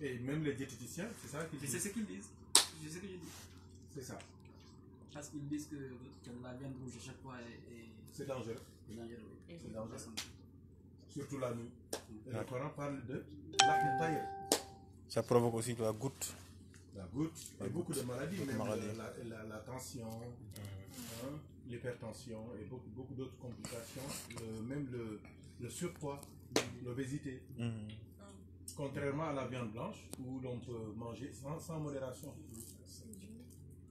Et même les diététiciens, c'est ça qu'ils disent. C'est ce qu'ils disent. C'est ce que je dis. C'est ça. Parce qu'ils disent que, que, la viande rouge à chaque fois est. C'est dangereux. C'est dangereux. C'est dangereux. Surtout la nuit. Et le Coran parle de l'arc Ça provoque aussi la goutte. La goutte et beaucoup de maladies, même La, la, tension, hein, l'hypertension et beaucoup, beaucoup d'autres complications, même le, le surpoids, l'obésité. Mhm. Contrairement à la viande blanche, où l'on peut manger sans, modération,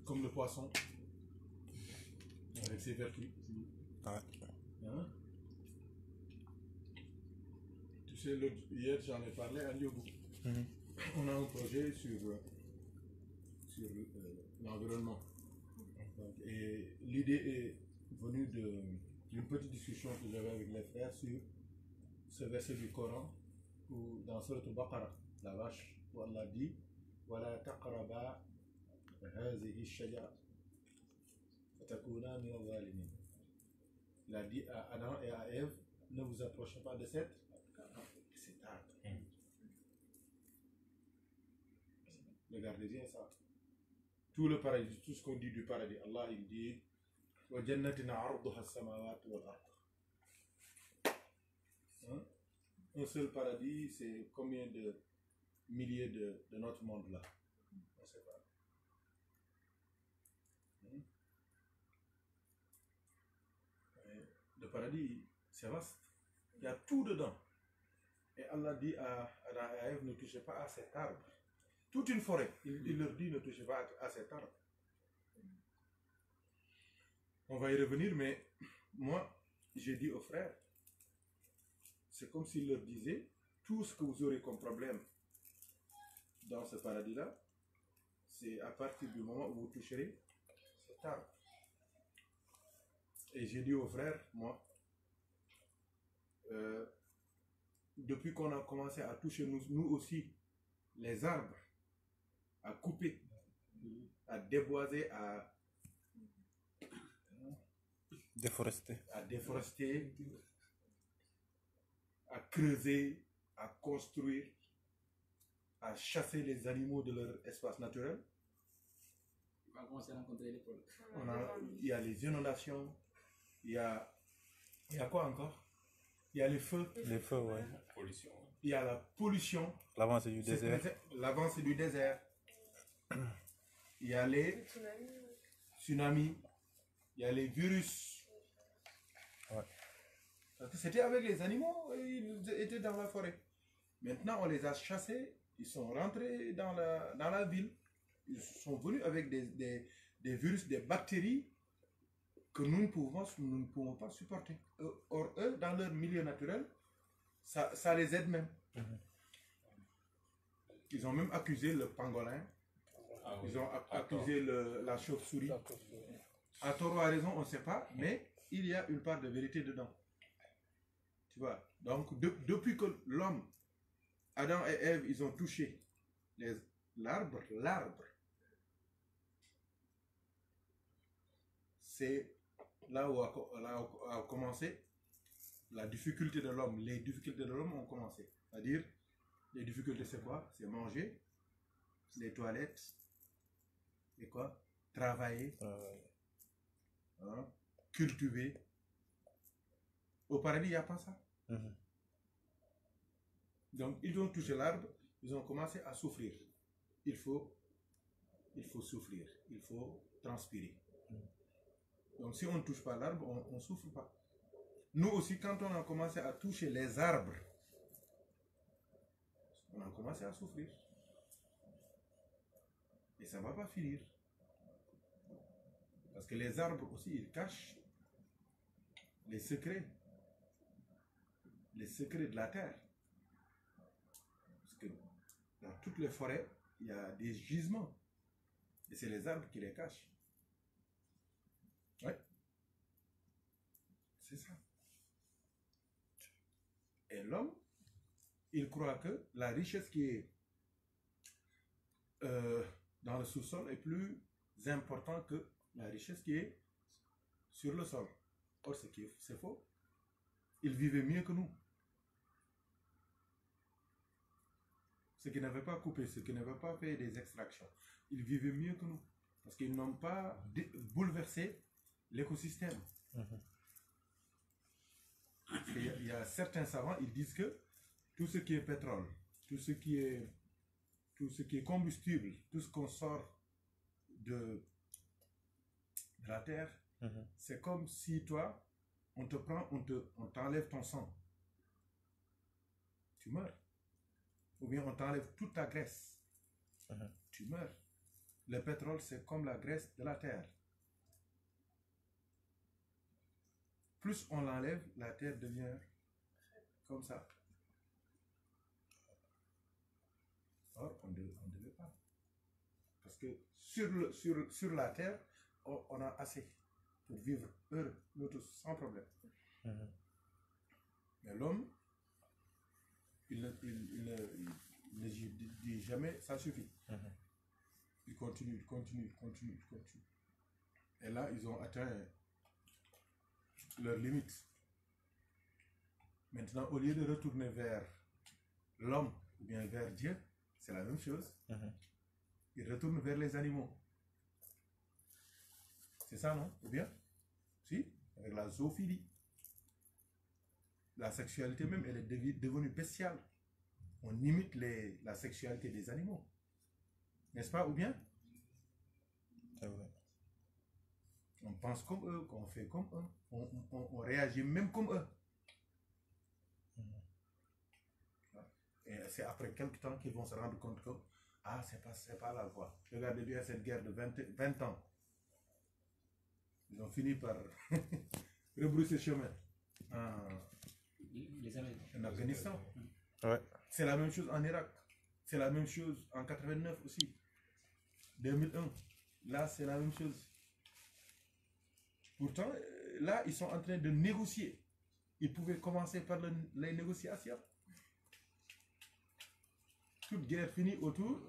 comme le poisson, avec ses vertus. Hein? Tu sais, hier j'en ai parlé à Lyogo. Mhm. On a un projet sur, euh, euh, l'environnement. Et l'idée est venue d'une petite discussion que j'avais avec les frères sur ce verset du Coran dans dans Surat Baqara, la vache, où Allah dit Voilà, taqraba, hazihi shajara, fatakuna miwawalimim. Il a dit à Adam et à Eve Ne vous approchez pas de cette arbre. Cet arbre. Regardez bien ça. Tout le paradis, tout ce qu'on dit du paradis, Allah il dit Wa jannatina arduha samawat wal Hein? un seul paradis, c'est combien de milliers de, notre monde là On ne sait pas. Hmm? Le paradis, c'est vaste. Il y a tout dedans. Et Allah dit à à ne touchez pas à cet arbre. Toute une forêt. Il, leur dit, ne touchez pas à, à cet arbre. On va y revenir, mais moi, j'ai dit aux frères, c'est comme s'il leur disait, tout ce que vous aurez comme problème dans ce paradis-là, c'est à partir du moment où vous toucherez cet arbre. Et j'ai dit aux frères, moi, euh, depuis qu'on a commencé à toucher nous, nous, aussi les arbres, à couper, à déboiser, à déforester, à déforester, à creuser, à construire, à chasser les animaux de leur espace naturel. il y a les inondations, il y a, il y a quoi encore Il y a les feux. Les feux, ouais. Pollution. Il y a la pollution. l'avance du désert. L'avancée du désert. Il y a les tsunamis. Il y a les virus c'était avec les animaux, ils étaient dans la forêt. Maintenant, on les a chassés, ils sont rentrés dans la, ville. Ils sont venus avec des, virus, des bactéries que nous ne pouvons, nous ne pouvons pas supporter. Euh, or, eux, dans leur milieu naturel, ça, les aide même. Mhm. Ils ont même accusé le pangolin. Ah ils ont accusé la chauve-souris. À tort à raison, on ne sait pas, mais il y a une part de vérité dedans. Donc, depuis que l'homme, Adam et Ève, ils ont touché l'arbre, l'arbre, c'est là où a, commencé la difficulté de l'homme. Les difficultés de l'homme ont commencé. C'est-à-dire, les difficultés, c'est quoi C'est manger, les toilettes, et quoi Travailler, hein, cultiver. Au paradis, il n'y a pas ça. Mhm. Donc, ils ont touché l'arbre, ils ont commencé à souffrir. Il faut, il faut souffrir, il faut transpirer. Mhm. Donc, si on ne touche pas l'arbre, on ne souffre pas. Nous aussi, quand on a commencé à toucher les arbres, on a commencé à souffrir. Et ça ne va pas finir. Parce que les arbres aussi, ils cachent les secrets les secrets de la terre. Parce que dans toutes les forêts, il y a des gisements. Et c'est les arbres qui les cachent. Oui. C'est ça. Et l'homme, il croit que la richesse qui est euh, dans le sous-sol est plus importante que la richesse qui est sur le sol. Or, c'est faux. Il vivait mieux que nous. Ceux qui n'avaient pas coupé, ceux qui n'avaient pas fait des extractions, ils vivaient mieux que nous. Parce qu'ils n'ont pas bouleversé l'écosystème. Mm-hmm. Il, y a, certains savants, ils disent que tout ce qui est pétrole, tout ce qui est, tout ce qui est combustible, tout ce qu'on sort de, la terre, mm-hmm. c'est comme si toi, on te prend, on t'enlève te, on ton sang. Tu meurs ou bien on t'enlève toute ta graisse, uh-huh. tu meurs. Le pétrole, c'est comme la graisse de la terre. Plus on l'enlève, la terre devient comme ça. Or, on ne devait pas. Parce que sur, le, sur, la terre, on, a assez pour vivre heureux, nous tous, sans problème. Uh-huh. Mais l'homme, il ne il, dit jamais ça suffit. Mhm. il continue, Il continue, continue, continue, continue. Et là, ils ont atteint leur limite. Maintenant, au lieu de retourner vers l'homme ou bien vers Dieu, c'est la même chose. Mhm. Ils retournent vers les animaux. C'est ça, non Ou bien Si Avec la zoophilie la sexualité même, elle est devenue spéciale. On imite les, la sexualité des animaux. N'est-ce pas Ou bien On pense comme eux, qu'on fait comme eux, on, réagit même comme eux. Mm-hmm. Et c'est après quelques temps qu'ils vont se rendre compte que, ah, c'est pas, pas la voie. Regardez bien cette guerre de 20, ans. Ils ont fini par rebrousser chemin. Ah. En Afghanistan. C'est la même chose en Irak. C'est la même chose en 89 aussi. 2001. Là, c'est la même chose. Pourtant, là, ils sont en train de négocier. Ils pouvaient commencer par les négociations. Toute guerre finie autour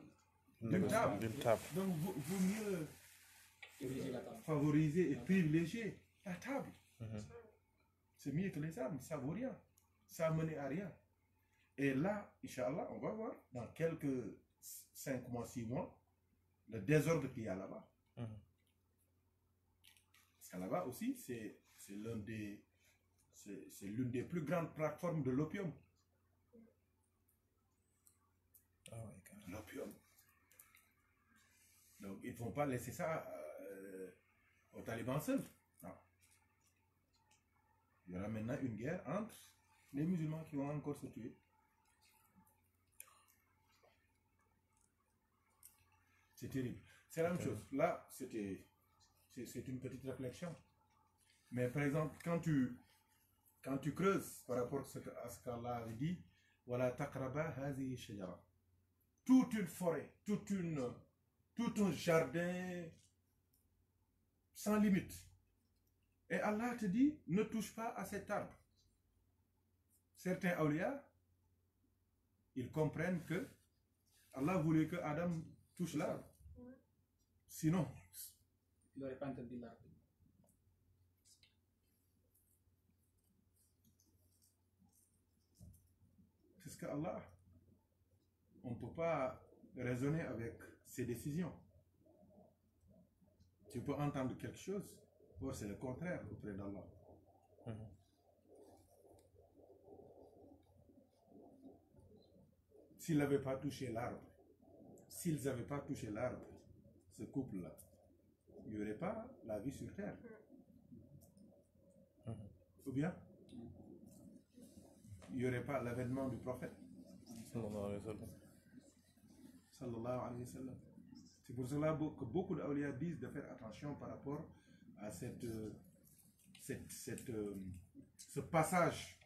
d'une table. Donc, vaut, vaut mieux favoriser et privilégier la table. Mhm. C'est mieux que les armes, ça vaut rien ça a mené à rien. Et là, Inch'Allah, on va voir dans quelques 5 mois, 6 mois, le désordre qu'il y a là-bas. Hum. Parce là-bas aussi, c'est l'un des, c'est l'une des plus grandes plateformes de l'opium. Ah l'opium. Donc, ils ne vont pas laisser ça euh, aux talibans seuls. Il y aura maintenant une guerre entre les musulmans qui vont encore se tuer. C'est terrible. C'est la même chose. Là, c'était, c'est une petite réflexion. Mais par exemple, quand tu, quand tu creuses par rapport à ce qu'Allah avait dit, voilà, takraba shajara. Toute une forêt, toute une, tout un jardin sans limite. Et Allah te dit, ne touche pas à cet arbre certains awliya, ils comprennent que Allah voulait que Adam touche l'arbre. Sinon, il n'aurait pas interdit l'arbre. C'est ce On ne peut pas raisonner avec ses décisions. Tu peux entendre quelque chose, oh, c'est le contraire auprès d'Allah. Mhm. S'ils n'avaient pas touché l'arbre, s'ils n'avaient pas touché l'arbre, ce couple-là, il n'y aurait pas la vie sur Terre. Mhm. Ou bien, il n'y aurait pas l'avènement du prophète. C'est pour cela que beaucoup d'Aulia disent de faire attention par rapport à cette, euh, cette, cette, euh, ce passage,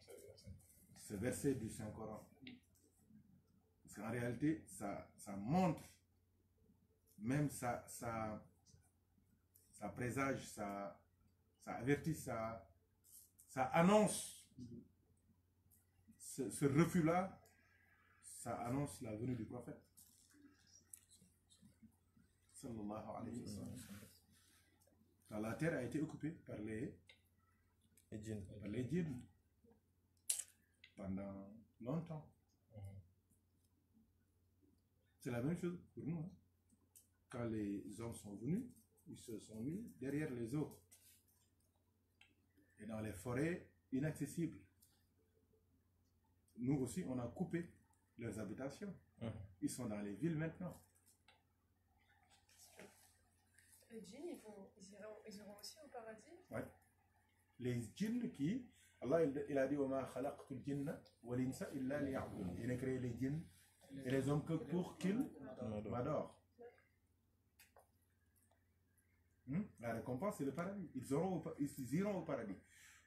ce verset du Saint-Coran. Parce qu'en réalité, ça, montre, même ça, ça, présage, ça, avertit, ça, annonce ce, refus-là, ça annonce la venue du prophète. la terre a été occupée par les, Par les djinns pendant longtemps. C'est la même chose pour nous. Hein. Quand les hommes sont venus, ils se sont mis derrière les eaux Et dans les forêts inaccessibles. Nous aussi, on a coupé leurs habitations. Hein. Ils sont dans les villes maintenant. Les djinns, ils, vont, ils, iront, ils iront aussi au paradis Oui. Les djinns qui. Allah, il, il a dit Il a créé les djinns et les hommes que pour qu'ils m'adorent. Hmm? La récompense, c'est le paradis. Ils, ils iront au paradis.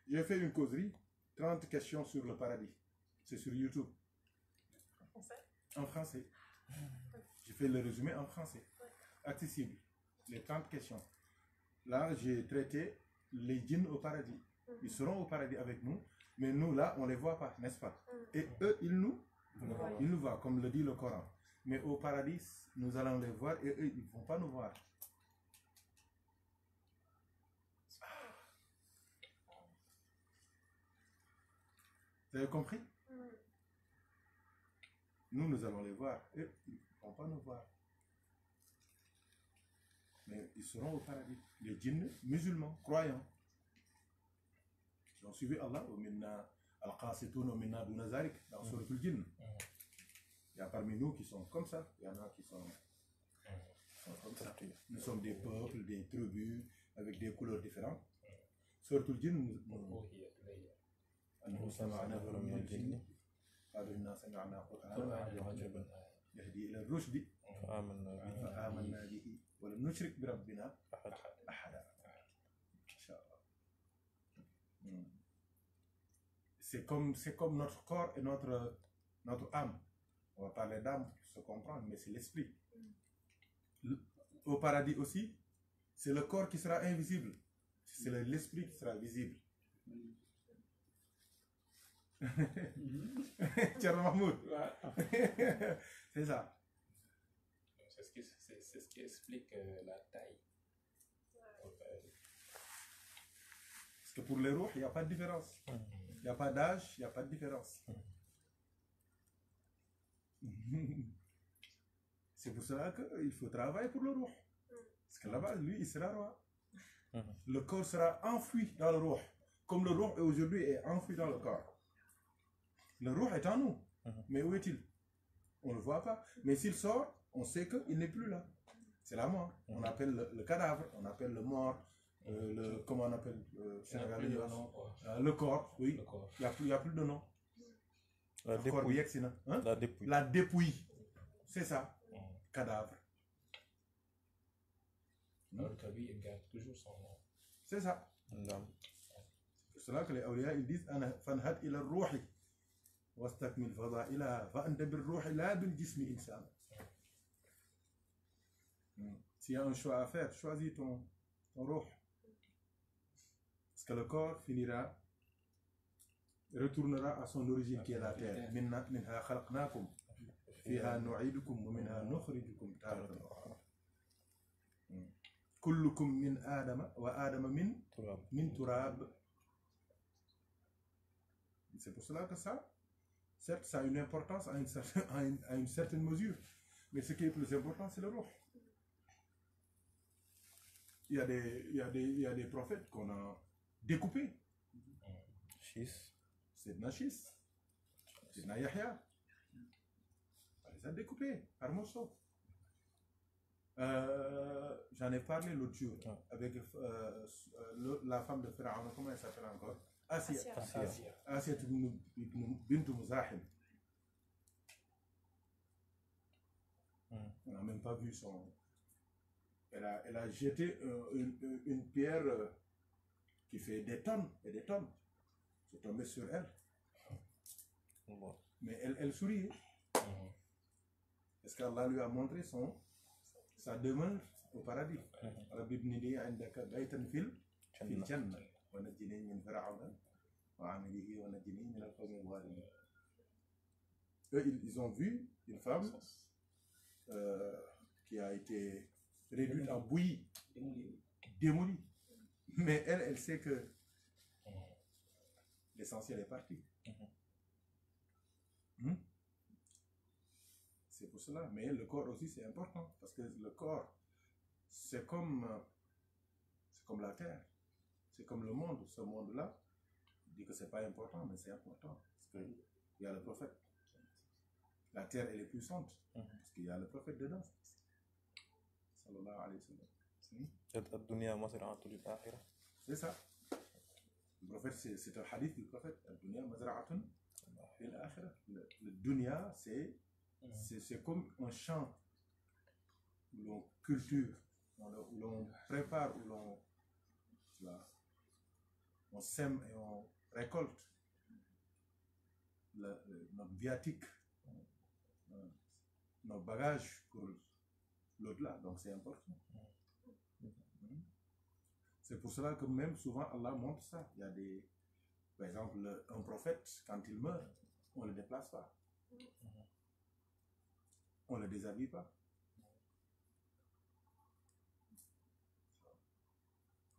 J'ai fait une causerie, 30 questions sur le paradis. C'est sur YouTube. En français En français. J'ai fait le résumé en français. Accessible. Les 30 questions. Là, j'ai traité les djinns au paradis. Ils seront au paradis avec nous, mais nous, là, on ne les voit pas, n'est-ce pas hmm. Et eux, ils nous il nous va, comme le dit le Coran. Mais au paradis, nous allons les voir et eux, ils ne vont pas nous voir. Vous avez compris Nous, nous allons les voir. Eux, ils ne vont pas nous voir. Mais ils seront au paradis. Les djinns musulmans, croyants, qui ont suivi Allah au Minna. Al-Qasitun minna duna zarik, dans mhm. Surat al-Jinn. Mhm. Il y a parmi nous qui sont comme ça, il y en a qui sont, qui sont comme ça. Nous sommes des mhm. peuples, des tribus, avec des couleurs différentes. Surat al-Jinn, nous... سمع نفر من الجن قالوا إنا سمعنا قرآنا يهدي إلى الرشد فآمنا به فآمنا به ولم نشرك بربنا أحد C'est comme, notre corps et notre, notre âme. On va parler d'âme pour se comprendre, mais c'est l'esprit. au paradis aussi, c'est le corps qui sera invisible. C'est l'esprit qui sera visible. c'est ça. C'est ce, qui explique euh, la taille. Euh, Parce que pour les roues, il n'y a pas de différence n'y a pas d'âge, il n'y a pas de différence. C'est pour cela qu'il faut travailler pour le roi. Parce que là-bas, lui, il sera roi. Le corps sera enfoui dans le roi. Comme le roi aujourd'hui est enfoui dans le corps. Le roi est en nous. Mais où est-il On ne le voit pas. Mais s'il sort, on sait qu'il n'est plus là. C'est la mort. On mhm. appelle le cadavre, on appelle le mort, euh, le, euh, comment on appelle, euh, le, corps, oui, il n'y a, plus, de nom. Hein? La dépouille. La dépouille. C'est ça. Cadavre. Ah, c'est ça. C'est que les disent il hmm. y a un choix à faire, choisis ton, roi le corps finira, retournera à son origine qui est la terre. c'est pour cela que ça certes ça a une importance à une certaine, mesure mais ce qui est plus important c'est le roi il y a des il y a des prophètes qu'on a découpé. Chisse. C'est de Nachis. C'est de On les a découpés par morceaux. Euh, j'en ai parlé l'autre jour ah. avec euh, euh, la femme de Pharaon, comment elle s'appelle encore Asia. Asia. Asia. Asia On n'a même pas vu son. Elle a, elle a jeté une pierre qui fait des tonnes et des tonnes. C'est tombé sur elle. Mais elle, elle sourit. Hein. Mm-hmm. Est-ce qu'Allah lui a montré son, sa demeure au paradis mm-hmm. Rabbi ibn a un baytan fil fil janna wa najini min fir'auna wa amilihi wa najini min al-qawmi al-zalimin. Eux, ils, ils ont vu une femme euh, qui a été réduite en bouillie, démolie. Mais elle, elle sait que l'essentiel est parti. Mm-hmm. Hmm? C'est pour cela. Mais le corps aussi, c'est important. Parce que le corps, c'est comme, euh, comme la terre. C'est comme le monde. Ce monde-là, dit que ce n'est pas important, mais c'est important. Parce qu'il y a le prophète. La terre, elle est puissante. Mm-hmm. Parce qu'il y a le prophète dedans. Sallallahu c'est ça. Le prophète, c'est un hadith du prophète. Le, le dunya, mm. c'est comme un champ où l'on culture, où l'on prépare, où l'on on sème et on récolte notre viatique, euh, euh, nos bagages pour l'au-delà. Donc c'est important. Mm. C'est pour cela que même souvent Allah montre ça. Il y a des, par exemple, un prophète, quand il meurt, on ne le déplace pas. On ne le déshabille pas.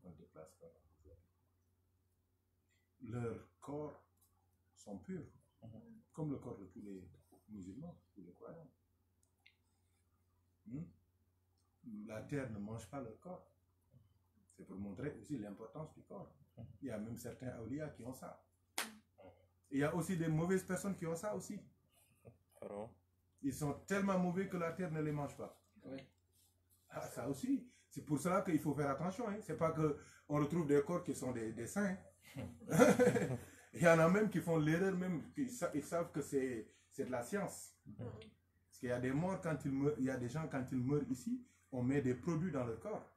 On le déplace pas. Leurs corps sont purs, comme le corps de tous les musulmans, tous les croyants. Hmm? La terre ne mange pas leur corps. C'est pour montrer aussi l'importance du corps. Mm-hmm. Il y a même certains Aulia qui ont ça. Il y a aussi des mauvaises personnes qui ont ça aussi. Ils sont tellement mauvais que la terre ne les mange pas. Ah, ça aussi. C'est pour cela qu'il faut faire attention. Hein. Ce n'est pas qu'on retrouve des corps qui sont des, saints. Hein. Il y en a même qui font l'erreur, même ils, savent que c'est de la science. Mm-hmm. Parce qu'il y a des morts quand ils il y a des gens quand ils meurent ici, on met des produits dans leur corps.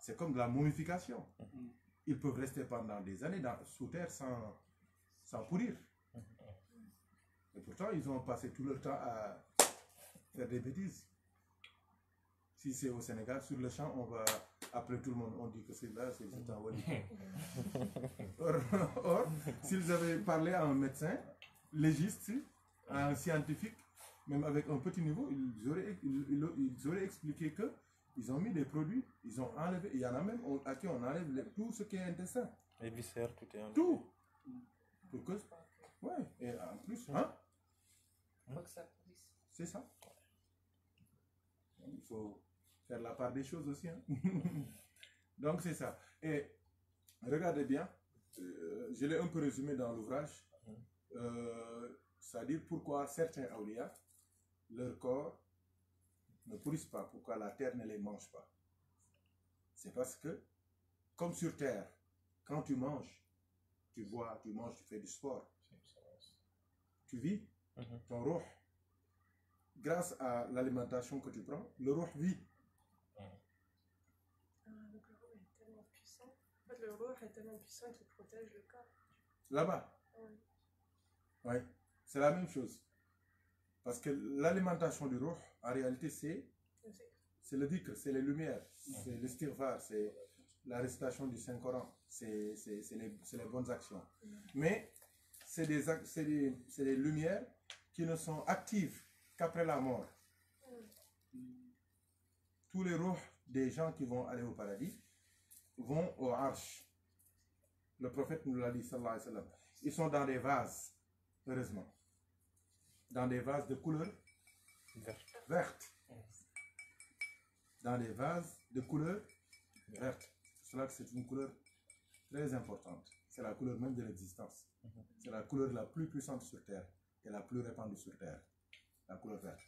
C'est comme de la momification. Mm. Ils peuvent rester pendant des années dans, sous terre sans, sans pourrir. Mm. Et pourtant, ils ont passé tout leur temps à faire des bêtises. Si c'est au Sénégal, sur le champ, on va après tout le monde. On dit que c'est là, c'est en or, or s'ils avaient parlé à un médecin, légiste, un scientifique, même avec un petit niveau, ils auraient, ils auraient expliqué que ils ont mis des produits, ils ont enlevé. Il y en a même on, à qui on enlève tout ce qui est intestin. Les viscères, tout est enlevé. Tout. Pour que, ouais, et en plus, hein? C'est ça. Il faut faire la part des choses aussi. Hein? Donc c'est ça. Et regardez bien, euh, je l'ai un peu résumé dans l'ouvrage, mhm. euh, c'est-à-dire pourquoi certains Aulia, leur corps ne pas, pourquoi la terre ne les mange pas C'est parce que, comme sur terre, quand tu manges, tu vois, tu manges, tu fais du sport, tu vis, mhm. ton roi, grâce à l'alimentation que tu prends, le roi vit. Mhm. Ah, le est tellement puissant. le est tellement puissant qu'il protège le corps. Là-bas oui. C'est la même chose. Parce que l'alimentation du roh, en réalité, c'est c'est le dhikr, c'est les lumières, c'est l'estirvar, c'est la récitation du Saint-Coran, c'est les, bonnes actions. Mais c'est des, des, des, lumières qui ne sont actives qu'après la mort. Tous les roh des gens qui vont aller au paradis vont au arches. Le prophète nous l'a dit, sallallahu alayhi wa sallam. Ils sont dans des vases, heureusement dans des vases de couleur verte. Dans des vases de couleur verte. C'est cela que c'est une couleur très importante. C'est la couleur même de l'existence. Mhm. C'est la couleur la plus puissante sur Terre et la plus répandue sur Terre. La couleur verte.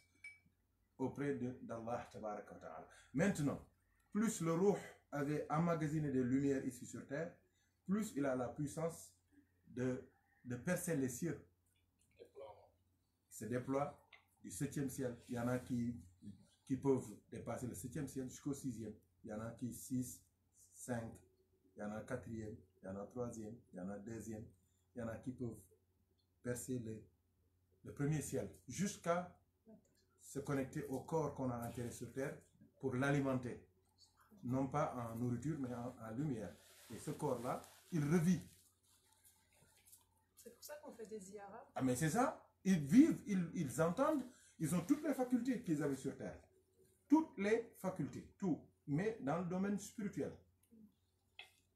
Auprès d'Allah Ta'ala. Maintenant, plus le Ruh avait emmagasiné de lumière ici sur Terre, plus il a la puissance de, de percer les cieux se déploie du 7e ciel. Il y en a qui, qui peuvent dépasser le 7e ciel jusqu'au 6e. Il y en a qui 6, 5, il y en a 4e, il y en a 3e, il y en a 2e. Il y en a qui peuvent percer le, le premier ciel jusqu'à se connecter au corps qu'on a enterré sur terre pour l'alimenter. Non pas en nourriture, mais en, lumière. Et ce corps-là, il revit. C'est pour ça qu'on fait des IARA. Ah, mais c'est ça. Ils vivent, ils, entendent, ils ont toutes les facultés qu'ils avaient sur Terre. Toutes les facultés, tout. Mais dans le domaine spirituel.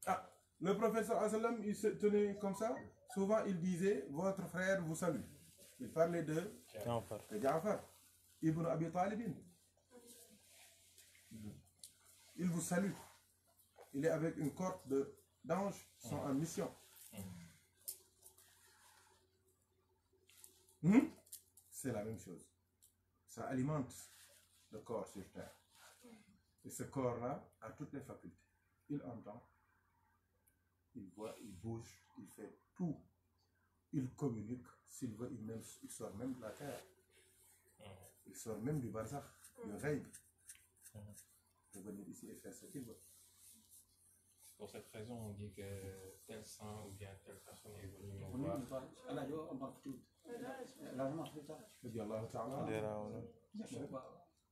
Ah, le professeur salam il se tenait comme ça. Souvent, il disait, votre frère vous salue. Il parlait de Ja'far. Ibn Abi Il vous salue. Il est avec une corde d'anges, sont en mission. Hmm? C'est la même chose. Ça alimente le corps sur terre. Et ce corps-là a toutes les facultés. Il entend, il voit, il bouge, il fait tout. Il communique, s'il veut, il, même, sort même de la terre. Il sort même du bazar, du rêve, hmm. venir ici et faire ce qu'il veut pour cette raison, on dit que tel saint ou bien telle personne est venue nous voir. Allah, yo, on parle tout. Allah, on parle tout. Je ne Allah, Ta'ala.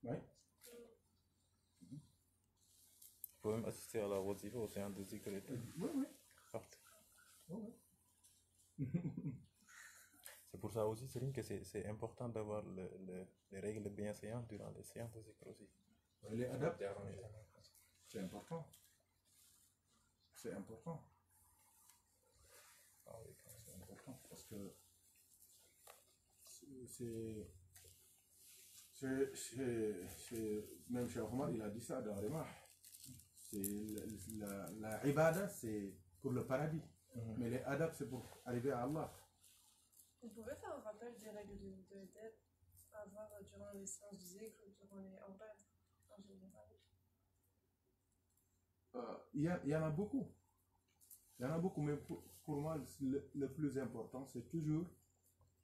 Oui. Tu peux même assister à la Wazifa au sein de Zikr et Oui, oui. Oui, C'est pour ça aussi, Céline, que c'est important d'avoir le, le, les règles bien bienséantes durant les séances de Zikr aussi. Les adapter. C'est important. C'est important. Ah c'est important parce que c'est. Même chez Omar, il a dit ça dans c'est La, la ibada, c'est pour le paradis. Mhm. Mais les adab, c'est pour arriver à Allah. Vous pouvez faire un rappel des règles de, de, à voir durant les séances du zikr ou durant les en en euh, il y, en a beaucoup. Il y en a beaucoup, mais pour, moi, le, plus important, c'est toujours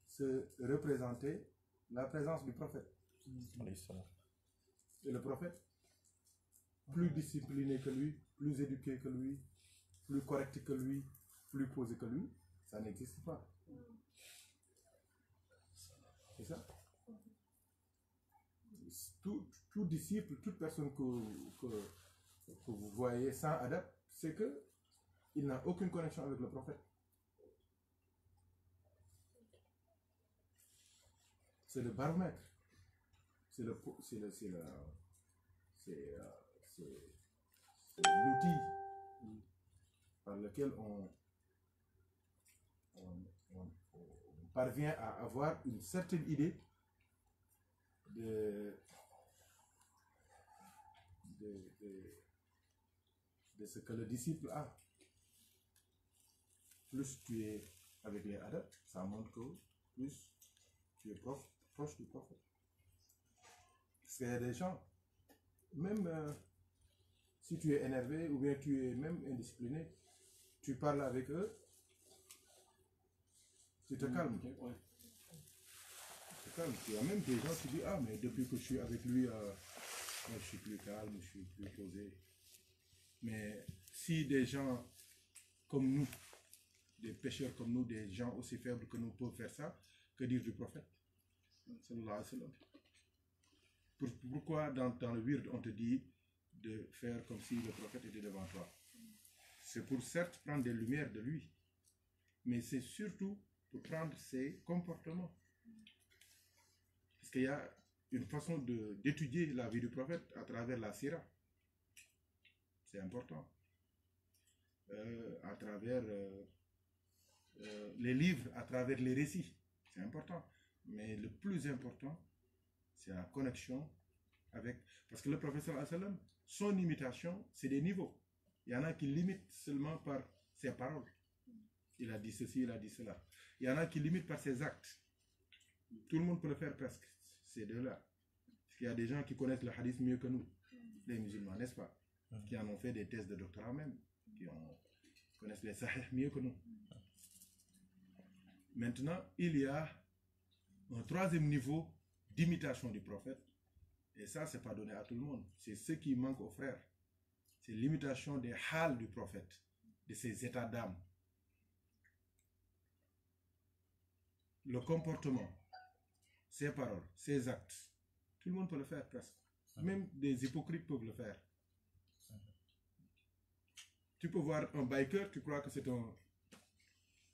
se représenter la présence du prophète. Et le prophète, plus discipliné que lui, plus éduqué que lui, plus correct que lui, plus posé que lui, ça n'existe pas. C'est ça tout, tout, disciple, toute personne que que vous voyez sans adepte, c'est que il n'a aucune connexion avec le prophète. C'est le baromètre. C'est le euh, c'est c'est l'outil par lequel on, parvient à avoir une certaine idée de, de de ce que le disciple a. Plus tu es avec les adeptes, ça montre que plus tu es proche, du prophète. Parce qu'il y a des gens, même euh, si tu es énervé ou bien tu es même indiscipliné, tu parles avec eux, tu te mm, calmes. Tu te calmes. Il y a même des gens qui disent Ah, mais depuis que je suis avec lui, euh, je suis plus calme, je suis plus posé. Mais si des gens comme nous, des pêcheurs comme nous, des gens aussi faibles que nous peuvent faire ça, que dire du prophète Pourquoi dans, le wird on te dit de faire comme si le prophète était devant toi C'est pour certes prendre des lumières de lui, mais c'est surtout pour prendre ses comportements. Parce qu'il y a une façon d'étudier la vie du prophète à travers la Syrah. C'est important. Euh, à travers euh, euh, les livres, à travers les récits. C'est important. Mais le plus important, c'est la connexion avec... Parce que le professeur assalam son imitation, c'est des niveaux. Il y en a qui limitent seulement par ses paroles. Il a dit ceci, il a dit cela. Il y en a qui limitent par ses actes. Tout le monde peut le faire presque, ces deux-là. Parce qu'il y a des gens qui connaissent le hadith mieux que nous, les musulmans, n'est-ce pas qui en ont fait des tests de doctorat même, qui connaissent les sahih mieux que nous. Maintenant, il y a un troisième niveau d'imitation du prophète, et ça, c'est pas donné à tout le monde. C'est ce qui manque aux frères. C'est l'imitation des halles du prophète, de ses états d'âme. Le comportement, ses paroles, ses actes. Tout le monde peut le faire presque. Même des hypocrites peuvent le faire. Tu peux voir un biker, tu crois que c'est un,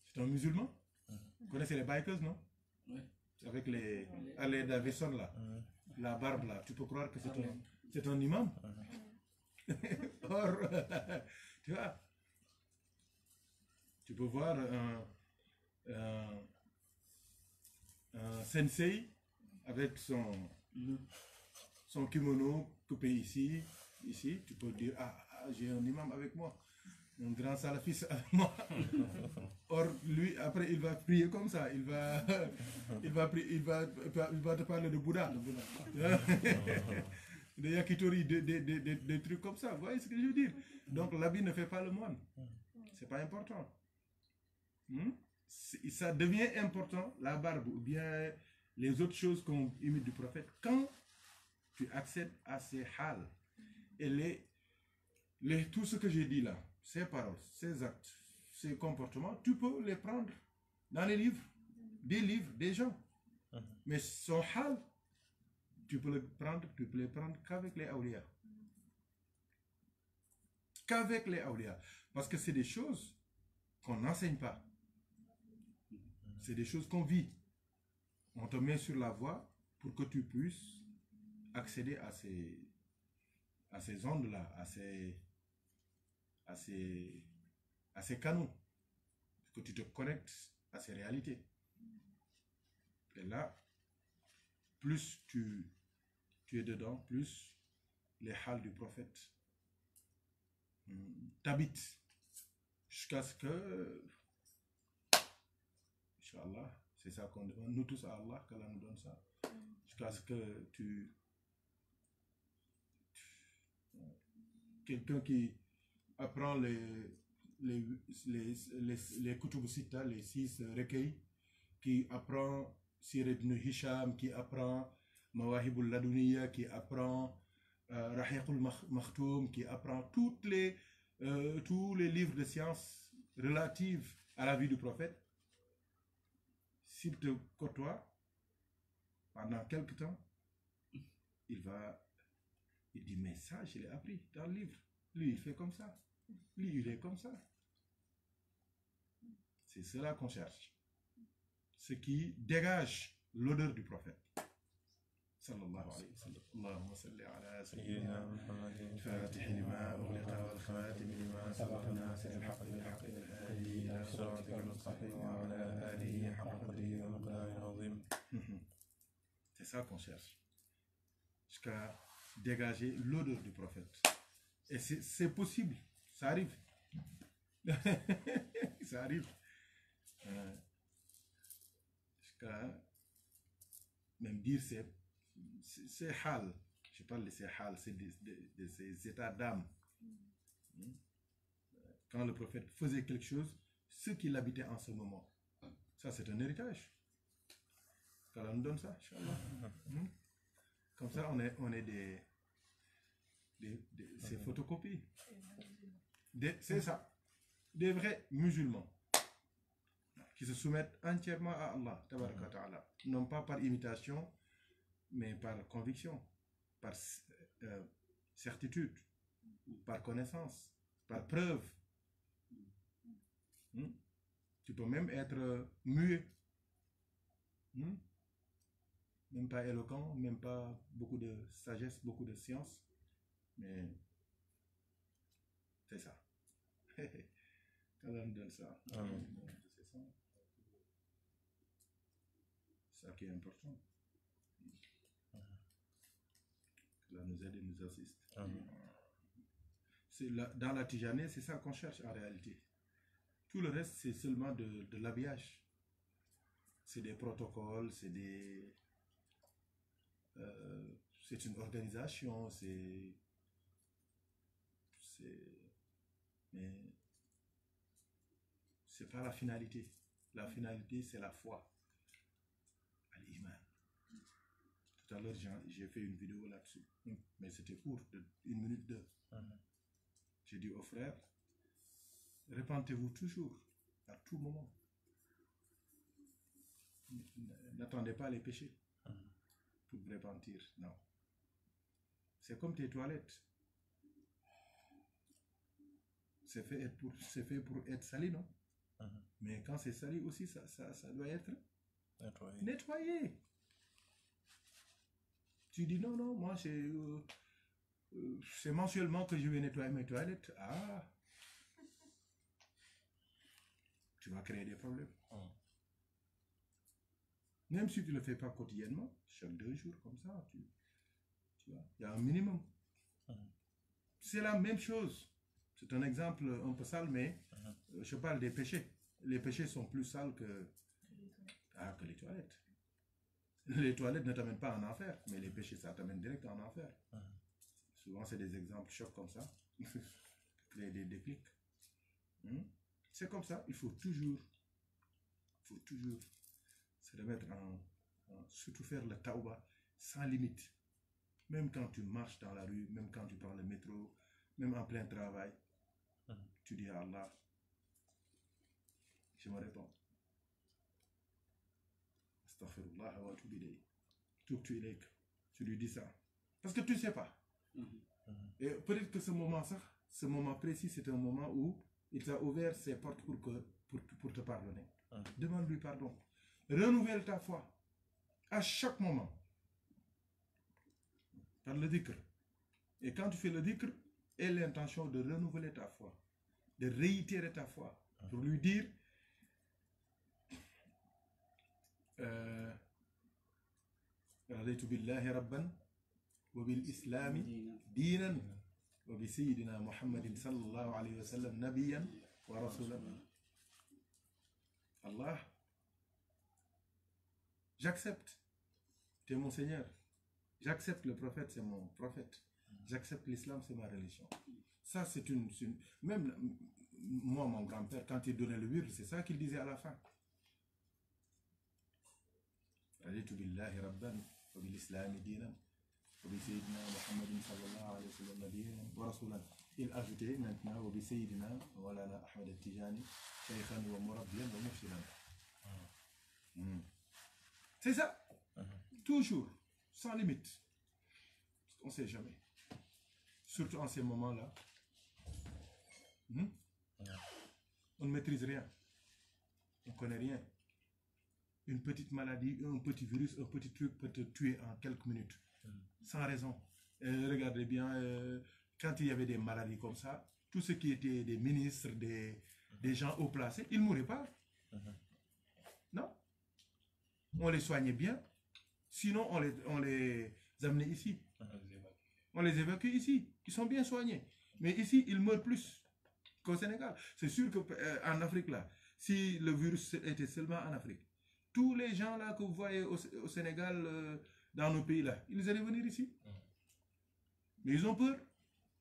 c'est un musulman. Uh-huh. Vous connaissez les bikers, non Oui. Avec les Allez Davidson, là, la barbe, là. Tu peux croire que c'est un, c'est un imam. Or, tu vois, tu peux voir un, un, un sensei avec son, mm-hmm. son kimono coupé ici, ici. Tu peux dire, ah, ah j'ai un imam avec moi un grand salafiste avec moi. Or, lui, après, il va prier comme ça. Il va, il va, il va, va te parler de Bouddha. de Yakitori, des de, de, de, trucs comme ça. Vous voyez ce que je veux dire Donc, l'habit ne fait pas le moine. C'est pas important. Hmm? Ça devient important, la barbe ou bien les autres choses qu'on imite du prophète, quand tu accèdes à ces halles et les, les, tout ce que j'ai dit là ses paroles, ces actes, ces comportements, tu peux les prendre dans les livres, des livres des gens. Mhm. Mais son hal, tu peux le prendre, tu peux les prendre qu'avec les auréas. Qu'avec les auréas. Parce que c'est des choses qu'on n'enseigne pas. C'est des choses qu'on vit. On te met sur la voie pour que tu puisses accéder à ces, à ces ondes-là, à ces, à ces, à ces canaux, que tu te connectes à ces réalités. Et là, plus tu, tu es dedans, plus les halles du prophète euh, t'habitent jusqu'à ce que, Inch'Allah, c'est ça qu'on nous tous à Allah, qu'Allah nous donne ça, jusqu'à ce que tu euh, quelqu'un qui apprend les, les, les, les, les six recueils, qui apprend Sir ibn Hisham, qui apprend Mawahibul qui apprend euh, Rahiqul qui apprend toutes les, euh, tous les livres de sciences relatives à la vie du prophète. S'il te côtoie pendant quelque temps, il va il dit, mais ça, je l'ai appris dans le livre. Lui, il fait comme ça. Lui, il est comme ça. C'est cela qu'on cherche. Ce qui dégage l'odeur du prophète. C'est ça qu'on cherche. Jusqu'à dégager l'odeur du prophète. Et c'est possible. Ça arrive. ça arrive. même dire ces hal. Je parle de ces hal, c'est de, états d'âme. Hmm? Quand le prophète faisait quelque chose, ceux qui l'habitaient en ce moment, ça c'est un héritage. Allah nous donne ça, hmm? Comme ça, on est, on est des, des, des photocopies c'est ça, des vrais musulmans qui se soumettent entièrement à Allah, non pas par imitation, mais par conviction, par euh, certitude, par connaissance, par preuve. Hmm? Tu peux même être euh, muet. Hmm? Même pas éloquent, même pas beaucoup de sagesse, beaucoup de science. Mais c'est ça ça. C'est ça. qui est important. qu'elle nous aide et nous assiste. Ah dans la tijanée, c'est ça qu'on cherche en réalité. Tout le reste, c'est seulement de, de l'habillage. C'est des protocoles, c'est des. Euh, c'est une organisation, C'est mais ce n'est pas la finalité. La mm. finalité, c'est la foi. Tout à l'heure, j'ai fait une vidéo là-dessus. Mm. Mais c'était court, une minute, deux. Mm-hmm. J'ai dit aux frères, répentez vous toujours, à tout moment. N'attendez pas les péchés mm-hmm. pour vous repentir. Non. C'est comme tes toilettes c'est fait pour, fait pour être sali, non mhm. Mais quand c'est sali aussi, ça, doit être nettoyé. Tu dis non, non, moi euh, euh, c'est mensuellement que je vais nettoyer mes toilettes. Ah Tu vas créer des problèmes. Mhm. Même si tu ne le fais pas quotidiennement, chaque deux jours comme ça, tu, vois, il y a un minimum. Mhm. C'est la même chose. C'est un exemple un peu sale, mais uh-huh. je parle des péchés. Les péchés sont plus sales ah, que, les toilettes. Les toilettes ne t'amènent pas en enfer, mais les péchés, ça t'amène direct en enfer. Uh-huh. Souvent, c'est des exemples chocs comme ça, des déclics. Hmm? C'est comme ça, il faut toujours, faut toujours se remettre en, surtout faire le tauba sans limite. Même quand tu marches dans la rue, même quand tu prends le métro, même en plein travail, mhm. tu dis à Allah, je me réponds. Astaghfirullah wa Tu lui dis ça. Parce que tu ne sais pas. Mhm. Mhm. Et peut-être que ce moment ça, ce moment précis, c'est un moment où il t'a ouvert ses portes pour, que, pour, te pardonner. Demande-lui pardon. Renouvelle ta foi. À chaque moment. Par le dhikr. Et quand tu fais le dhikr, aie l'intention de renouveler ta foi, de réitérer ta foi, pour lui dire euh, Radeitu billahi rabban wa bil dinan wa bi sayyidina muhammadin sallallahu alayhi wa sallam nabiyyan wa rasulam Allah j'accepte t'es mon seigneur j'accepte le prophète c'est mon prophète J'accepte l'islam, c'est ma religion. Ça, c'est une, Même moi, mon grand-père, quand il donnait le mur, c'est ça qu'il disait à la fin. Il ajoutait maintenant ah. hmm. C'est ça. Ah. Toujours, sans limite. On ne sait jamais surtout en ces moments-là, hmm? on ne maîtrise rien. On ne connaît rien. Une petite maladie, un petit virus, un petit truc peut te tuer en quelques minutes. Hmm. Sans raison. regardez bien, euh, quand il y avait des maladies comme ça, tous ceux qui étaient des ministres, des, gens haut placés, ils ne mouraient pas. Hmm. Non On les soignait bien. Sinon, on on les amenait ici. Ah, on les évacue ici. Ils sont bien soignés. Mais ici, ils meurent plus qu'au Sénégal. C'est sûr qu'en euh, Afrique, là, si le virus était seulement en Afrique, tous les gens là que vous voyez au, Sénégal, euh, dans nos pays là, ils allaient venir ici. Mais ils ont peur.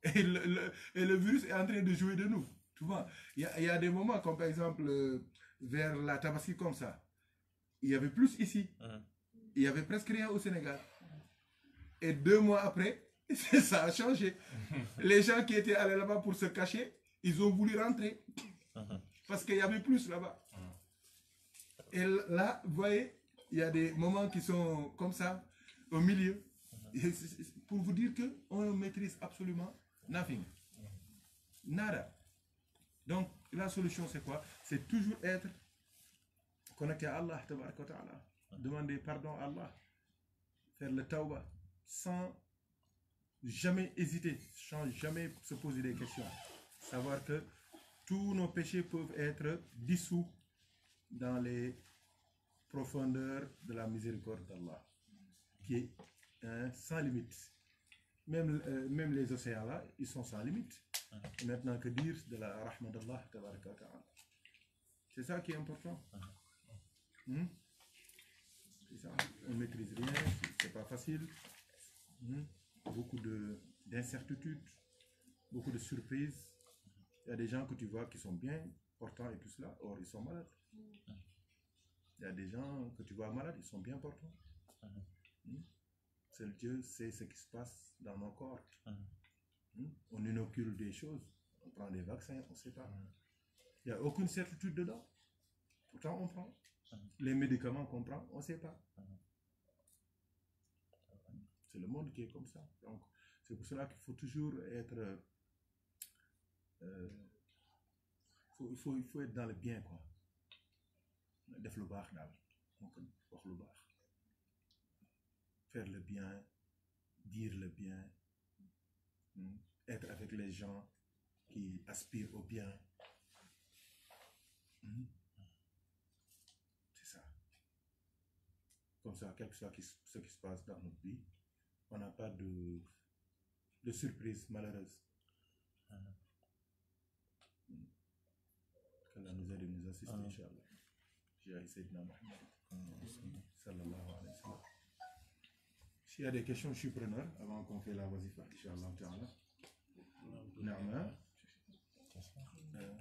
Et le, virus est en train de jouer de nous. vois, il y, a des moments comme par exemple euh, vers la Tabaski comme ça. Il y avait plus ici. Mmh. Il y avait presque rien au Sénégal. Et deux mois après, ça a changé. Les gens qui étaient allés là-bas pour se cacher, ils ont voulu rentrer. Uh-huh. Parce qu'il y avait plus là-bas. Uh-huh. Et là, vous voyez, il y a des moments qui sont comme ça, au milieu. Uh-huh. pour vous dire qu'on ne maîtrise absolument nothing. Nada. Donc, la solution, c'est quoi C'est toujours être connecté à Allah, demander pardon à Allah, faire le tawbah, sans jamais hésiter, jamais se poser des questions. Savoir que tous nos péchés peuvent être dissous dans les profondeurs de la miséricorde d'Allah, qui est sans limite. Même, euh, même les océans là, ils sont sans limite. Et maintenant que dire de la rahma d'Allah, c'est ça qui est important. Hmm? C'est ça, on ne maîtrise rien, c'est pas facile. Hmm? beaucoup d'incertitudes, beaucoup de surprises. Il y a des gens que tu vois qui sont bien portants et tout cela, or ils sont malades. Il y a des gens que tu vois malades, ils sont bien portants. Hmm? Seul Dieu sait ce qui se passe dans nos corps. Hmm? On inocule des choses, on prend des vaccins, on ne sait pas. Il n'y a aucune certitude dedans. Pourtant, on prend. Les médicaments qu'on prend, on ne sait pas. C'est le monde qui est comme ça. Donc, c'est pour cela qu'il faut toujours être. Euh, il, faut, il faut être dans le bien, quoi. le Faire le bien, dire le bien, hmm, être avec les gens qui aspirent au bien. Hmm. C'est ça. Comme ça, quelque chose qui, ce qui se passe dans notre vie, on n'a pas de, surprise malheureuse. Que la nous aide nous J'ai essayé de Sallallahu alayhi wa S'il y a des questions, je suis preneur avant qu'on fait la wazifa, Inch'Allah. Hein? Euh,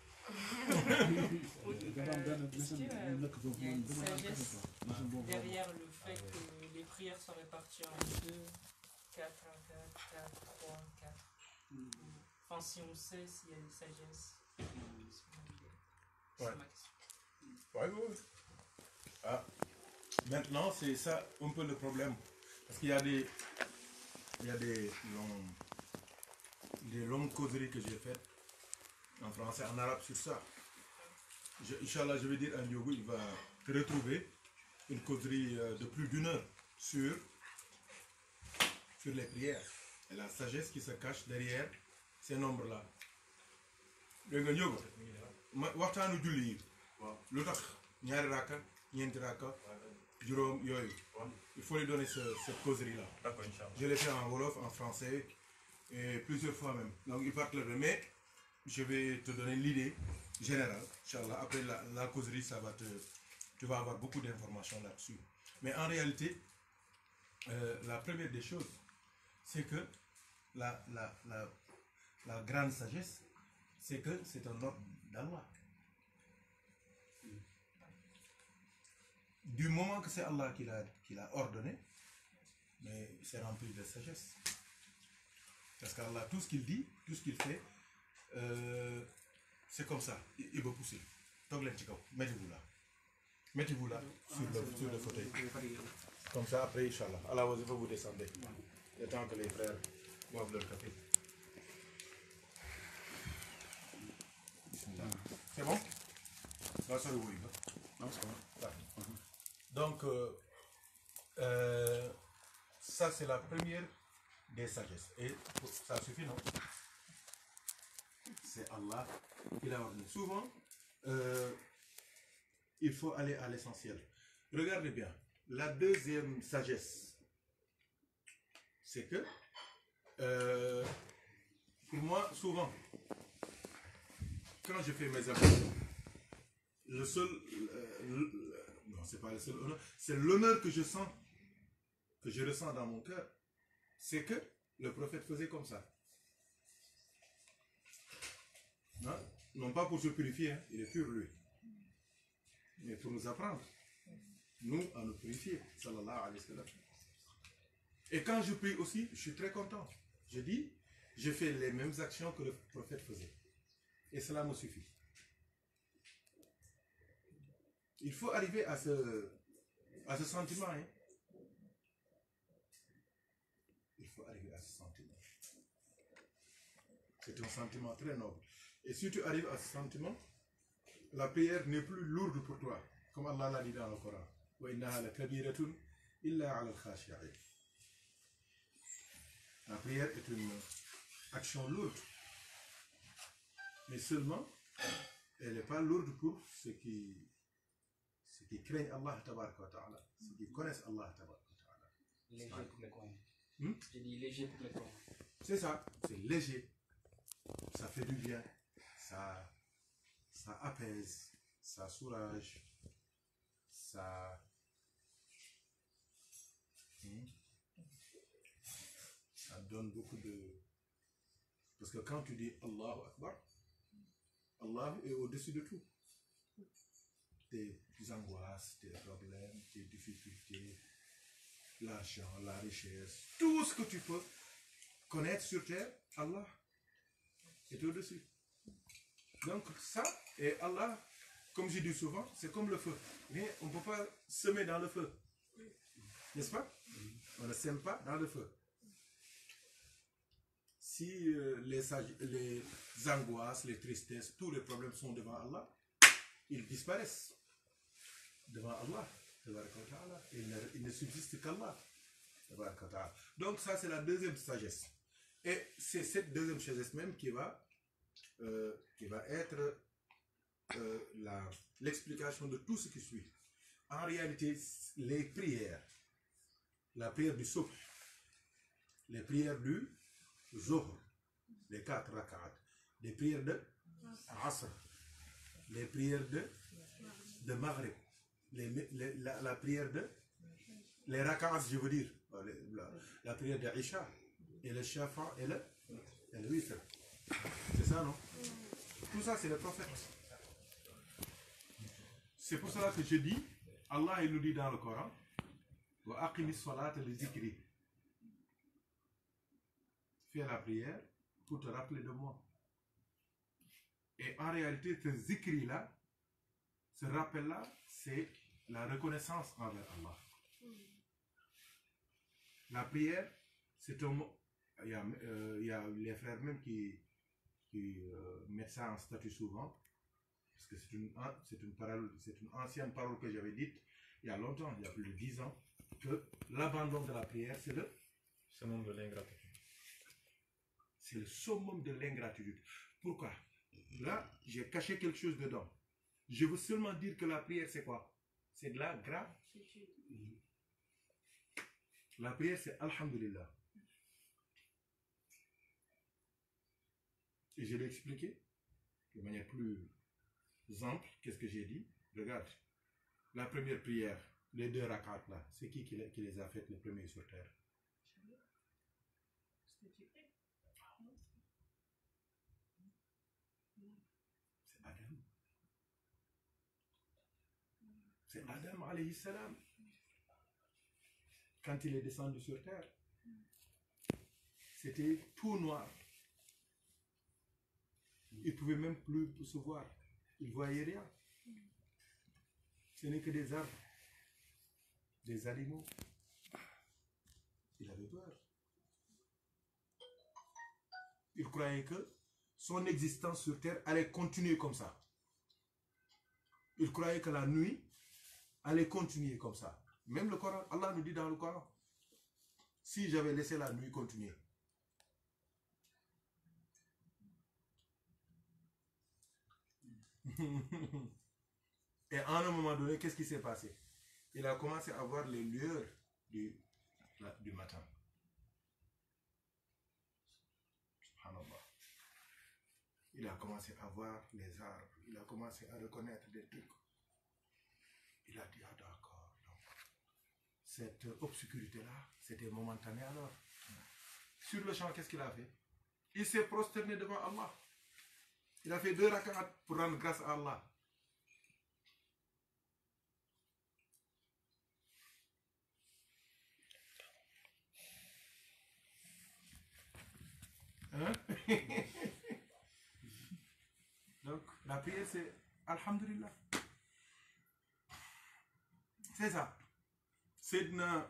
sagesse derrière le fait que les prières sont réparties en 2, 4, 1, 4, 3, 4 Enfin, si on sait s'il y a une sagesse. Ouais. Ouais, ouais. Ah. Maintenant, c'est ça un peu le problème. Parce qu'il y a des. Il y a des longues, des longues causeries que j'ai faites en français, en arabe sur ça. Inch'Allah, je vais dire un Ndiogo, il va retrouver une causerie euh, de plus d'une heure sur, sur les prières. Et la sagesse qui se cache derrière ces nombres-là. il faut lui donner ce cette causerie là je l'ai fait en wolof en français et plusieurs fois même donc il va te le remettre je vais te donner l'idée générale. Inch'Allah, après la, la, causerie, ça va te, tu vas avoir beaucoup d'informations là-dessus. Mais en réalité, euh, la première des choses, c'est que la, la, la, la, grande sagesse, c'est que c'est un ordre d'Allah. Du moment que c'est Allah qui l'a ordonné, mais c'est rempli de sagesse. Parce qu'Allah, tout ce qu'il dit, tout ce qu'il fait, euh, c'est comme ça il va pousser donc les mettez-vous là mettez-vous là sur le sur le fauteuil comme ça après inchallah Allah va vous descendre le temps que les frères boivent leur café c'est bon waaw sori donc euh, euh, ça c'est la première des sagesses et ça suffit non c'est Allah qui l'a ordonné. Souvent, euh, il faut aller à l'essentiel. Regardez bien, la deuxième sagesse, c'est que, euh, pour moi, souvent, quand je fais mes ablutions, le seul, euh, non, c'est pas le seul honneur, c'est l'honneur que je sens, que je ressens dans mon cœur, c'est que le prophète faisait comme ça. Non, pas pour se purifier, hein. il est pur lui. Mais pour nous apprendre, nous, à nous purifier. Et quand je prie aussi, je suis très content. Je dis, je fais les mêmes actions que le prophète faisait. Et cela me suffit. Il faut arriver à ce, à ce sentiment. Hein. Il faut arriver à ce sentiment. C'est un sentiment très noble. Et si tu arrives à ce sentiment, la prière n'est plus lourde pour toi, comme Allah l'a dit dans le Coran. La prière est une action lourde, mais seulement elle n'est pas lourde pour ceux qui, qui craignent Allah, ta'ala, ceux qui connaissent Allah. Léger pour les coins. Hmm? léger pour les coins. C'est ça, c'est léger. Ça fait du bien ça, ça apaise, ça soulage, ça... Hein, ça donne beaucoup de... Parce que quand tu dis Allahu Akbar, Allah est au-dessus de tout. Tes angoisses, tes problèmes, tes difficultés, l'argent, la richesse, tout ce que tu peux connaître sur terre, Allah est au-dessus. Donc ça, et Allah, comme j'ai dit souvent, c'est comme le feu. Mais on ne peut pas semer dans le feu. N'est-ce pas On ne sème pas dans le feu. Si euh, les, angoisses, les tristesses, tous les problèmes sont devant Allah, ils disparaissent devant Allah. il ne subsiste qu'Allah. Donc ça, c'est la deuxième sagesse. Et c'est cette deuxième sagesse même qui va euh, qui va être euh, l'explication de tout ce qui suit. En réalité, les prières, la prière du souk, les prières du zohr, les quatre rak'at, les prières de asr, les prières de, de les, la, prière de les rakats, je veux dire, la, prière de et le shafa et le, et c'est ça, non Tout ça, c'est le prophète. C'est pour cela que je dis, Allah, il nous dit dans le Coran, Fais la prière pour te rappeler de moi. Et en réalité, ce zikri là, ce rappel là, c'est la reconnaissance envers Allah. La prière, c'est un mot. il y a euh, les frères même qui, qui euh, met ça en statut souvent, parce que c'est une, parole, c'est une ancienne parole que j'avais dite il y a longtemps, il y a plus de dix ans, que l'abandon de la prière, c'est le summum de l'ingratitude. C'est le summum de l'ingratitude. Pourquoi Là, j'ai caché quelque chose dedans. Je veux seulement dire que la prière, c'est quoi C'est de la gratitude. La prière, c'est Alhamdulillah. Et je l'ai expliqué de manière plus ample. Qu'est-ce que j'ai dit Regarde, la première prière, les deux rakats là, c'est qui qui, les a faites les premiers sur terre ah. C'est Adam. C'est Adam alayhi salam. Quand il est descendu sur terre, c'était tout noir. Il ne même plus se voir. Il ne voyaient rien. Ce n'est que des arbres, des animaux. Il avait peur. Il croyait que son existence sur Terre allait continuer comme ça. Il croyait que la nuit allait continuer comme ça. Même le Coran, Allah nous dit dans le Coran, si j'avais laissé la nuit continuer, Et à un moment donné, qu'est-ce qui s'est passé Il a commencé à voir les lueurs du, du matin. Il a commencé à voir les arbres. Il a commencé à reconnaître des trucs. Il a dit, ah d'accord. Cette obscurité-là, c'était momentané alors. Sur le champ, qu'est-ce qu'il a fait Il s'est prosterné devant Allah. Il a fait deux rak'at pour rendre grâce à Allah. Hein? Donc, la prière, c'est Alhamdulillah. C'est ça. Sedna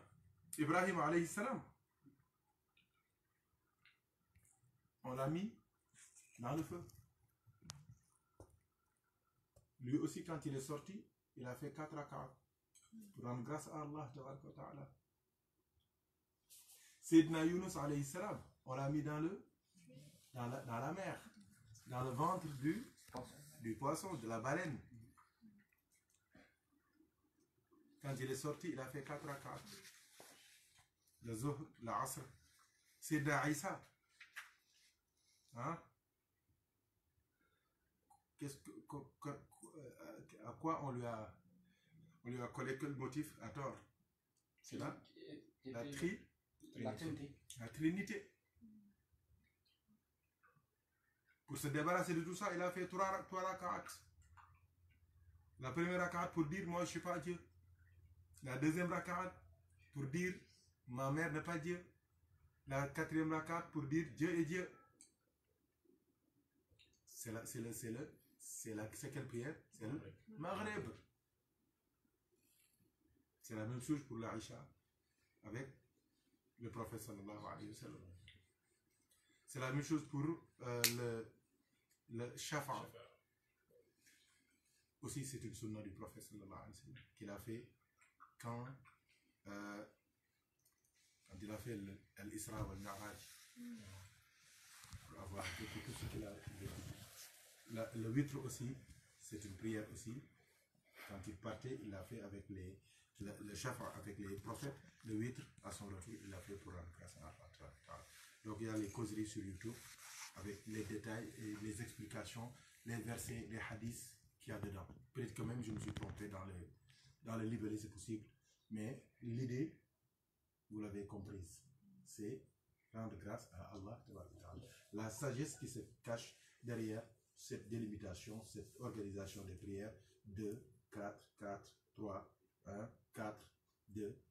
Ibrahim alayhi salam. On l'a mis dans le feu. Lui aussi, quand il est sorti, il a fait quatre rakats pour rendre grâce à Allah. C'est Yunus, alayhi salam, on l'a mis dans, le, dans, la, mer, dans le ventre du, du poisson, de la baleine. Quand il est sorti, il a fait quatre rakats. Le la Asr. C'est Hein? Qu'est-ce que à quoi on lui a, on lui a collé que le motif à tort C'est là la, euh, Trinité. La Trinité. Pour se débarrasser de tout ça, il a fait trois, trois La première rakat pour dire moi je ne suis pas Dieu. La deuxième rakat pour dire ma mère n'est pas Dieu. La quatrième rakat pour dire Dieu est Dieu. C'est le, le, c'est la, c'est quelle prière C'est le Maghreb. C'est la même chose pour l'Aïcha avec le prophète sallallahu alayhi wa sallam. C'est la même chose pour euh, le, le Shafa. Aussi, c'est une sunna du prophète sallallahu alayhi wa sallam qu'il a fait quand, euh, quand il a fait l'Isra ou le naaj mm. Pour avoir tout ce qu'il a fait le huître aussi, c'est une prière aussi. Quand il partait, il l'a fait avec les, le, avec les prophètes, le huître, à son retour, il l'a fait pour la grâce à Donc il y a les causeries sur YouTube, avec les détails et les explications, les versets, les hadiths qu'il y a dedans. Peut-être que même je me suis trompé dans le, dans c'est possible. Mais l'idée, vous l'avez comprise, c'est rendre grâce à Allah. La sagesse qui se cache derrière cette délimitation, cette organisation des prières. 2, 4, 4, 3, 1, 4, 2.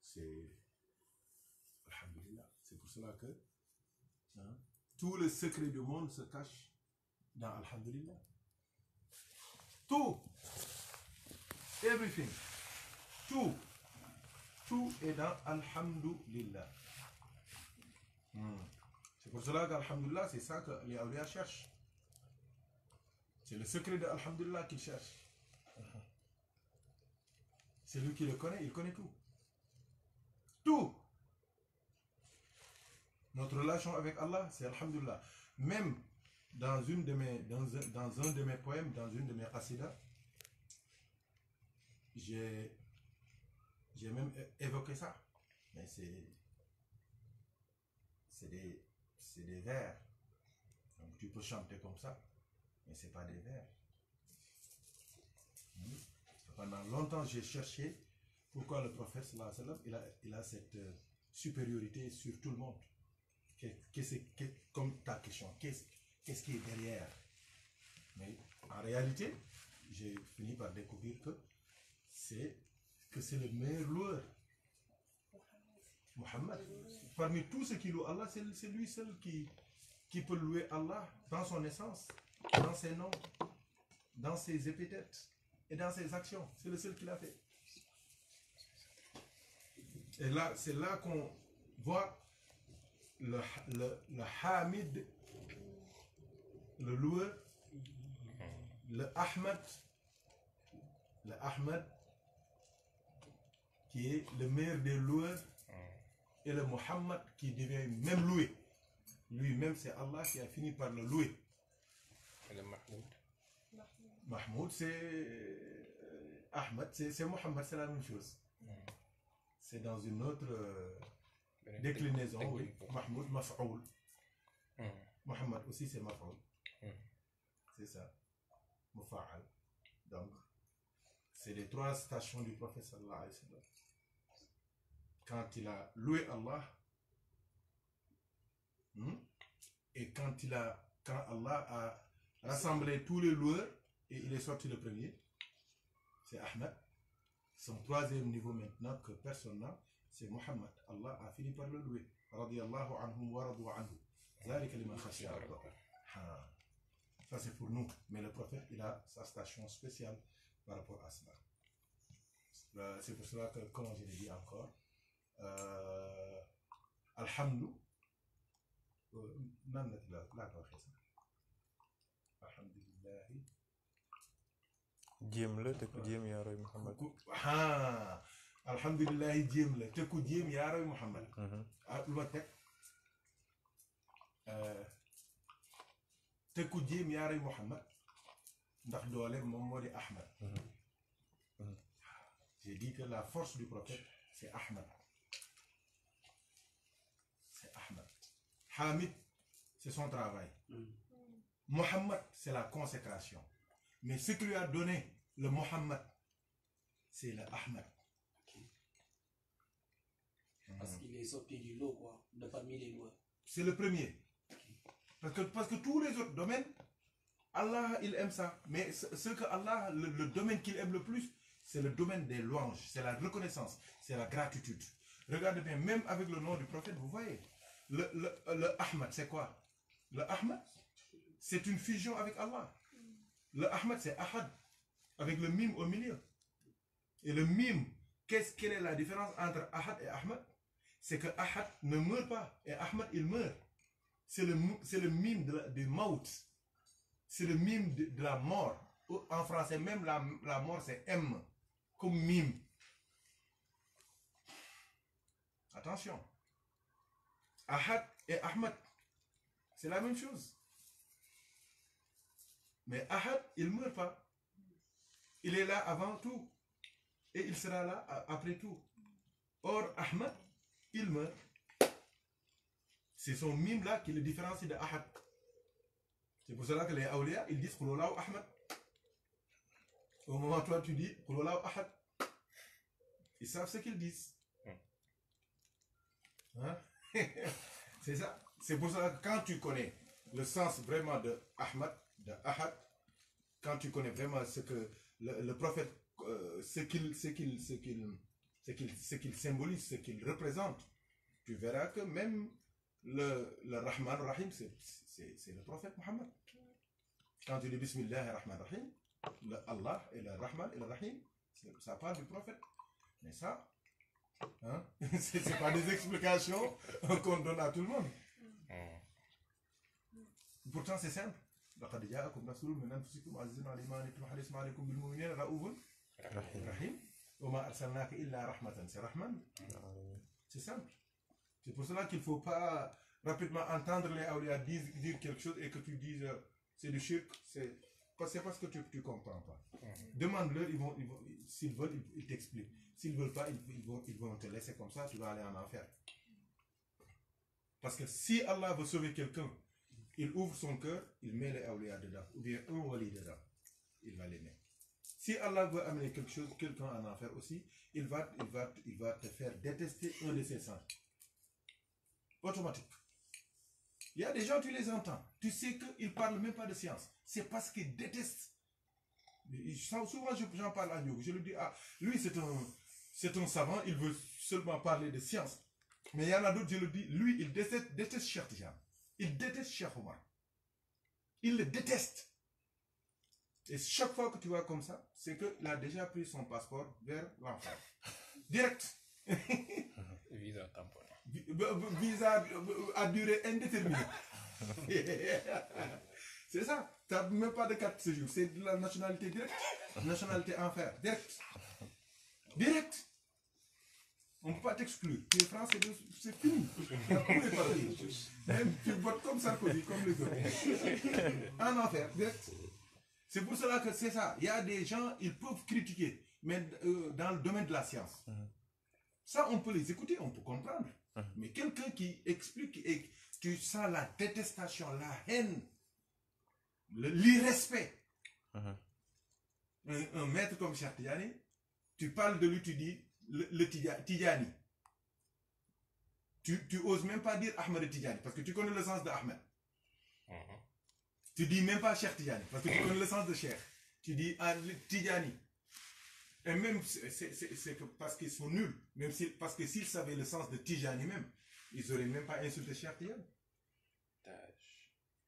C'est. Alhamdulillah. C'est pour cela que hein, tout le secret du monde se cache dans Alhamdulillah. Tout. Everything. Tout. Tout est dans Alhamdulillah. Hmm. C'est pour cela qu'Alhamdulillah, c'est ça que les awliya cherchent. C'est le secret de Alhamdulillah qu'il cherche. C'est lui qui le connaît, il connaît tout. Tout. Notre relation avec Allah, c'est Alhamdulillah. Même dans, une de mes, dans, un de mes poèmes, dans une de mes qasidas, j'ai même évoqué ça. Mais c'est c'est des, des vers. Donc tu peux chanter comme ça. Mais ce n'est pas des vers. Hmm? Pendant longtemps, j'ai cherché pourquoi le prophète, il a, il a cette euh, supériorité sur tout le monde. Qu'est-ce, comme ta question, qu'est-ce, qui est derrière Mais en réalité, j'ai fini par découvrir que c'est, que c'est le meilleur loueur. Mohammed. Parmi tous ceux qui louent Allah, c'est, lui seul qui, qui peut louer Allah dans son essence dans ses noms, dans ses épithètes et dans ses actions. C'est le seul qu'il a fait. Et là, c'est là qu'on voit le, Hamid, le loueur, le Ahmed, le Ahmed, qui est le maire des loueurs, et le Mohammed qui devient même loué. Lui-même, c'est Allah qui a fini par le louer. Mahmoud. Mahmoud, c'est. Euh, Ahmed, c'est Mohamed, c'est la même chose. Hmm. C'est dans une autre euh, déclinaison, Mahmoud, Maf'oul. Muhammad hmm. aussi, c'est Maf'oul. Hmm. C'est ça. Mufa'al. Donc, c'est les trois stations du prophète Quand il a loué Allah, et quand, il a, quand Allah a rassembler tous les loueurs et il est sorti le premier. C'est Ahmed. Son troisième niveau maintenant que personne n'a, c'est Mohamed. Allah a fini par le louer. Radiallahu anhum wa radu anhu. Ça c'est pour nous. Mais le prophète, il a sa station spéciale par rapport à cela. C'est pour cela que, comme je l'ai dit encore, euh, الحمد لله jéem la te ku jéem yaa roy Muhammad ah alhamdulilahi jéem la te ku jéem yaa roy Muhammad ah lu ma teg te ku jéem yaa roy Muhammad ndax doole moom moo di Ahmad j'ai dit que la force du prophète c'est Ahmad c'est Ahmad Hamid c'est son travail Mohammed, c'est la consécration. Mais ce que lui a donné le Mohammed, c'est le Ahmed. Parce qu'il est sorti du lot, quoi, de parmi les lois. C'est le premier. Parce, que, parce que tous les autres domaines, Allah, il aime ça. Mais ce, que Allah, le, domaine qu'il aime le plus, c'est le domaine des louanges, c'est la reconnaissance, c'est la gratitude. Regardez bien, même avec le nom du prophète, vous voyez, le, le, le Ahmed, c'est quoi Le Ahmed, c'est une fusion avec Allah. Le Ahmad, c'est Ahad, avec le mime au milieu. Et le mime, qu'est-ce quelle est la différence entre Ahad et Ahmad C'est que Ahad ne meurt pas et Ahmad, il meurt. C'est le, mime de la, mort C'est le mime de, la mort. En français, même la, mort, c'est M, comme mime. Attention. Ahad et Ahmad, c'est la même chose. Mais Ahad, il ne meurt pas. Il est là avant tout. Et il sera là après tout. Or, Ahmad, il meurt. C'est son mime là qui le différencie de Ahad. C'est pour cela que les Aoulias, ils disent Kouloulaou ou Ahmad. Au moment où toi tu dis Kouloulaou ou Ahad, ils savent ce qu'ils disent. Hmm. Hein? C'est ça. C'est pour cela que quand tu connais le sens vraiment de Ahmad, quand tu connais vraiment ce que le, prophète, ce qu'il symbolise, ce qu'il représente, tu verras que même le, le Rahman Rahim, c'est le prophète Mohammed. Quand tu dis Bismillah Rahman Rahim, le Allah et le Rahman et le Rahim, ça parle du prophète. Mais ça, hein, ce n'est pas des explications qu'on donne à tout le monde. Hmm. Pourtant, c'est simple c'est simple c'est pour cela qu'il faut pas rapidement entendre les awliya dire, quelque chose et que tu dises euh, c'est du shirk c'est parce que tu ne comprends pas. Mhm. Demande-leur, ils vont, s'ils veulent, ils, t'expliquent. S'ils ne veulent pas, vont, ils vont te laisser comme ça, tu vas aller en enfer. Parce que si Allah veut sauver quelqu'un, il ouvre son cœur, il met les awliya dedans, ou bien un wali dedans, il va les mettre. Si Allah veut amener quelque chose, quelqu'un en enfer aussi, il va, il, va, il va te faire détester un de ses saints. Automatique. Il y a des gens, tu les entends, tu sais qu'ils ne parlent même pas de science. C'est parce qu'ils détestent. Souvent, j'en parle à nous, Je lui dis, ah, lui, c'est un, un savant, il veut seulement parler de science. Mais il y en a d'autres, je le dis, lui, il déteste, déteste il déteste Cheikh Il le déteste. Et chaque fois que tu vois comme ça, c'est qu'il a déjà pris son passeport vers l'enfer. Direct. Visa temporaire. Visa à durée indéterminée. c'est ça. Tu n'as même pas de carte de séjour. C'est de la nationalité directe. Nationalité enfer. Direct. Direct. On ne peut pas t'exclure. Tu es français, c'est fini. tu votes comme Sarkozy, comme les autres. En enfer, C'est pour cela que c'est ça. Il y a des gens, ils peuvent critiquer, mais euh, dans le domaine de la science. Mhm. Ça, on peut les écouter, on peut comprendre. Mhm. Mais quelqu'un qui explique et tu sens la détestation, la haine, l'irrespect. Mhm. un, maître comme Chartiani, tu parles de lui, tu dis le, Tidjani. Tu, tu oses même pas dire Ahmed Tidjani parce que tu connais le sens de Ahmed. Mhm. Tu dis même pas Cheikh Tidjani parce que tu connais le sens de Cheikh. Tu dis ah, Tidjani. Et même, c'est parce qu'ils sont nuls. Même parce que s'ils savaient le sens de Tijani même, ils n'auraient même pas insulté Cheikh Tidjani.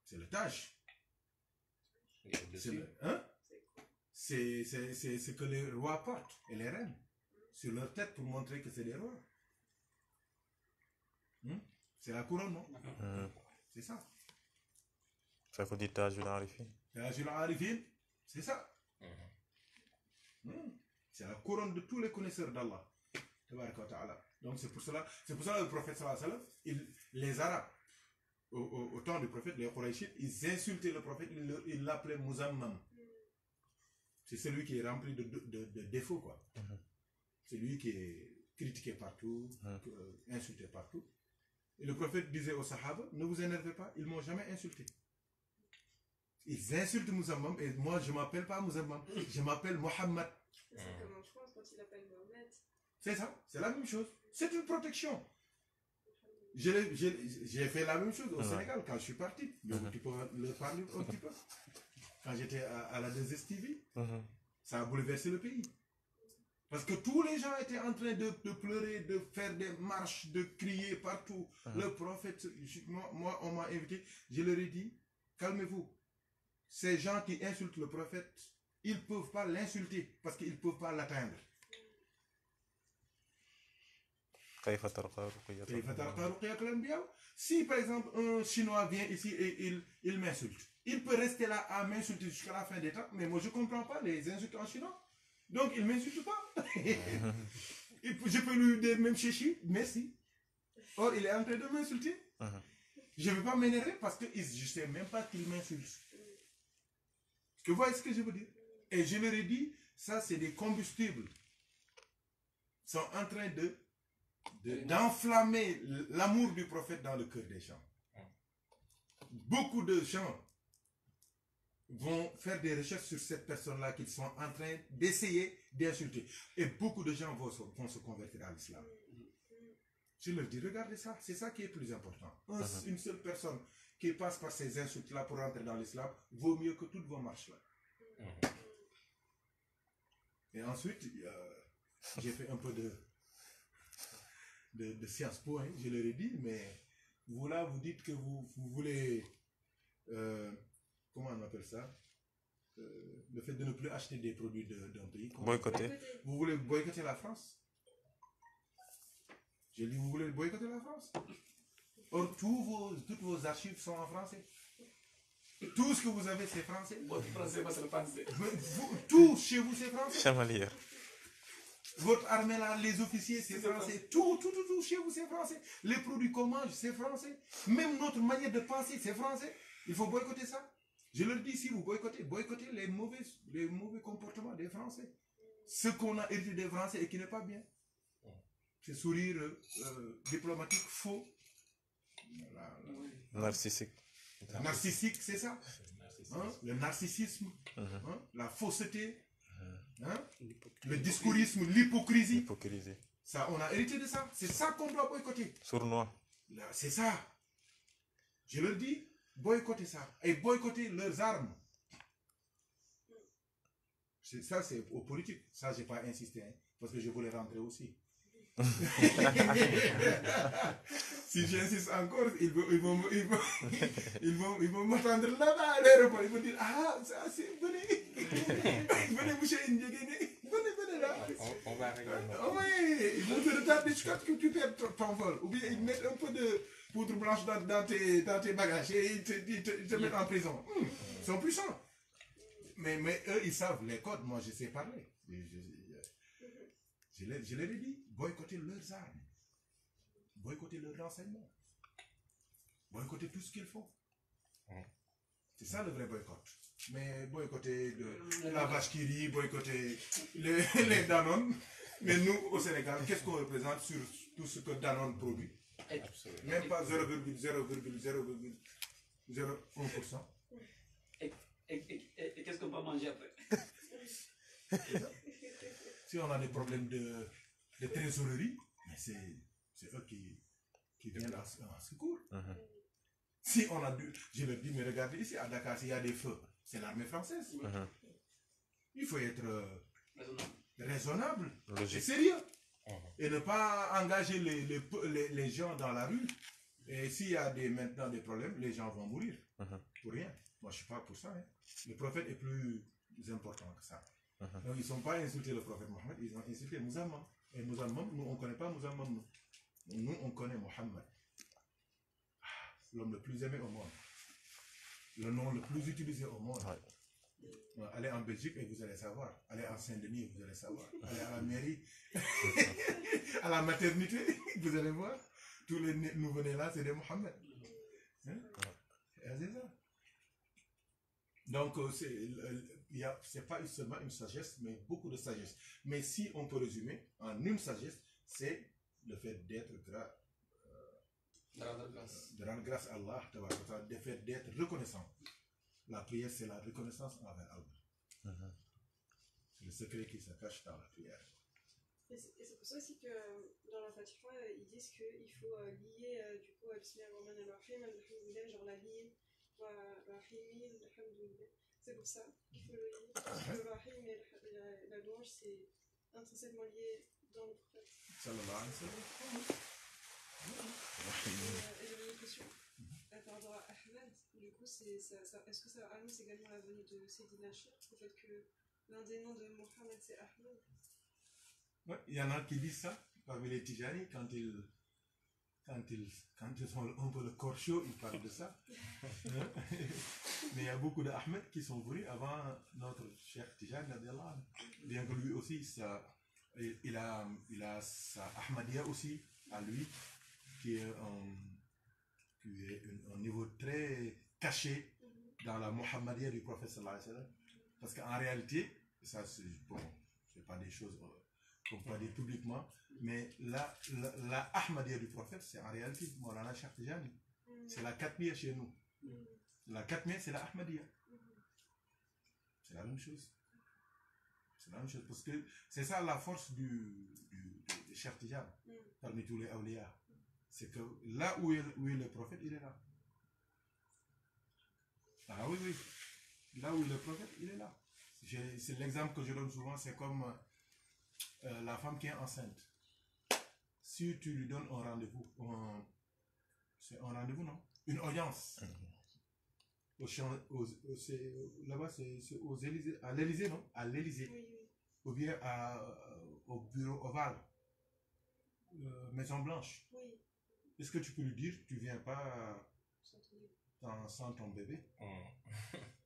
C'est le Taj. C'est hein? ce que les rois portent et les reines sur leur tête pour montrer que c'est des rois. Hmm? C'est la couronne, non hmm. C'est ça. Ça dit Arifin. c'est ça. Hmm. C'est la couronne de tous les connaisseurs d'Allah. Donc c'est pour cela, c'est pour cela que le prophète sallallahu alayhi wa sallam, les Arabes, au, temps du prophète, les ils insultaient le prophète, ils l'appelaient Muzammam. C'est celui qui est rempli de, défauts, quoi. C'est lui qui est critiqué partout, hein. euh, insulté partout. Et le prophète disait aux Sahaba, ne vous énervez pas, ils ne m'ont jamais insulté. Ils insultent Mousamam et moi je ne m'appelle pas Mouzamam, je m'appelle Mohammed. C'est comme en France quand il appelle Mohamed. C'est ça, c'est la même chose. C'est une protection. J'ai fait la même chose au ah Sénégal quand je suis parti. tu peux parler un petit peu. Quand j'étais à, la désestivie, ah ça a bouleversé le pays. Parce que tous les gens étaient en train de, pleurer, de faire des marches, de crier partout. Ah. Le prophète, moi, on m'a invité, je leur ai dit, calmez-vous. Ces gens qui insultent le prophète, ils ne peuvent pas l'insulter parce qu'ils ne peuvent pas l'atteindre. Si par exemple un Chinois vient ici et il, il m'insulte, il peut rester là à m'insulter jusqu'à la fin des temps, mais moi je ne comprends pas les insultes en chinois. Donc, il ne m'insulte pas. je peux lui dire même chichi, merci. Or, il est en train de m'insulter. Uh-huh. Je ne vais pas m'énerver parce que je ne sais même pas qu'il m'insulte. Que voyez ce que je veux dire Et je leur ai dit, ça, c'est des combustibles. sont en train de d'enflammer l'amour du prophète dans le cœur des gens. Ah. Beaucoup de gens vont faire des recherches sur cette personne-là qu'ils sont en train d'essayer d'insulter. Et beaucoup de gens vont se, convertir à l'islam. Je leur dis, regardez ça, c'est ça qui est plus important. Ah, ah. une seule personne qui passe par ces insultes-là pour entrer dans l'islam vaut mieux que toutes vos marches-là. Ah. Et ensuite, j'ai fait un peu de, de, science po, hein, je leur ai dit, mais vous là, vous dites que vous, vous voulez... Euh, comment on appelle ça euh, le fait de ne plus acheter des produits d'un pays. Boycotter. Vous voulez boycotter la France J'ai dit, vous voulez boycotter la France Or, tous vos, toutes vos archives sont en français. Tout ce que vous avez, c'est français. Votre français, c'est le français. tout chez vous, c'est français. Chamalière. Votre armée là, les officiers, c'est français. Tout, tout, tout, tout chez vous, c'est français. Les produits qu'on mange, c'est français. Même notre manière de penser, c'est français. Il faut boycotter ça. Je leur dis, si vous boycottez, boycottez les mauvais, les mauvais comportements des Français. Ce qu'on a hérité des Français et qui n'est pas bien. Ce sourire euh, diplomatique faux. Narcissique. Narcissique, c'est ça. Hein? Le narcissisme, uh-huh. hein? la fausseté, uh-huh. hein? le discourisme, l'hypocrisie. Ça, on a hérité de ça. C'est ça qu'on doit boycotter. Sournois. C'est ça. Je le dis boycotter ça et boycotter leurs armes. Ça, c'est aux politiques. Ça, je n'ai pas insisté, hein, parce que je voulais rentrer aussi. si j'insiste encore, ils vont, ils vont, ils vont, ils vont, ils vont m'attendre là-bas à l'aéroport. Ils vont dire Ah, ça, c'est, venez, venez, monsieur Indiéguéné, venez, venez là. On, va regarder ah, oui, ils vont te retarder jusqu'à ce que tu perds ton vol. Ou bien ils mettent un peu de poudre blanche dans, tes, bagages et ils te, mettent en prison. Hmm. ils sont puissants. Mais, eux, ils savent les codes. Moi, je sais parler. Je, je, ai dit, boycotter leurs armes. Boycotter leurs renseignements. Boycotter tout ce qu'ils font. C'est ça le vrai boycott. Mais boycotter la vache qui rit, boycotter les, les Danone. Mais nous, au Sénégal, qu'est-ce qu'on représente sur tout ce que Danone produit même pas 0,0,0,01%. Et, qu'est-ce qu'on va manger après Si on a des problèmes de, de trésorerie, c'est eux qui, qui viennent secours. Uh-huh. Si on a du, je leur dis, mais regardez ici, à Dakar, s'il y a des feux, c'est l'armée française. Uh-huh. Il faut être euh, raisonnable, raisonnable et sérieux. Et ne pas engager les, les, gens dans la rue. Et s'il y a des, maintenant des problèmes, les gens vont mourir. Uh-huh. Pour rien. Moi, je ne suis pas pour ça. Hein. Le prophète est plus important que ça. Uh-huh. Donc, ils sont pas insultés, le prophète Mohammed, ils ont insulté Mouzamman. Et Mouzamman, nous, on ne connaît pas Mouzamman, nous. Nous, on connaît Mohammed. Ah, l'homme le plus aimé au monde. Le nom le plus utilisé au monde. Allez en Belgique et vous allez savoir. Allez en Saint-Denis et vous allez savoir. Allez à la mairie, à la maternité, vous allez voir. Tous les nouveaux-nés là, c'est des Mohamed. Hein? C'est ça. Donc, euh, euh, c'est pas seulement une sagesse, mais beaucoup de sagesse. Mais si on peut résumer en une sagesse, c'est le fait d'être euh, grâce. de rendre grâce à Allah, de fait d'être reconnaissant. La prière, c'est la reconnaissance envers Allah. Mhm. C'est le secret qui se cache dans la prière. Et c'est pour ça aussi que dans la Fatiha, ils disent qu'il faut euh, lier euh, du coup euh, Bismillah al-Rahim, Alhamdulillah, genre la ligne, Rahim, Alhamdulillah. C'est pour ça qu'il faut le lier. Parce que mais Rahim et la, la c'est intrinsèquement lié dans le prophète. Sallallahu Et, j'ai une question par rapport à Ahmed. Du coup, c'est, ça, est-ce que ça annonce également la venue de Sidi Chir, le fait que l'un des noms de Mohamed, c'est Ahmed ouais, Il y en a qui disent ça, parmi les Tijani, quand ils, quand ils, quand ils sont un peu le corps chaud, ils parlent de ça. Mais il y a beaucoup d'Ahmed qui sont venus avant notre cher Tijani, bien que lui aussi, ça, il, a, il a sa Ahmadiyya aussi à lui, qui est qui est un niveau très caché mhm. dans la Mohammedia du prophète Parce qu'en réalité, ça c'est bon, c'est pas des choses euh, qu'on peut dire publiquement, mais la, la, du prophète, c'est en réalité mhm. C'est la 4000 chez nous. Mhm. La 4000 c'est la Ahmadia C'est la même chose. C'est la même chose. Parce que c'est ça la force du, du, parmi tous les awliya. C'est que là où est, où est le prophète, il est là. Ah oui, oui. Là où le prophète, il est là. C'est l'exemple que je donne souvent, c'est comme euh, la femme qui est enceinte. Si tu lui donnes un rendez-vous, c'est un rendez-vous, non Une audience. Mm-hmm. Là-bas, c'est aux Élysées. À l'Élysée, non À l'Élysée. Oui, oui. Ou bien euh, au bureau ovale. Euh, Maison Blanche. Oui. Est-ce que tu peux lui dire, tu viens pas sans, ton bébé. Mm.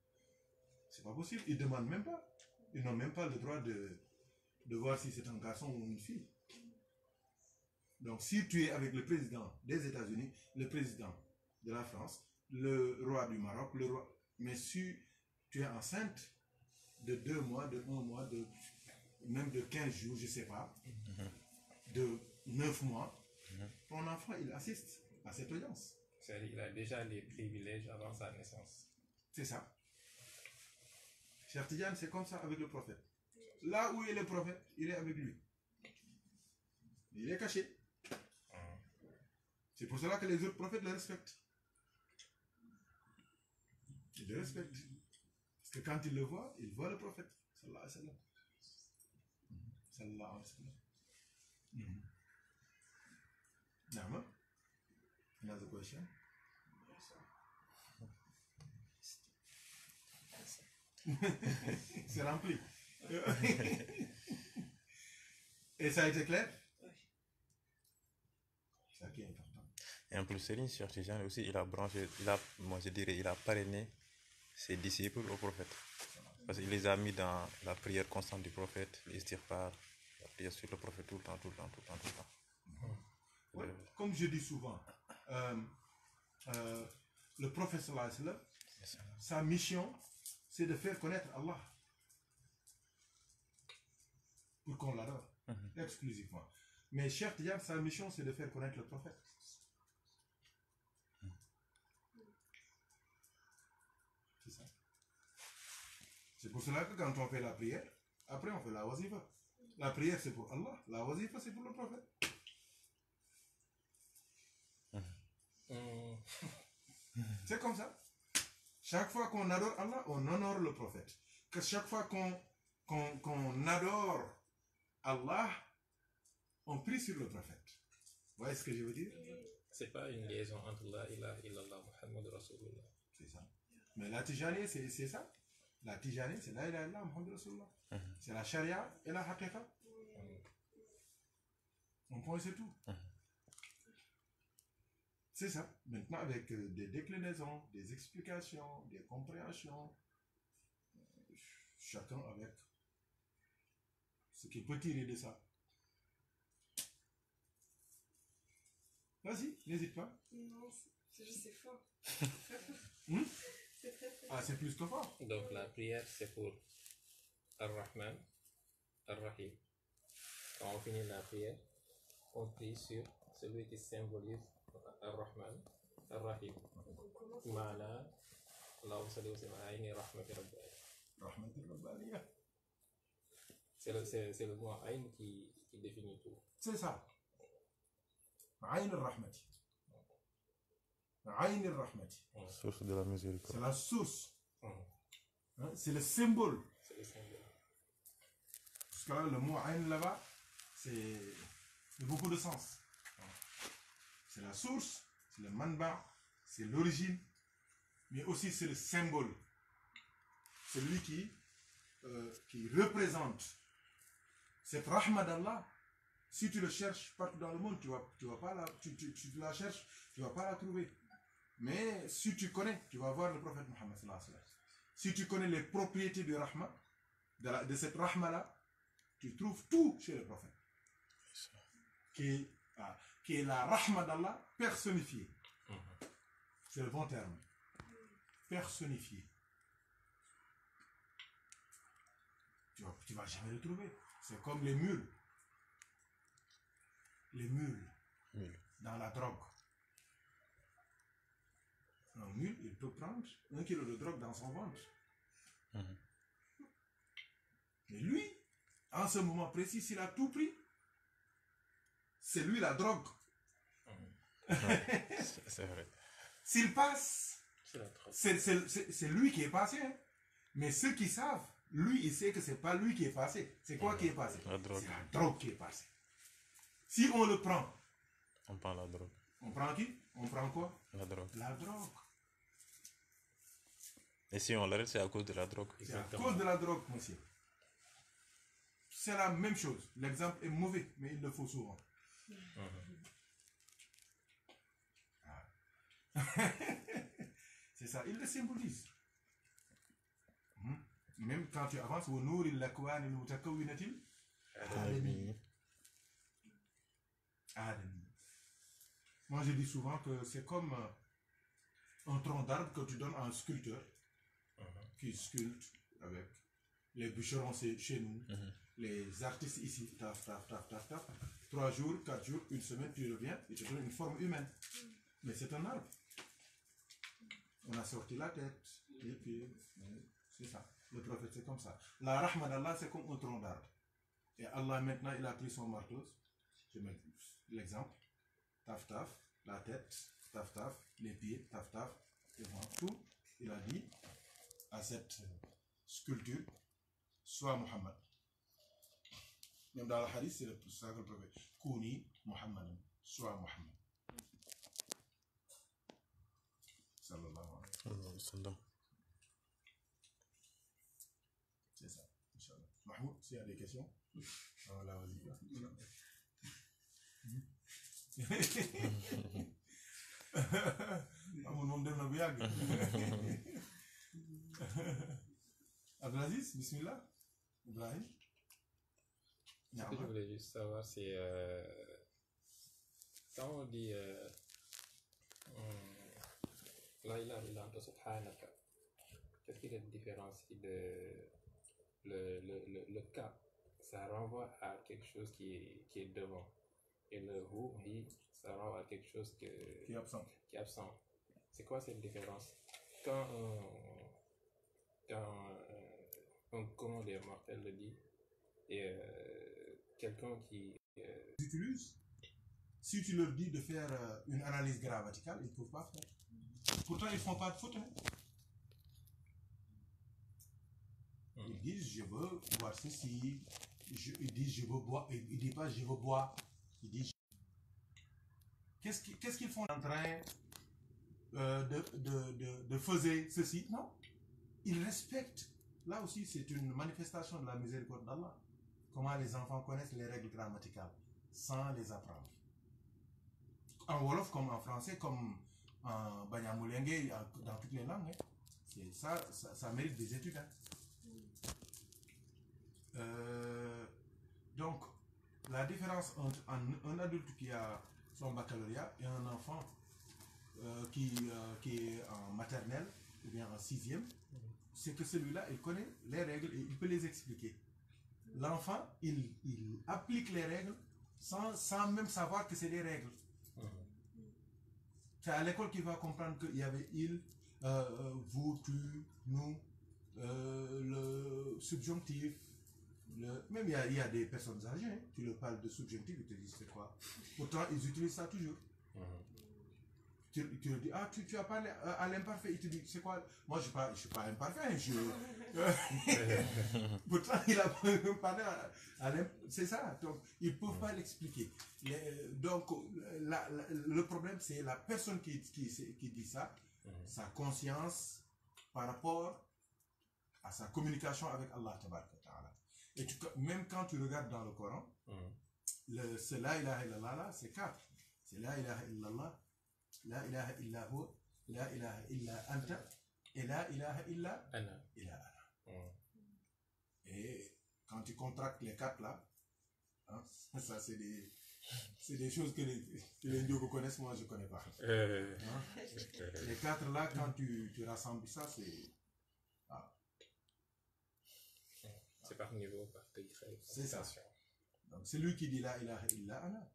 c'est pas possible. Ils demandent même pas. Ils n'ont même pas le droit de, de voir si c'est un garçon ou une fille. Donc, si tu es avec le président des États-Unis, le président de la France, le roi du Maroc, le roi. Mais si tu es enceinte de deux mois, de un mois, de même de 15 jours, je ne sais pas, mm-hmm. de neuf mois, mm-hmm. ton enfant, il assiste à cette audience. C'est-à-dire qu'il a déjà des privilèges avant sa naissance. C'est ça. certian c'est comme ça avec le prophète. Là où est le prophète, il est avec lui. Il est caché. Mm. C'est pour cela que les autres prophètes le respectent. Ils le respectent. Parce que quand ils le voient, ils voient le prophète. Sallallahu alayhi wa sallam. Sallallahu alayhi wa sallam. Mm autre question? C'est rempli. Et ça a été clair C'est ça qui est important. Et en plus, Céline, sur ces gens aussi, il a branché, il a, moi je dirais, il a parrainé ses disciples au prophète. Parce qu'il les a mis dans la prière constante du prophète, les la prière sur le prophète tout le temps, tout le temps, tout le temps, tout le temps. Euh, comme je dis souvent, euh, euh, le prophète sa mission, c'est de faire connaître Allah. Pour qu'on l'adore, mhm. exclusivement. Mais cher sa mission, c'est de faire connaître le prophète. Mhm. C'est ça. C'est pour cela que quand on fait la prière, après on fait la wazifa. La prière, c'est pour Allah. La wazifa, c'est pour le prophète. Mm. c'est comme ça. Chaque fois qu'on adore Allah, on honore le prophète. Que chaque fois qu'on qu'on adore Allah, on prie sur le prophète. Vous voyez ce que je veux dire euh, C'est pas une liaison entre Allah et illallah Muhammad Rasulullah. C'est ça. Mais la tijani c'est ça. La tijani c'est la ilaha illallah Muhammad mm-hmm. C'est la charia et la haqiqa. Mm. On pense c'est tout. Mm-hmm. C'est ça. Maintenant, avec euh, des déclinaisons, des explications, des compréhensions, euh, chacun avec ce qu'il peut tirer de ça. Vas-y, n'hésite pas. Non, c'est juste fort. C'est très, fort Ah, c'est plus que fort. Donc la prière, c'est pour Ar-Rahman, Ar-Rahim. Quand on finit la prière, on prie sur celui qui symbolise الرحمن الرحيم معنا اللهم صل وسلم على عيني رحمة رب العالمين رحمة رب العالمين سي لو عين كي كي ديفيني تو سي سا عين الرحمة عين الرحمة سورس دي لا ميزيريكو سي لا سورس سي لو سيمبول سي لو سيمبول باسكو لو مو عين لابا سي Il y a beaucoup de sens. c'est la source, c'est le manba, c'est l'origine, mais aussi c'est le symbole. Celui qui, euh, qui représente cette rahma d'Allah. Si tu le cherches partout dans le monde, tu ne vas, tu pas la, tu, tu, la cherches, tu vas pas la trouver. Mais si tu connais, tu vas voir le prophète Mohammed. Si tu connais les propriétés de, de cette rahma-là, tu trouves tout chez le prophète. Qui, ah, qui est la rahma d'Allah personnifiée. C'est le bon terme. Personnifiée. Tu ne vas, jamais le trouver. C'est comme les mules. Les mules dans la drogue. Un mule, il peut prendre un kilo de drogue dans son ventre. Et mhm. Mais lui, en ce moment précis, s'il a tout pris, c'est lui la drogue. c'est vrai. S'il passe, c'est lui qui est passé. Hein. Mais ceux qui savent, lui, il sait que c'est pas lui qui est passé. C'est quoi qui est passé C'est la drogue qui est passée. Si on le prend, on prend la drogue. On prend qui On prend quoi La drogue. La drogue. Et si on l'arrête, c'est à cause de la drogue. C'est à cause de la drogue, monsieur. C'est la même chose. L'exemple est mauvais, mais il le faut souvent. Ah. c'est ça, il le symbolise. Hmm. Même quand tu avances, Moi, je dis souvent que c'est comme euh, un tronc d'arbre que tu donnes à un sculpteur uh-huh. qui sculpte avec les bûcherons chez nous. Uh-huh les artistes ici, taf, taf, taf, taf, taf. Trois jours, quatre jours, une semaine, tu reviens, et te donne une forme humaine. Mm. Mais c'est un arbre. On a sorti la tête, et puis c'est ça. Le prophète, c'est comme ça. La rahma c'est comme un tronc d'arbre. Et Allah, maintenant, il a pris son marteau. Je mets l'exemple. Taf, taf, la tête, taf, taf, les pieds, taf, taf. Et bon, tout, il a dit à cette sculpture, soit Muhammad. même dans le hadith, c'est le plus simple. Kouni Muhammadan, sois Muhammad. Sallallahu alayhi wa sallam. C'est ça, Inch'Allah. Mahmoud, s'il y a des questions Voilà, vas-y. amul moom dem na bu yàgg Abdelaziz bismillah Ibrahim Ce que je voulais juste savoir, c'est euh, quand on dit euh, La qu'est-ce qui est la de le, le, le, Ça renvoie à quelque chose qui est, qui est devant. Et le rou ça renvoie à quelque chose qui est absent. C'est quoi cette différence Quand on, quand euh, des mortels le dit, et quelqu'un qui euh, utilise. Si tu leur dis de faire euh, une analyse grammaticale, ils ne peuvent pas faire. Pourtant, ils ne font pas de faute. Hein. Hmm. Ils disent je veux boire ceci. Je, ils disent je veux boire. Ils ne disent pas je veux boire. Ils disent qu'est-ce qu'ils font en train euh, de, de, de faire ceci Non. Ils respectent. Là aussi, c'est une manifestation de la miséricorde d'Allah comment les enfants connaissent les règles grammaticales sans les apprendre. En Wolof comme en français, comme en Banyamulenge, dans toutes les langues, hein. ça, ça, mérite des études. Hein. Euh, donc, la différence entre un, adulte qui a son baccalauréat et un enfant euh, qui, euh, qui est en maternelle ou bien en sixième, c'est que celui-là, il connaît les règles et il peut les expliquer l'enfant, il, applique les règles sans, même savoir que c'est des règles. Mhm. C'est à l'école qu'il va comprendre qu'il y avait il, euh, euh, vous, tu, nous, euh, le subjonctif. Même il y, a, des personnes âgées, hein. tu leur parles de subjonctif, ils te disent c'est quoi. Pourtant, ils utilisent ça toujours. Mhm tu, tu dis, ah, tu, tu as parlé euh, à l'imparfait. Il te dit, c'est quoi Moi, je ne suis, pas, je pas imparfait. Je... Pourtant, il a parlé à, l'imparfait. C'est ça. Donc, ils ne peuvent pas l'expliquer. Donc, la, le problème, c'est la personne qui, qui, qui dit ça, mhm. sa conscience par rapport à sa communication avec Allah. Et même quand tu regardes dans le Coran, mhm. le cela il c'est la ilaha illallah, c'est quatre, C'est la ilaha illallah. La ilaha illa hu, la ilaha illa anta, et la ilaha illa ana. Et quand tu contractes les quatre là, hein, ça c'est des, c'est des choses que les, que les connaissent, moi je ne connais pas. Euh, euh, hein. les quatre là, quand tu, tu rassembles ça, c'est. Ah. C'est par niveau, par pays, C'est ça. Donc c'est lui qui dit la ilaha illa ana.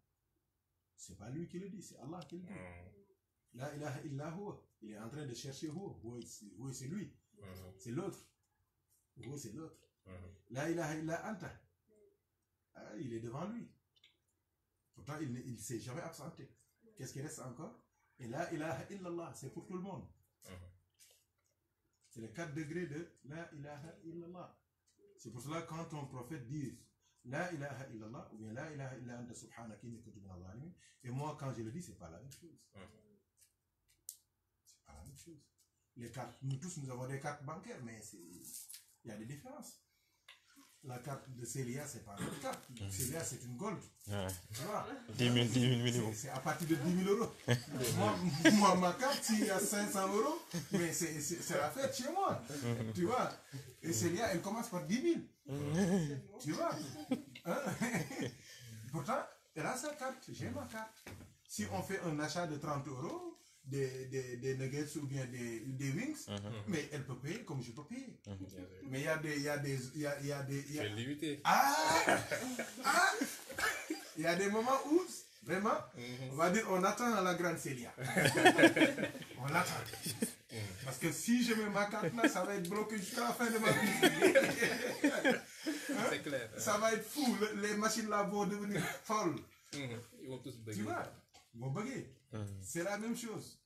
C'est pas lui qui le dit, c'est Allah qui le dit. Hmm. La ilaha illa Il est en train de chercher où est c'est lui. Mhm. C'est l'autre. Oui, c'est l'autre. Mhm. La ilaha illa anta. Ah, il est devant lui. Pourtant, il ne s'est jamais absenté. Qu'est-ce qui reste encore Et la ilaha illallah, c'est pour tout le monde. Mhm. C'est les 4 degrés de la ilaha illallah. C'est pour cela quand ton prophète dit la ilaha illallah ou bien la ilaha a et moi quand je le dis c'est pas la même chose. Les cartes, nous tous, nous avons des cartes bancaires, mais il y a des différences. La carte de Célia, n'est pas une carte. Célia, c'est une gold. Tu vois 10 000, euros. C'est à partir de 10 000 euros. moi, ma carte, s'il y a 500 euros, mais c'est la fête chez moi. tu vois Et Célia, elle commence par 10 000. tu vois hein? Pourtant, elle a sa carte, j'ai ma carte. Si on fait un achat de 30 euros, des, des, des, nuggets ou bien des, des wings, mhm. Mhm. mais elle peut payer comme je peux payer. Mhm. Mais il y a des. Il y a des. Il y a, y a des y a... limité. Ah Ah Il y a des moments où, vraiment, on va dire, on attend à la grande Célia. on attend. Parce que si je mets ma carte là, ça va être bloqué jusqu'à la fin de ma vie. C'est clair. Hein. Ça va être fou. Les machines là vont devenir folles. Ils vont tous bugger. Tu vois Ils vont bugger. Euh. C'est la même chose.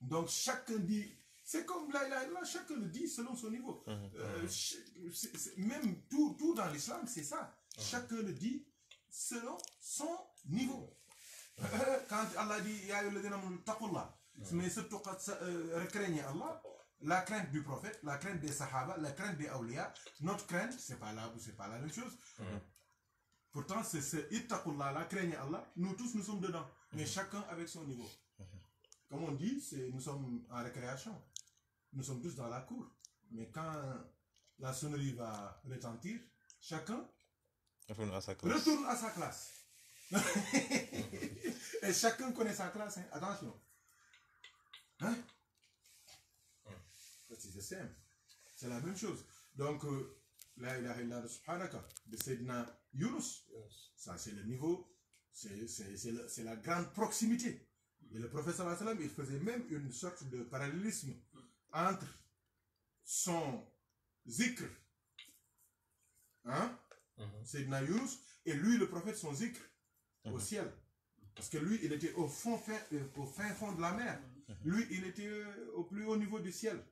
Donc chacun dit, c'est comme là, là, chacun le dit selon son niveau. Euh, euh. même tout, tout dans l'islam, c'est ça. Chacun le dit selon son niveau. Quand Allah dit, mais surtout, craignez Allah, la crainte du prophète, la crainte des sahaba, la crainte des awliya, notre crainte, c'est pas là, ou c'est pas la même chose. Pourtant, c'est ce ittaqullah, la craignez Allah, nous tous, nous sommes dedans. Mais mhm. chacun avec son niveau. Mhm. Comme on dit, nous sommes en récréation. Nous sommes tous dans la cour. Mais quand la sonnerie va retentir, chacun retourne à sa classe. Et chacun connaît sa classe. Hein. Attention. Hein? C'est la même chose. Donc, euh, la la subhanaka de Sedna Yunus, ça c'est le niveau c'est la grande proximité. Et le wa sallam, il faisait même une sorte de parallélisme entre son zikr, hein, c'est mhm. et lui, le prophète, son zikr au mhm. ciel. Parce que lui, il était au, fond, fin, euh, au fin fond de la mer. Mhm. Lui, il était euh, au plus haut niveau du ciel.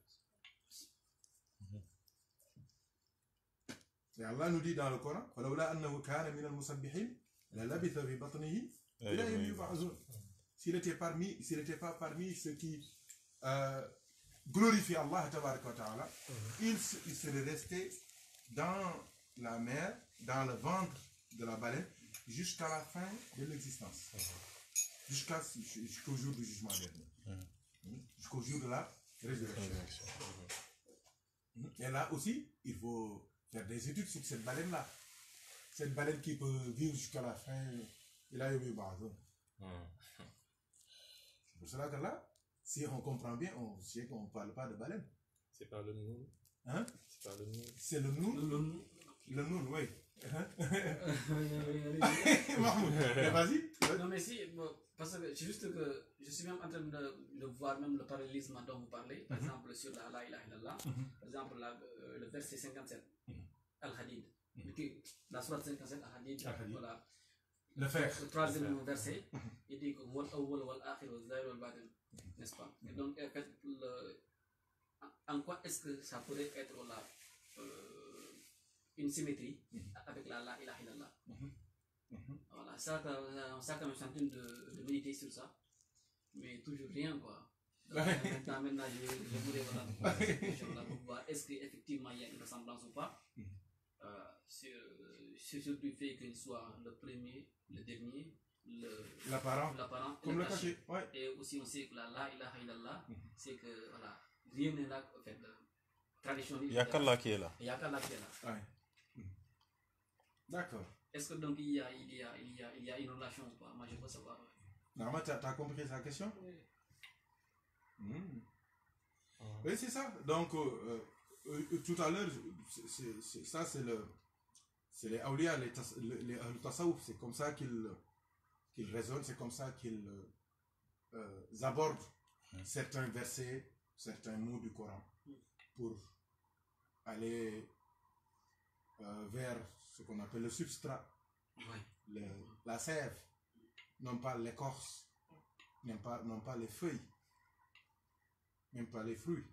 Et Allah nous dit dans le Coran, s'il n'était parmi, n'était pas parmi ceux qui euh, glorifient Allah, mhm. il, serait resté dans la mer, dans le ventre de la baleine, jusqu'à la fin de l'existence. Mhm. Jusqu'à, jusqu'au jour du jugement dernier. Mhm. Jusqu'au jour de la résurrection. Et là aussi, il faut faire des études sur cette baleine-là c'est une baleine qui peut vivre jusqu'à la fin. Et là, il y a eu pardon. Hmm. C'est pour cela que là, si on comprend bien, on sait qu'on ne parle pas de baleine. C'est pas le nous. Hein? C'est pas le nous. C'est le nous. Le nous. Le nous, oui. Hein? vas-y. Non, mais si, parce que juste que je suis même en train de, de voir même le parallélisme dont vous parlez, par mhm. exemple sur la la ilaha illallah, mhm. par exemple euh, le verset 57, mhm. Al-Hadid. Mmh. la sourate 57 ahadith voilà le faire le troisième verset mmh. il dit que wal awwal wal akhir wal zahir wal batin n'est-ce pas et donc en fait le, en quoi est-ce que ça pourrait être là euh, une symétrie mmh. avec la la ilaha illallah voilà ça ça quand même tente de, de méditer sur ça mais toujours rien quoi donc, maintenant, maintenant, je, je voulais voilà, est-ce qu'effectivement il y a une ressemblance ou pas euh, euh, c'est ce le fait qu'il soit le premier, le dernier, l'apparent. Comme le caché. Ouais. Et aussi, on sait que la la ilaha illallah, mhm. c'est que voilà, rien n'est là. En fait, euh, traditionnel. Il n'y a qu'Allah qui est là. Il n'y a qu'Allah qui est là. Ouais. Mhm. D'accord. Est-ce que donc il y a, il y a, il y a, il y a une relation ou pas Moi, je veux savoir. Normalement, tu as, compris sa question Oui. Mmh. Oui, c'est ça. Donc, euh, tout à l'heure, ça, c'est le c'est les les, les, euh, c'est comme ça qu'ils raisonnent, c'est comme ça qu'ils euh, euh, abordent certains versets, certains mots du Coran pour aller vers ce qu'on appelle le substrat, la sève, non pas l'écorce, non pas, non pas les feuilles, même pas les fruits,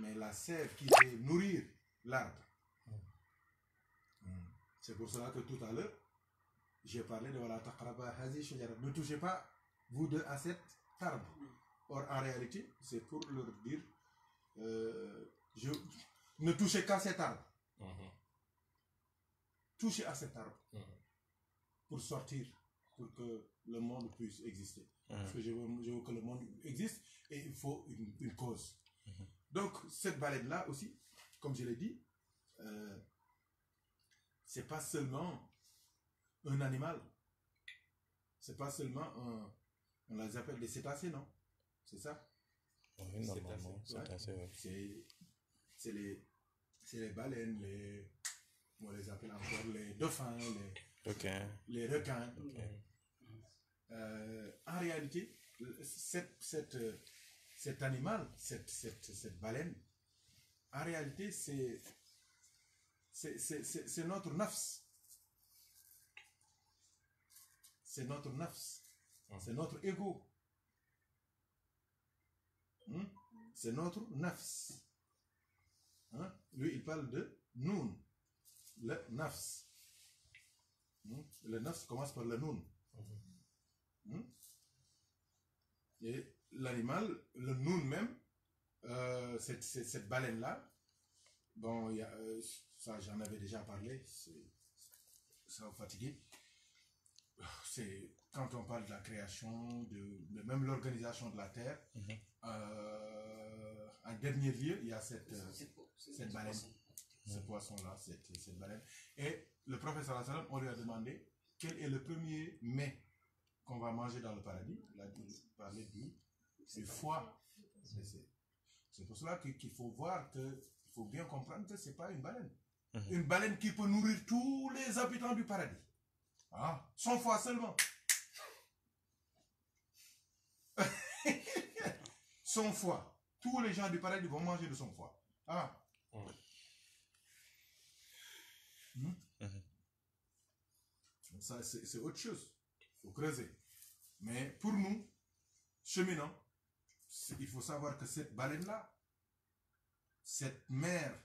mais la sève qui fait nourrir l'arbre. C'est pour cela que tout à l'heure, j'ai parlé de Ne touchez pas, vous deux, à cette arbre. Or, en réalité, c'est pour leur dire euh, ne touchez qu'à cette arbre. Mhm. Touchez à cette arbre mhm. pour sortir, pour que le monde puisse exister. Mhm. Parce que je veux, que le monde existe et il faut une, cause. Donc, cette balade-là aussi, comme je l'ai dit, euh, c'est pas seulement un animal. C'est pas seulement un. On les appelle des cétacés, non C'est ça normalement, C'est les, baleines, les. On les appelle encore les dauphins, les. requins. Euh, en réalité, cette, cette, cet animal, cette, cette, cette baleine, en réalité, c'est c'est notre nafs. C'est notre nafs. Hum. C'est notre ego. Hum? C'est notre nafs. Hein? Lui, il parle de nous Le nafs. Hum? Le nafs commence par le noun Et l'animal, le nous même, euh, cette, baleine-là, bon, il y a, euh, ça, j'en avais déjà parlé. Ça vous fatigue. C'est quand on parle de la création, de, de même l'organisation de la terre. Mhm. un euh, dernier lieu, il y a cette, euh, cette baleine, ce poisson-là, cette, cette, baleine. Et le professeur sallam on lui a demandé quel est le premier mets qu'on va manger dans le paradis. Il a parlé du, foie. C'est pour cela qu'il faut voir que, il faut bien comprendre que ce n'est pas une baleine. Mhm. Une baleine qui peut nourrir tous les habitants du paradis. Ah, 100 fois seulement. 100 fois. Tous les gens du paradis vont manger de son foie. Ah. Mhm. Hmm? Mhm. Ça, c'est autre chose. Il faut creuser. Mais pour nous, cheminants, il faut savoir que cette baleine-là, cette mer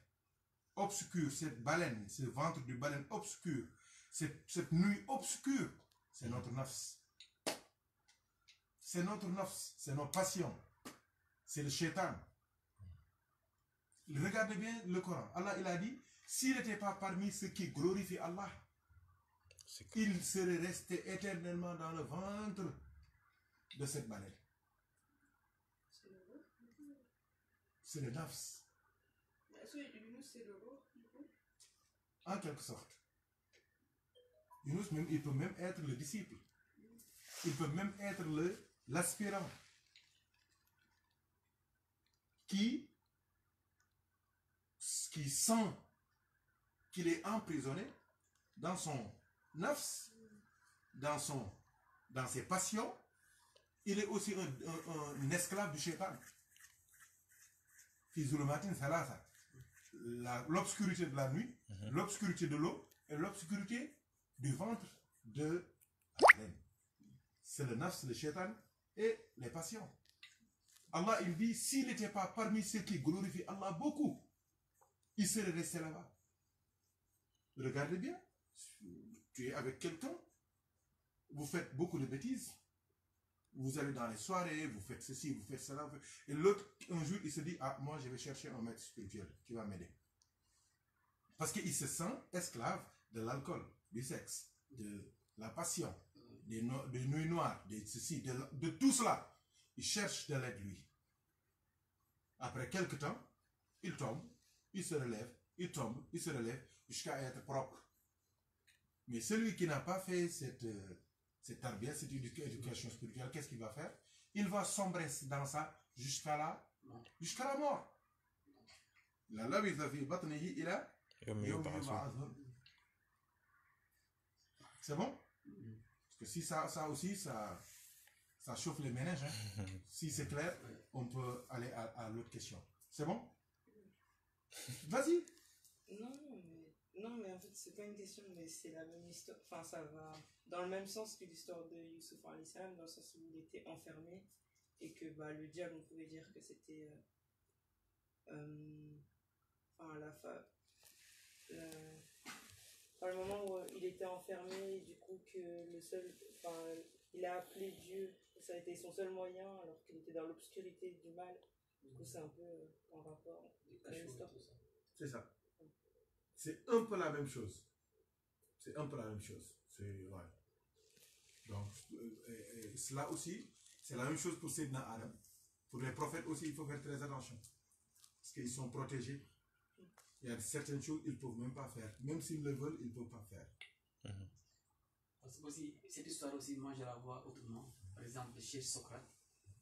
obscure, cette baleine, ce ventre du baleine obscur, cette, cette nuit obscure, c'est notre nafs. C'est notre nafs, c'est nos passions, c'est le shaitan. Regardez bien le Coran. Allah, il a dit, s'il n'était pas parmi ceux qui glorifient Allah, il serait resté éternellement dans le ventre de cette baleine. C'est le nafs c'est En quelque sorte. il peut même être le disciple. Il peut même être l'aspirant qui, qui sent qu'il est emprisonné dans son nafs, dans, son, dans ses passions. Il est aussi un, esclave du shaitan. le matin ça l'obscurité de la nuit, mhm. l'obscurité de l'eau et l'obscurité du ventre de C'est le nafs, le shaitan et les passions. Allah, il dit, s'il n'était pas parmi ceux qui glorifient Allah beaucoup, il serait resté là-bas. Regardez bien, tu es avec quelqu'un, vous faites beaucoup de bêtises, vous allez dans les soirées, vous faites ceci, vous faites cela. Et l'autre, un jour, il se dit, ah, moi, je vais chercher un maître spirituel qui va m'aider. Parce qu'il se sent esclave de l'alcool, du sexe, de la passion, des, nuits noires, de ceci, de, de tout cela. Il cherche de l'aide, lui. Après quelques temps, il tombe, il se relève, il tombe, il se relève, jusqu'à être propre. Mais celui qui n'a pas fait cette euh, c'est tarbia, c'est une éducation spirituelle. Qu'est-ce qu'il va faire Il va sombrer dans ça jusqu'à la, jusqu'à la mort. C'est bon Parce que si ça, ça aussi, ça, ça chauffe les ménages. Hein. Si c'est clair, on peut aller à, l'autre question. C'est bon Vas-y. Non, mais en fait, c'est pas une question, mais c'est la même histoire. Enfin, ça va dans le même sens que l'histoire de Youssouf al-Islam, dans le sens où il était enfermé et que bah, le diable, on pouvait dire que c'était. Euh, euh, enfin, la fin enfin, le moment où il était enfermé, du coup, que le seul. Enfin, il a appelé Dieu, ça a été son seul moyen, alors qu'il était dans l'obscurité du mal. Du coup, c'est un peu euh, en rapport. à l'histoire C'est ça. C'est un peu la même chose. C'est un peu la même chose. C'est, ouais. Donc, euh, cela aussi, c'est la même chose pour Sidna Adam. Pour les prophètes aussi, il faut faire très attention. Parce qu'ils sont protégés. Il y a certaines choses ils ne peuvent même pas faire. Même s'ils le veulent, ils peuvent pas faire. Mhm. aussi, cette histoire aussi, moi je la vois autrement. Par exemple, chez Socrate,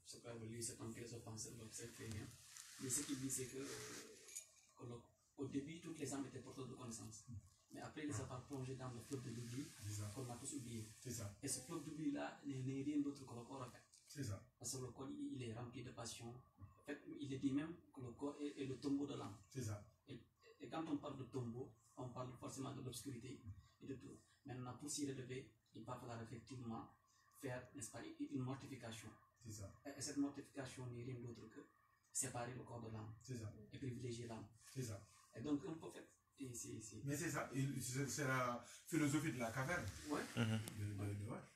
Socrate, lui, c'est un philosophe, c'est très bien. Mais ce qu'il dit, c'est que, euh, que au début, toutes les âmes étaient porteuses de connaissances. Mais après les avoir plongées dans le fleuve de l'oubli, qu'on a tous oublié. Ça. Et ce fleuve d'oubli-là n'est rien d'autre que le corps, en ça. Parce que le corps, il est rempli de passion. En fait, il est dit même que le corps est, le tombeau de l'âme. C'est ça. Et, quand on parle de tombeau, on parle forcément de l'obscurité et de tout. Maintenant, pour s'y relever, il va falloir effectivement faire, n'est-ce pas, une mortification. C'est ça. Et, cette mortification n'est rien d'autre que séparer le corps de l'âme. C'est ça. Et privilégier l'âme. C'est ça donc, un prophète. Mais c'est ça, c'est la philosophie de la caverne. Ouais. Mhm.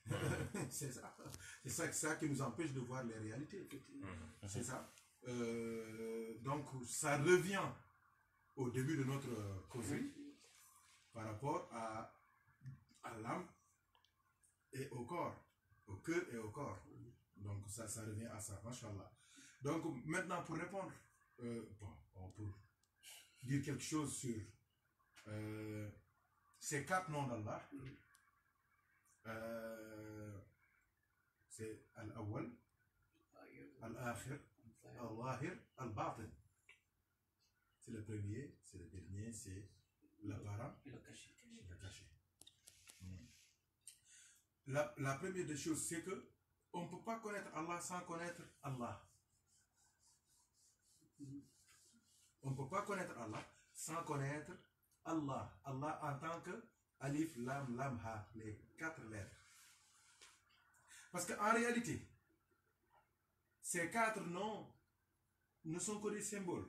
c'est ça. C'est ça, ça, qui nous empêche de voir les réalités. Mhm. C'est ça. Euh, donc, ça revient au début de notre causerie par rapport à, à l'âme et au corps, au cœur et au corps. Donc, ça, ça revient à ça, Donc, maintenant, pour répondre, euh, bon, peut dire quelque chose sur euh, ces quatre noms d'Allah, euh, c'est Al-Awwal, Al-Akhir, al Al-Batin. C'est le premier, c'est le dernier, c'est l'apparent et le hmm. La, première des choses, c'est que on ne peut pas connaître Allah sans connaître Allah. On ne peut pas connaître Allah sans connaître Allah. Allah en tant que Alif, Lam, Lam, les quatre lettres. Parce qu'en réalité, ces quatre noms ne sont que des symboles.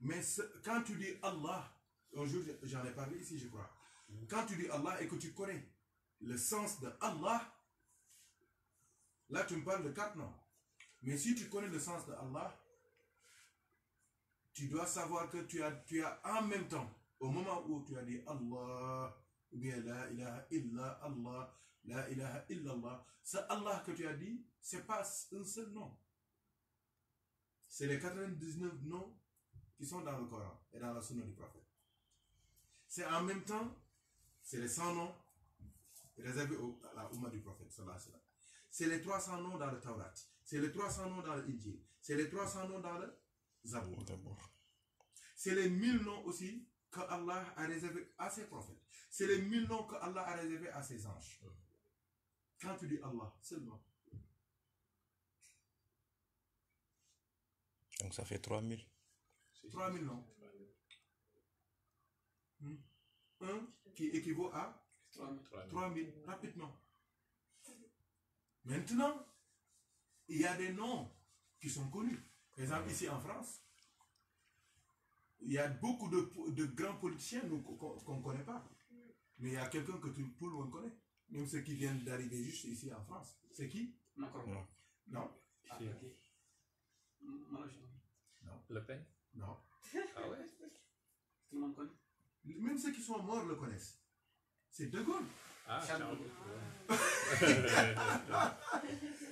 Mais quand tu dis Allah, un jour j'en ai parlé ici, je crois. Quand tu dis Allah et que tu connais le sens de Allah, là tu me parles de quatre noms. Mais si tu connais le sens de Allah, tu dois savoir que tu as, tu as en même temps, au moment où tu as dit Allah, ou bien la ilaha illa Allah, la ilaha Allah. ce Allah que tu as dit, c'est pas un seul nom. C'est les 99 noms qui sont dans le Coran et dans la Sunna du prophète. C'est en même temps, c'est les 100 noms réservés à la Ummah du prophète. C'est les 300 noms dans le Taurat. C'est les 300 noms dans l'Injil. C'est les 300 noms dans le c'est les mille noms aussi que Allah a réservé à ses prophètes. C'est les mille noms que Allah a réservé à ses anges. Quand tu dis Allah seulement. Donc ça fait 3000. 3000 noms. Hmm. Un qui équivaut à 3000 rapidement. Maintenant, il y a des noms qui sont connus. Par exemple, ici en France, il y a beaucoup de, de grands politiciens qu'on ne connaît pas. Mais il y a quelqu'un que tout, le monde connaît. Même ceux qui viennent d'arriver juste ici en France. C'est qui ah, Non. Non. Le Pen Non. Ah ouais Tout le monde connaît Même ceux qui sont morts le connaissent. C'est De Gaulle. Ah, Charles,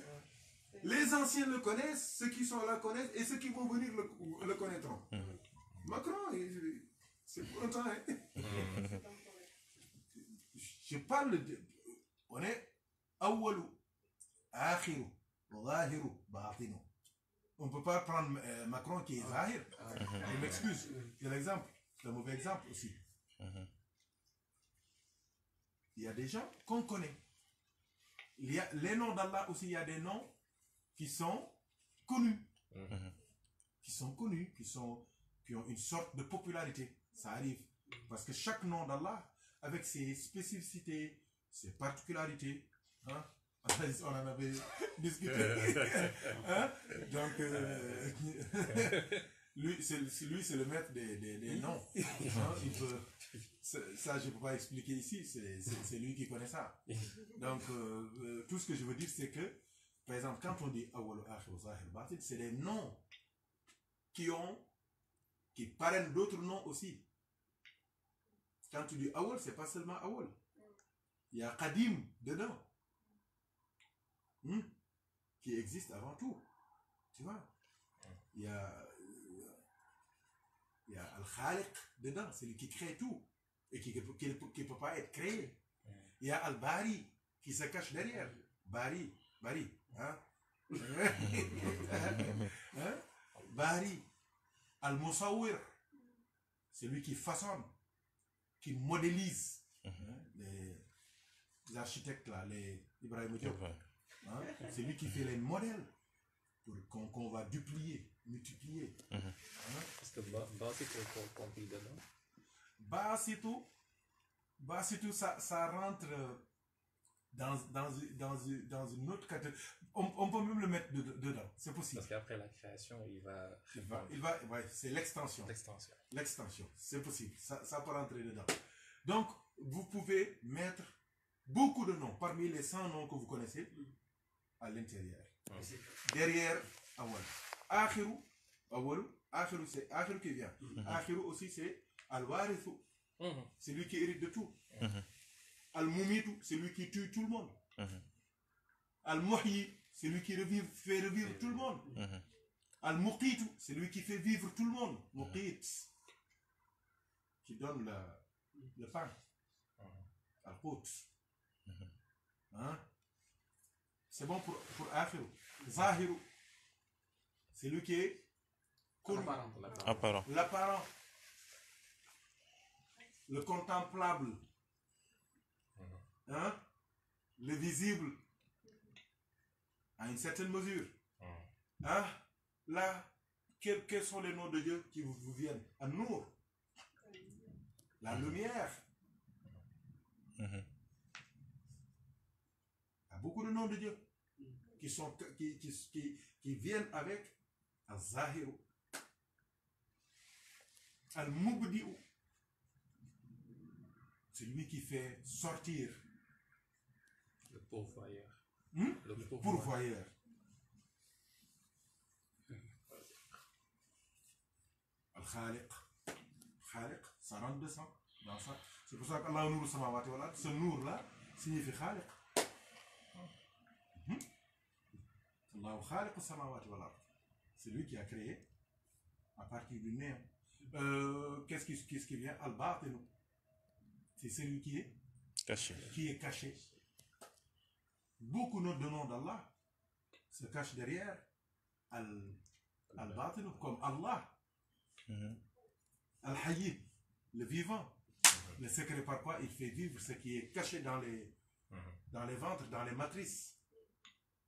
Les anciens le connaissent, ceux qui sont là connaissent, et ceux qui vont venir le, connaîtront. Mhm. Macron, c'est pour hein. mhm. Je parle de. On est. Awalu, Akhiru, On ne peut pas prendre euh, Macron qui est Zahir. Ah. Je m'excuse. C'est l'exemple. C'est un mauvais exemple aussi. Mhm. Il y a des gens qu'on connaît. Il y a les noms d'Allah aussi, il y a des noms qui sont connus. Mhm. Qui sont connus, qui, sont, qui ont une sorte de popularité. Ça arrive. Parce que chaque nom d'Allah, avec ses spécificités, ses particularités, hein, on en avait discuté. hein? Donc, euh, lui, c'est le maître des, des, noms. Hein? Il peut, ça, je ne peux pas expliquer ici, c'est lui qui connaît ça. Donc, euh, euh, tout ce que je veux dire, c'est que par exemple, quand on dit Awal c'est les noms qui ont, qui parrainent d'autres noms aussi. Quand tu dis Awal, n'est pas seulement Awol Il y a Kadim dedans. Hmm? Qui existe avant tout. Tu vois Il y a, Al-Khaliq dedans, lui qui crée tout et qui ne qui, peut pas être créé. Il y a Al-Bari qui se cache derrière. Bari, Bari. Hein? Hein? Bari, Al-Musawir, celui qui façonne, qui modélise les, hein, les architectes, là, les Ibrahim Diop. Hein? C'est lui qui fait les modèles pour qu'on qu va duplier, multiplier. Mhm. Hein? Parce que Basitou compris dedans. Basitou, Basitou ça, ça rentre dans, dans, dans, dans une autre catégorie on, peut même le mettre dedans, c'est possible. Parce qu'après la création, il va... Il va, ouais, c'est l'extension. L'extension. c'est possible, ça, peut rentrer dedans. Donc, vous pouvez mettre beaucoup de noms, parmi les 100 noms que vous connaissez, à l'intérieur. Derrière, Awal. Akhiru, c'est Akhiru qui vient. Mhm. Akhiru aussi, c'est al mhm. c'est lui qui hérite de tout. Mhm. al c'est lui qui tue tout le monde. al c'est lui qui fait revivre tout le monde. Mm-hmm. Al-Muqit, c'est lui qui fait vivre tout le monde. Mm-hmm. Muqit, qui donne le, pain. Mm-hmm. Al-Qut. Hein? C'est bon pour, pour Zahir, c'est lui qui est L'apparent. Le contemplable. Hein? Le visible à une certaine mesure. Mm. Hein? Là, quels, sont les noms de Dieu qui vous, viennent À nous. La mm-hmm. lumière. Mm-hmm. Il y a beaucoup de noms de Dieu mm. qui, sont, qui, qui, viennent avec al Almubdiu, al c'est lui qui fait sortir le pauvre Hmm? Pourvoyeur. Al-Khaliq. Khaliq, ça rentre descend dans ça. C'est pour ça qu'Allah nour samawati wal Ce nour-là signifie Khaliq. Hmm? Allah Khaliq samawati wal C'est lui qui a créé à partir du néant. Euh, qu'est-ce qui, qui vient Al-Batin. C'est celui qui est caché. Qui est caché beaucoup de noms d'Allah se cachent derrière Al-Batin, comme Allah. Mhm. Al-Hayy, le vivant. Le secret par quoi il fait vivre ce qui est caché dans les, mhm. dans les ventres, dans les matrices.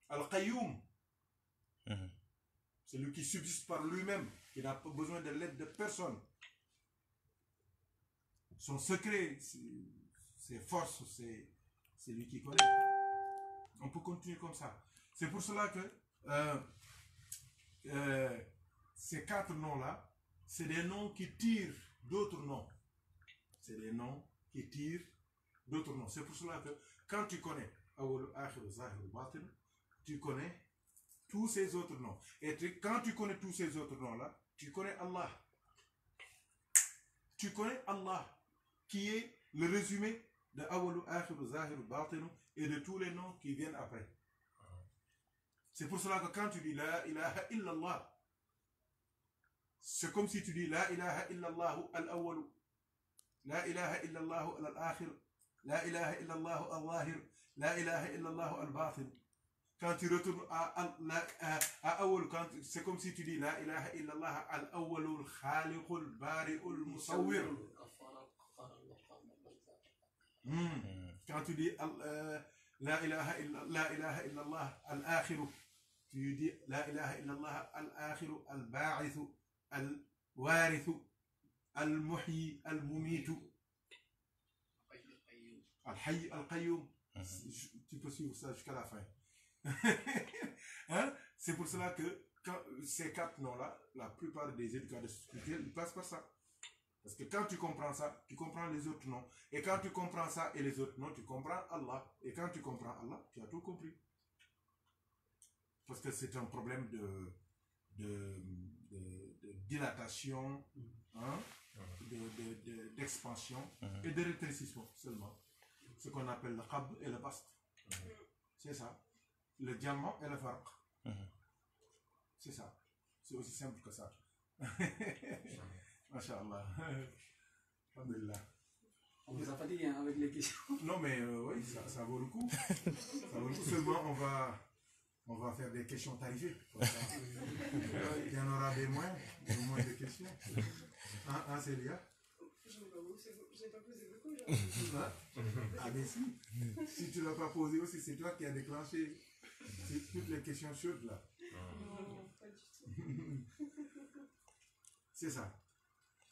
Al-Qayyum, mhm. celui qui subsiste par lui-même, qui n'a pas besoin de l'aide de personne. Son secret, ses forces, c'est lui qui connaît. On peut continuer comme ça. C'est pour cela que euh, euh, ces quatre noms-là, c'est des noms qui tirent d'autres noms. C'est des noms qui tirent d'autres noms. C'est pour cela que quand tu connais tu connais tous ces autres noms. Et quand tu connais tous ces autres noms-là, tu connais Allah. Tu connais Allah, qui est le résumé de Awalu Akhiru Zahiru et de tous les noms qui viennent après. C'est pour cela que quand tu dis La ilaha illallah, c'est comme si tu dis La ilaha illallah al-awwal, La ilaha illallah al-akhir, La ilaha illallah al-zahir, La ilaha illallah al-batin. Quand tu retournes à, à, à Awal, c'est comme si tu dis La ilaha illallah al-awwal al-khaliq al-bari al-musawwir. Quand tu dis euh, La ilaha illallah, al-akhiru, tu dis La ilaha illallah, al-akhiru, al-ba'ithu, al waithu al-muhyi, al-mumitu, al-hayy, al-qayyum. Mm-hmm. Tu peux suivre ça jusqu'à la fin. hein? C'est pour cela que ces quatre noms-là, la plupart des éducateurs de ils passent par ça. Parce que quand tu comprends ça, tu comprends les autres noms. Et quand tu comprends ça et les autres noms, tu comprends Allah. Et quand tu comprends Allah, tu as tout compris. Parce que c'est un problème de, de, dilatation, mm-hmm. hein, d'expansion mm-hmm. et de rétrécissement seulement. Ce qu'on appelle le khab et le bast. Mm-hmm. C'est ça. Le diamant et le farq. C'est ça. C'est aussi simple que ça. Masha Allah. Alhamdulillah. On vous a dit hein, avec les questions. Non, mais euh, oui, ça, vaut le coup. Seulement, on va, on va faire des questions tarifées. Il y en aura des moins, des moins de questions. Hein, hein Célia Je n'ai pas posé beaucoup. Hein? Ah, mais si. Si tu ne l'as pas posé aussi, c'est toi qui as déclenché toutes les questions chaudes là. Non, non, pas du tout. c'est ça.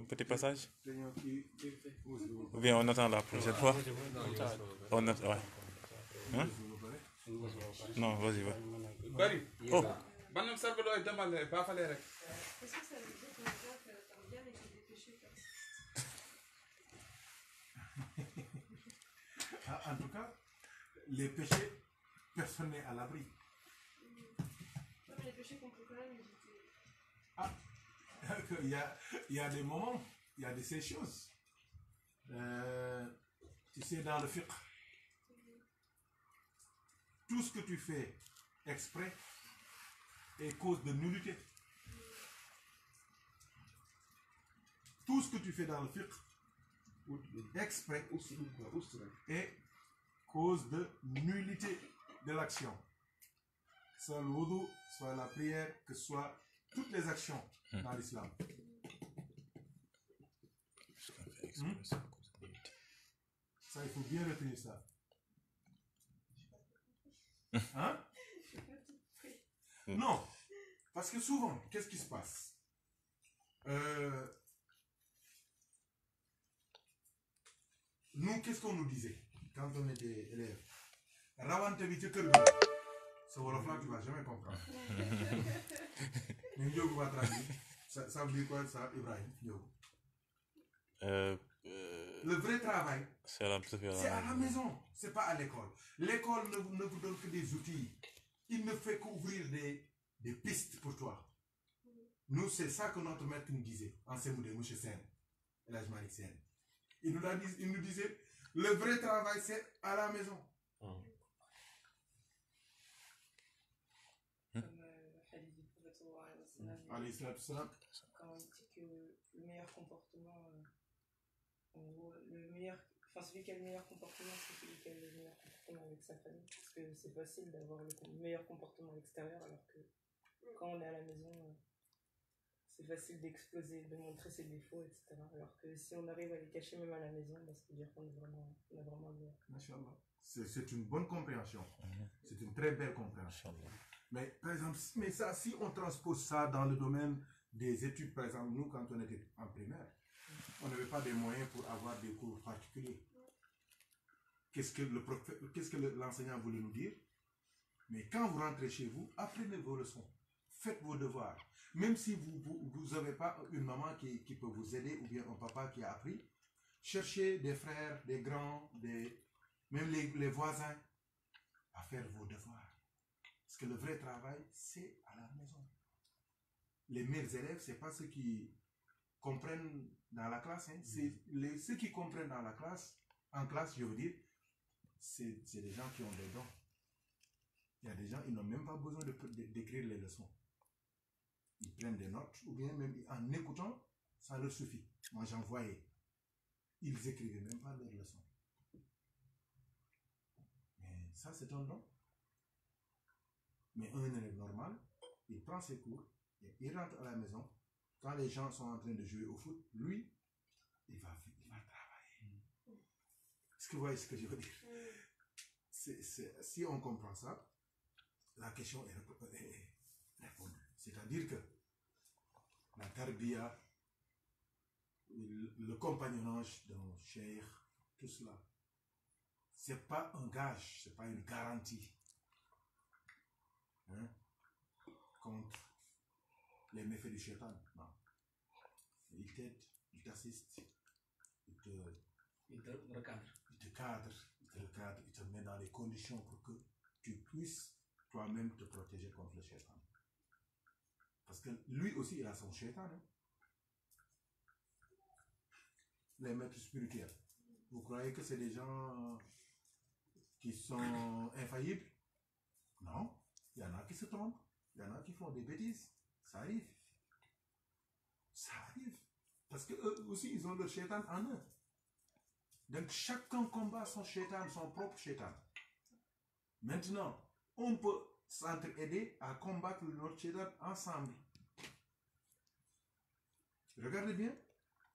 un petit passage Viens, on attend la prochaine fois on attend, ouais. Hein? Non, vas-y, va. Oh. Eh, ah, en tout cas, les péchés, personne n'est à l'abri. il, y a, il y a des moments, il y a de ces choses. Euh, tu sais, dans le fiqh, tout ce que tu fais exprès est cause de nullité. Tout ce que tu fais dans le fiqh, exprès, est cause de nullité de l'action. Que ce soit le soit la prière, que ce soit toutes les actions Hmm. dans l'islam. Hmm? Ça, il faut bien retenir ça. Hein? Hmm. Non, parce que souvent, qu'est-ce qui se passe euh, Nous, qu'est-ce qu'on nous disait quand on était élèves Rawante bi te le. Ce wolof tu vas jamais comprendre. Le vrai travail, c'est à la, maison, c'est pas à l'école. L'école ne, vous, donne que des outils. Il ne fait qu'ouvrir des, des pistes pour toi. Nous, c'est ça que notre maître nous disait, en moment, M. Sen, Il nous, il nous disait, le vrai travail, c'est à la maison. Hum. Allez, slap, ça. Quand on dit que le meilleur comportement, euh, en gros, le meilleur, enfin celui qui a le meilleur comportement, c'est celui qui a le meilleur comportement avec sa famille. Parce que c'est facile d'avoir le meilleur comportement à l'extérieur, alors que quand on est à la maison, euh, c'est facile d'exploser, de montrer ses défauts, etc. Alors que si on arrive à les cacher même à la maison, bah, ça veut dire qu'on est vraiment, on a vraiment le meilleur. C'est une bonne compréhension. C'est une très belle compréhension. Mais par exemple, mais ça, si on transpose ça dans le domaine des études, par exemple, nous, quand on était en primaire, on n'avait pas des moyens pour avoir des cours particuliers. Qu'est-ce que l'enseignant que voulait nous dire Mais quand vous rentrez chez vous, apprenez vos leçons. Faites vos devoirs. Même si vous n'avez pas une maman qui, peut vous aider ou bien un papa qui a appris, cherchez des frères, des grands, des, même les voisins à faire vos devoirs. Parce que le vrai travail, c'est à la maison. Les meilleurs élèves, ce n'est pas ceux qui comprennent dans la classe. Hein. C'est mm. ceux qui comprennent dans la classe, en classe, je veux dire, c'est des gens qui ont des dons. Il y a des gens, ils n'ont même pas besoin d'écrire de, les leçons. Ils prennent des notes, ou bien même en écoutant, ça leur suffit. Moi, j'en voyais. Ils écrivaient même pas leurs leçons. Mais ça, c'est un don. Mais un élève normal, il prend ses cours, il rentre à la maison. Quand les gens sont en train de jouer au foot, lui, il va, travailler. Est-ce que vous voyez ce que je veux dire Si on comprend ça, la question est répondue. C'est-à-dire que la tarbia, le compagnonnage d'un cher, tout cela, ce n'est pas un gage, ce n'est pas une garantie. Hein? contre les méfaits du shaitan. Il t'aide, il t'assiste, il te, il te recadre. Il te cadre, il te recadre, il te met dans les conditions pour que tu puisses toi-même te protéger contre le shaitan. Parce que lui aussi, il a son shaitan. Hein. Les maîtres spirituels. Vous croyez que c'est des gens qui sont infaillibles Non. Il y en a qui se trompent, il y en a qui font des bêtises. Ça arrive. Ça arrive. Parce qu'eux aussi, ils ont leur shaitan en eux. Donc chacun combat son shaitan, son propre shaitan. Maintenant, on peut s'entraider à combattre notre shaitan ensemble. Regardez bien,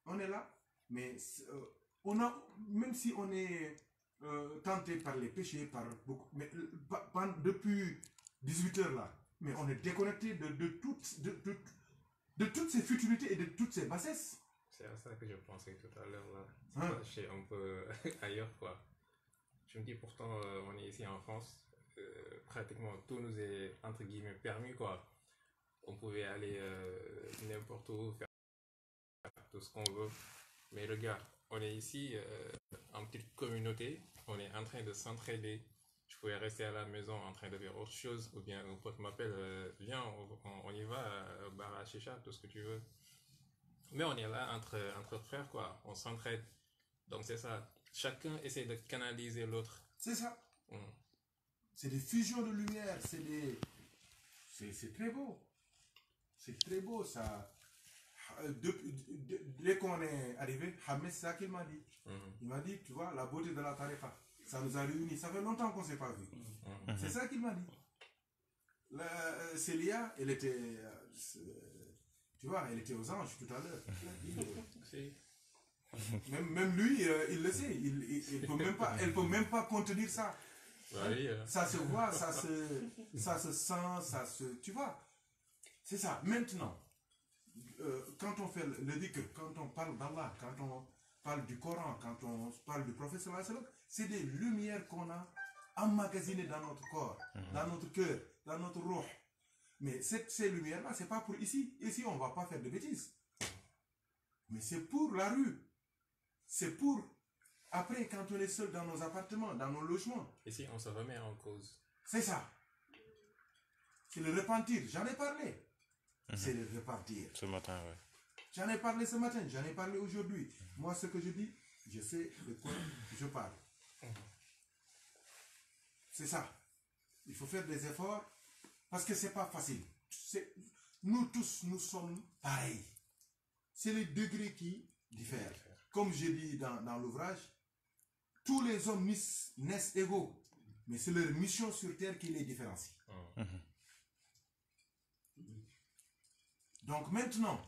on est là, mais euh, on a, même si on est euh, tenté par les péchés, par beaucoup, mais, euh, depuis 18h là, mais on est déconnecté de, de, toutes, de, de, toutes ces futilités et de toutes ces bassesses. C'est à ça que je pensais tout à l'heure là. un hein? peu ailleurs quoi. Je me dis pourtant, euh, on est ici en France, euh, pratiquement tout nous est entre guillemets permis quoi. On pouvait aller euh, n'importe où, faire tout ce qu'on veut. Mais regarde, on est ici en petite communauté, on est en train de s'entraider je pouvais rester à la maison en train de faire autre chose, ou bien mon pote m'appelle, euh, viens, on, y va, euh, au tout ce que tu veux. Mais on est là entre, entre frères, quoi, on s'entraide. Donc c'est ça, chacun essaie de canaliser l'autre. C'est ça. Mm. C'est des fusions de lumière, c'est des... C'est très beau. C'est très beau, ça. dès qu'on est arrivé, Hamed, c'est ça qu'il m'a dit. Mm-hmm. Il m'a dit, tu vois, la beauté de la tarifa. Ça nous a réunis. Ça fait longtemps qu'on ne s'est pas vu. Mm-hmm. C'est ça qu'il m'a dit. Euh, Célia, elle était. Euh, tu vois, elle était aux anges tout à l'heure. même, lui, euh, il le sait. Il, même pas, elle ne peut même pas contenir ça. Bah ça se voit, ça se, ça se sent, ça se. Tu vois. C'est ça. Maintenant, quand on fait le que quand on parle d'Allah, quand on parle du Coran, quand on parle du prophète, c'est des lumières qu'on a emmagasinées dans notre corps, mhm. dans notre cœur, dans notre roi. Mais cette, ces lumières-là, n'est pas pour ici. Ici, on ne va pas faire de bêtises. Mais c'est pour la rue. C'est pour après quand on est seul dans nos appartements, dans nos logements. Ici, on se remet en cause. C'est ça. C'est le repentir. J'en ai parlé. Mhm. C'est le repentir. Ce matin, oui. J'en ai parlé ce matin, j'en ai parlé aujourd'hui. Moi, ce que je dis, je sais de quoi je parle. Mhm. C'est ça. Il faut faire des efforts parce que c'est pas facile. Nous tous, nous sommes pareils. C'est le degré qui diffèrent. Comme j'ai dit dans, dans l'ouvrage, tous les hommes naissent égaux, mais c'est leur mission sur Terre qui les différencie. Mhm. Donc maintenant,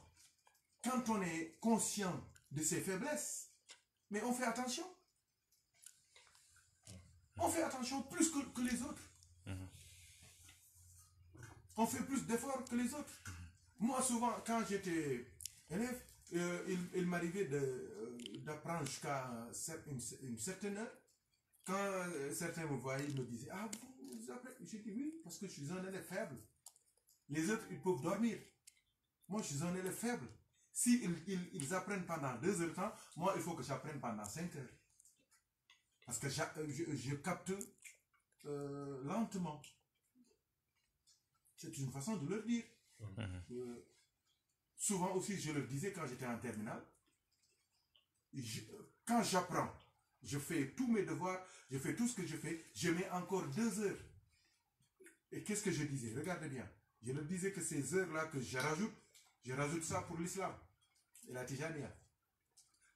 quand on est conscient de ses faiblesses, mais on fait attention. On fait attention plus que, les autres. Mm-hmm. On fait plus d'efforts que les autres. Mm-hmm. Moi, souvent, quand j'étais élève, euh, il, m'arrivait euh, d'apprendre jusqu'à une, certaine heure. Quand euh, certains me voyaient, ils me disaient Ah, vous, apprenez J'ai dit oui, parce que je suis un élève faible. Les autres, ils peuvent dormir. Moi, je suis un élève faible. S'ils si apprennent pendant deux heures de temps, moi, il faut que j'apprenne pendant cinq heures. Parce que euh, je, capte euh, lentement. C'est une façon de leur dire. Mmh. Euh, souvent aussi, je leur disais quand j'étais en terminale. quand j'apprends, je fais tous mes devoirs, je fais tout ce que je fais, je mets encore deux heures. Et qu'est-ce que je disais Regardez bien. Je leur disais que ces heures-là que je rajoute, je rajoute ça pour l'islam et la tijania.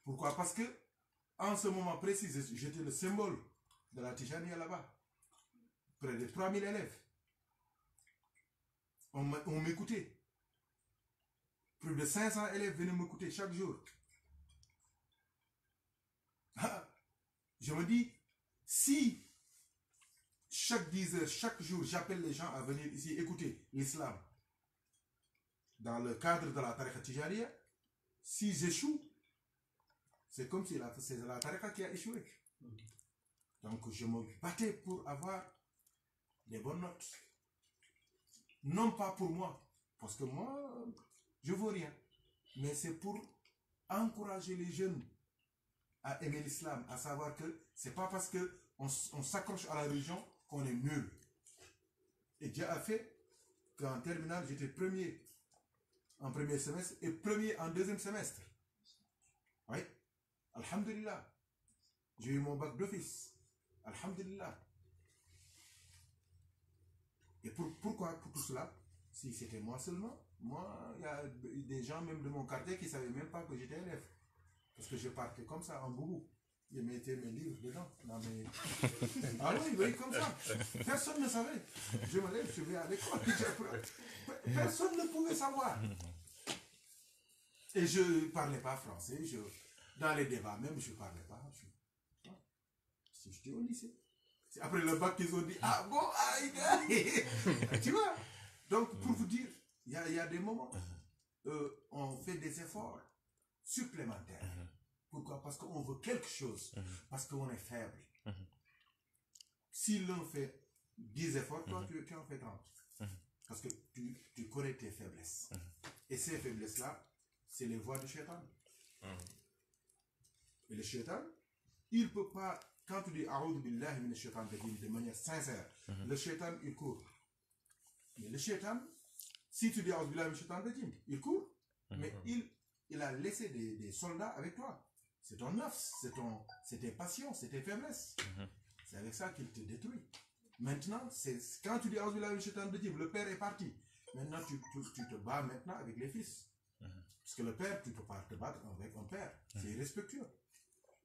Pourquoi Parce que en ce moment précis, j'étais le symbole de la Tijania là-bas. Près de 3000 élèves. On m'écouté. Plus de 500 élèves venaient m'écouter chaque jour. Ah, je me dis, si chaque 10 heures, chaque jour, j'appelle les gens à venir ici écouter l'islam dans le cadre de la tariqa tijaria, si j'échoue, c'est comme si c'est la tariqa qui a échoué. Mm. Donc je me battais pour avoir des bonnes notes. Non pas pour moi, parce que moi, je ne veux rien. Mais c'est pour encourager les jeunes à aimer l'islam, à savoir que ce n'est pas parce qu'on s'accroche à la religion qu'on est nul. Et Dieu a fait qu'en terminale, j'étais premier en premier semestre et premier en deuxième semestre. Oui. Alhamdulillah. J'ai eu mon bac d'office. Alhamdulillah. Et pourquoi pour tout cela Si c'était moi seulement, moi, il y a des gens même de mon quartier qui ne savaient même pas que j'étais élève. Parce que je partais comme ça, en boubou. Ils mettais mes livres dedans. Non, mais... Ah oui, oui, comme ça. Personne ne savait. Je me lève, je vais à l'école. Personne ne pouvait savoir. Et je ne parlais pas français. Je dans les débats même, je parlais pas. Je... Si au lycée. après le bac qu'ils ont dit Ah bon, ah, Tu vois Donc, pour vous dire, il y a, des moments, uh-huh. euh, on fait des efforts supplémentaires. Uh-huh. Pourquoi Parce qu'on veut quelque chose, uh-huh. parce qu'on est faible. Si l'on fait 10 efforts, toi, tu, en fais 30. Parce que tu, connais tes faiblesses. Et ces faiblesses-là, c'est les voies du shaitan. Mais le shaitan, il ne peut pas, quand tu dis billah de manière sincère, mhm. le shaitan, il court. Mais le shaitan, si tu dis billah il court, mhm. mais il, il a laissé des, des soldats avec toi. C'est ton neuf, c'est tes passions, c'est tes faiblesses. Mhm. C'est avec ça qu'il te détruit. Maintenant, quand tu dis billah le père est parti. Maintenant, tu, tu, tu te bats maintenant avec les fils. Parce que le père, tu ne peux pas te battre avec un père. C'est irrespectueux.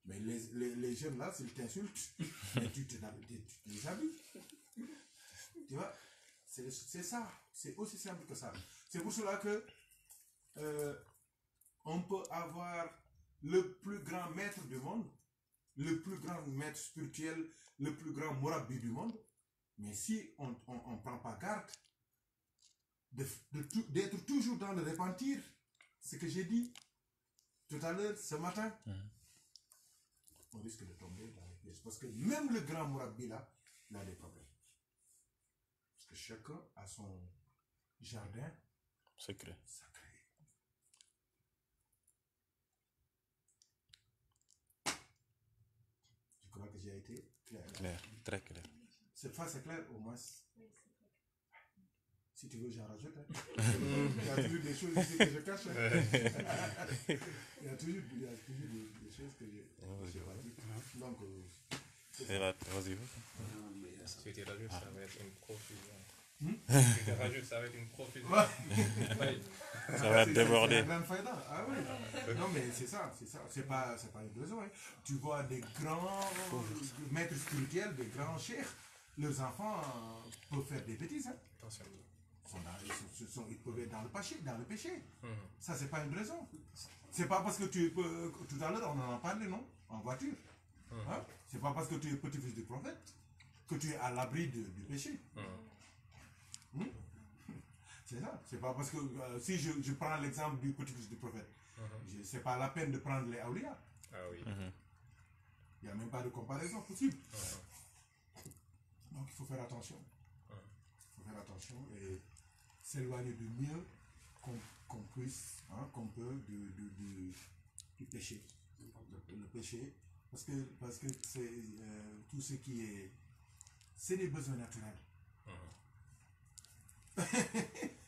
Mais les, les, jeunes là, s'ils t'insultent, tu te les Tu vois C'est ça. C'est aussi simple que ça. C'est pour cela que euh, on peut avoir le plus grand maître du monde, le plus grand maître spirituel, le plus grand morabi du monde. Mais si on ne prend pas garde d'être toujours dans le repentir, ce que j'ai dit tout à l'heure, ce matin, hein on risque de tomber dans les pièces, Parce que même le grand Mourabi, là, il a des problèmes. Parce que chacun a son jardin secret. sacré. Je crois que j'ai été clair. Claire, très clair. Cette fois, c'est clair au moins. Si tu veux, j'en rajoute. Hein. il y a toujours des choses ici que je cache. Hein. il y a toujours, il a des, choses que je, je vas Donc, euh, c'est la troisième. Euh, si tu rajoutes, ça va être une profusion. Hmm? Si tu rajoutes, ça va être une profusion. ça va être déborder. C'est même faïda. Ah oui. Non, mais c'est ça, c'est ça. C'est pas, pas une raison. Hein. Tu vois des grands maîtres spirituels, des grands chers, leurs enfants peuvent faire des bêtises. Attention ils, peuvent être dans le péché. Dans le péché. Mm-hmm. Ça, c'est pas une raison. C'est pas parce que tu peux Tout à l'heure, on en a parlé, non En voiture. Mm-hmm. Hein? C'est pas parce que tu es petit-fils du prophète que tu es à l'abri du péché. Mm-hmm. Hmm? C'est ça. C'est pas parce que. Euh, si je, prends l'exemple du petit-fils du prophète, c'est pas la peine de prendre les auréas. Ah oui. Il n'y a même pas de comparaison possible. Donc, il faut faire attention. Il faut faire attention et s'éloigner de mieux qu'on puisse, hein, qu'on peut de, du péché. Le péché, parce que c'est euh, tout ce qui est c'est des besoins naturels uh-huh.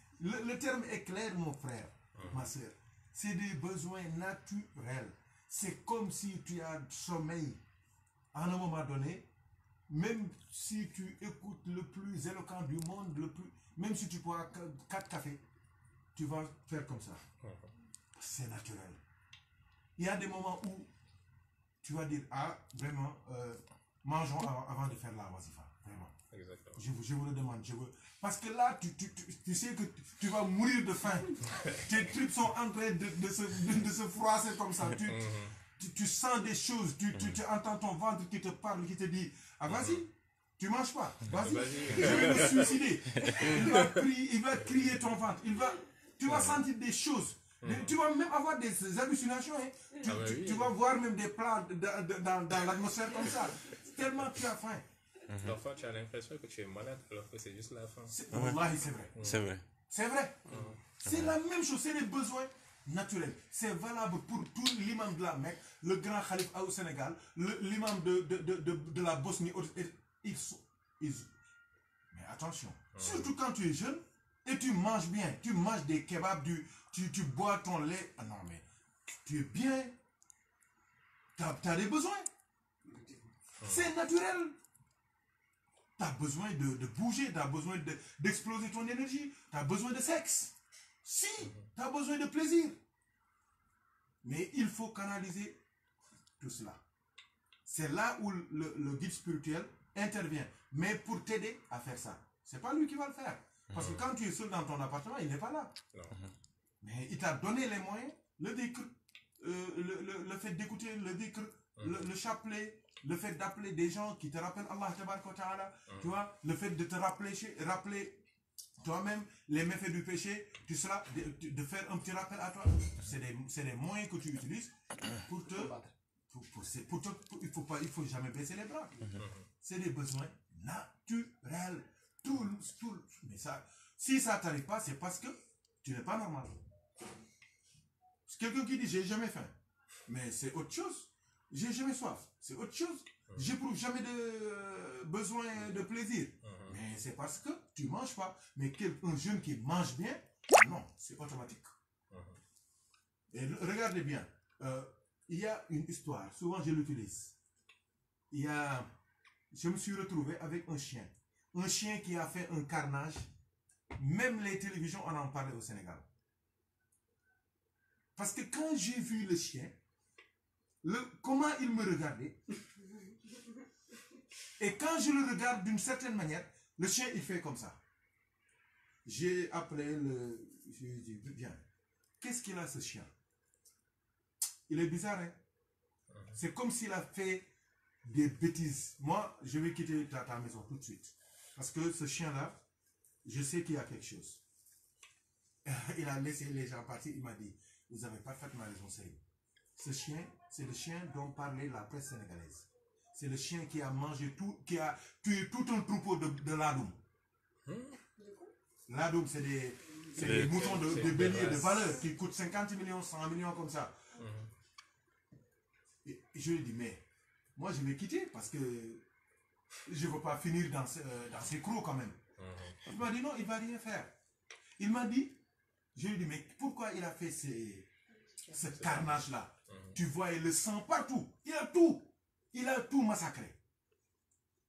le, terme est clair mon frère uh-huh. ma soeur c'est des besoins naturels c'est comme si tu as sommeil à un moment donné même si tu écoutes le plus éloquent du monde le plus même si tu bois quatre cafés, tu vas faire comme ça. C'est naturel. Il y a des moments où tu vas dire, ah, vraiment, euh, mangeons avant, de faire la wasifa. Vraiment. Je, vous, le demande. Je Parce que là, tu, sais que tu vas mourir de faim. Tes tripes sont en train de, de, se, de, froisser comme ça. Tu, mm-hmm. sens des choses. Mm-hmm. Tu, entends ton ventre qui te parle, qui te dit, ah, vas-y. Tu ne manges pas. Vas-y. je vais me suicider. Il va, crier, ton ventre. Il va, tu vas sentir des choses. Tu vas même avoir des hallucinations. Hein. Ah bah tu, vas voir même des plats dans, dans, dans l'atmosphère comme ça. Tellement tu as faim. Mhm. tu as l'impression que tu es malade alors que c'est juste la faim. C'est vrai. C'est vrai. C'est vrai. C'est la même chose. C'est les besoins naturels. C'est valable pour tout l'imam de la Mecque, le grand calife au Sénégal, l'imam de, de, de, de, la Bosnie ils sont, ils... Mais attention, surtout quand tu es jeune et tu manges bien, tu manges des kebabs, du, tu, tu bois ton lait. Ah non, mais tu es bien, tu as, des besoins. C'est naturel. Tu as besoin de, de bouger, tu as besoin d'exploser ton énergie, tu as besoin de sexe. Si, tu as besoin de plaisir. Mais il faut canaliser tout cela. C'est là où le, le guide spirituel intervient. Mais pour t'aider à faire ça, c'est pas lui qui va le faire. Parce que ah. quand tu es seul dans ton appartement, il n'est pas là. Mhm. Mais il t'a donné les moyens, le décret, euh, le, fait d'écouter le décret, mhm. le, chapelet, le fait d'appeler des gens qui te rappellent Allah mhm. tu le fait de te rappeler, rappeler toi-même les méfaits du péché, tu seras, de, faire un petit rappel à toi. C'est des, des, moyens que tu utilises pour te... Pour, il ne faut, faut jamais baisser les bras c'est des besoins naturels. Tout, tout, mais ça, si ça t'arrive pas, c'est parce que tu n'es pas normal. quelqu'un qui dit j'ai jamais faim, mais c'est autre chose. J'ai jamais soif, c'est autre chose. Mmh. J'éprouve jamais de euh, besoin mmh. de plaisir, mmh. mais c'est parce que tu manges pas. Mais un jeune qui mange bien, non, c'est automatique. regardez bien, euh, il y a une histoire, souvent je l'utilise. Il y a je me suis retrouvé avec un chien. Un chien qui a fait un carnage. Même les télévisions en ont parlé au Sénégal. Parce que quand j'ai vu le chien, comment il me regardait, et quand je le regarde d'une certaine manière, le chien, il fait comme ça. J'ai appelé le... Je lui ai dit, bien, qu'est-ce qu'il a ce chien Il est bizarre, hein C'est comme s'il a fait des bêtises. Moi, je vais quitter ta, maison tout de suite. Parce que ce chien-là, je sais qu'il y a quelque chose. Il a laissé les gens partir. Il m'a dit, vous avez ma raison, Seigneur. Ce chien, c'est le chien dont parlait la presse sénégalaise. C'est le chien qui a mangé tout, qui a tué tout un troupeau de, de l'adoum. L'adoum, c'est des, des, moutons de, de bélier de valeur qui coûtent 50 millions, 100 millions comme ça. Mhm. je lui ai dit, mais moi je vais quitté parce que je ne veux pas finir dans, euh, dans ces crocs quand même. Mhm. Il m'a dit non, il ne va rien faire. Il m'a dit, je lui ai dit, mais pourquoi il a fait ce carnage-là mhm. Tu vois, il le sang partout. Il a tout. Il a tout massacré.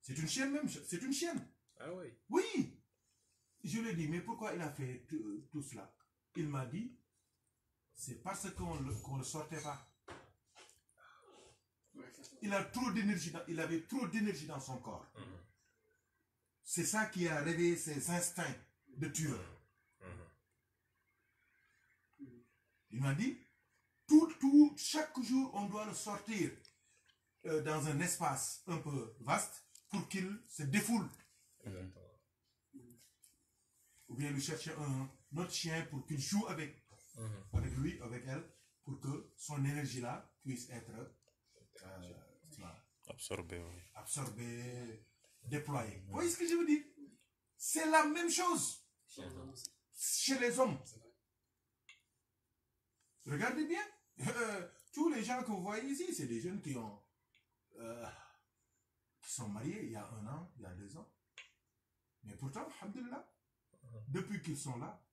C'est une chienne même. C'est une chienne. Ah oui. Oui. Je lui ai dit, mais pourquoi il a fait tout, euh, cela Il m'a dit, c'est parce qu'on ne le sortait pas. Il, a trop d'énergie il avait trop d'énergie dans son corps. Mm-hmm. C'est ça qui a réveillé ses instincts de tueur. Mm-hmm. Mm-hmm. Il m'a dit, tout, tout, chaque jour, on doit le sortir euh, dans un espace un peu vaste pour qu'il se défoule. Ou bien lui chercher un, autre chien pour qu'il joue avec, avec lui, avec elle, pour que son énergie-là puisse être... Euh, Absorber, oui. Absorber, déployer. Vous voyez ce que je vous dis. C'est la même chose chez, les hommes. Regardez bien. Euh, tous les gens que vous voyez ici, c'est des jeunes qui ont euh, qui sont mariés il y a un an, il y a deux ans. Mais pourtant, alhamdulillah, depuis qu'ils sont là,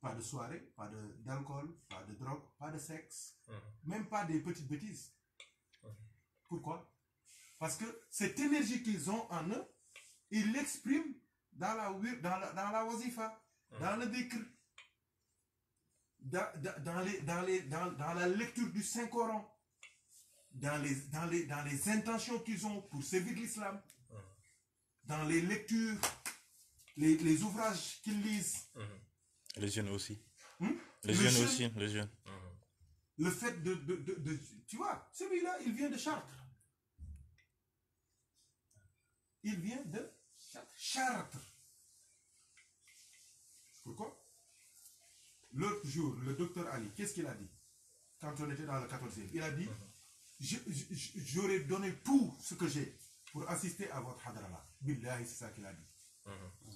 pas de soirée, pas d'alcool, pas de drogue, pas de sexe, mm-hmm. même pas des petites bêtises. Pourquoi Parce que cette énergie qu'ils ont en eux, ils l'expriment dans la, dans dans la wazifa, dans le décret, dans, la lecture du Saint-Coran, dans les, dans les, intentions qu'ils ont pour servir l'islam, hum. dans les lectures, les, ouvrages qu'ils lisent. Hum. Les jeunes aussi. Hum? Les jeunes aussi, les jeunes. Le fait de tu vois, celui-là, il vient de Chartres. il vient de Chartres. Pourquoi L'autre jour, le docteur Ali, qu'est-ce qu'il a dit Quand on était dans le 14e, il a dit J'aurais donné tout ce que j'ai pour assister à votre hadrala. Billahi, c'est ça qu'il a dit. Mhm.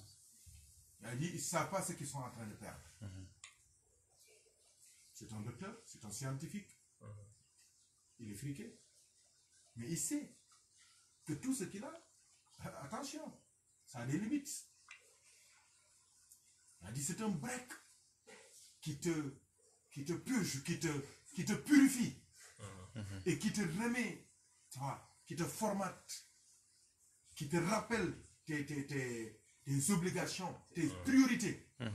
Il a dit Ils ne savent pas ce qu'ils sont en train de perdre. Mhm. C'est un docteur, c'est un scientifique. Mhm. Il est friqué. Mais il sait que tout ce qu'il a, Attention, ça a des limites. Il a dit, c'est un break qui te, qui te purge, qui te, qui te purifie uh-huh. et qui te remet, qui te formate, qui te rappelle tes, tes, tes, tes obligations, tes uh-huh. priorités. Uh-huh.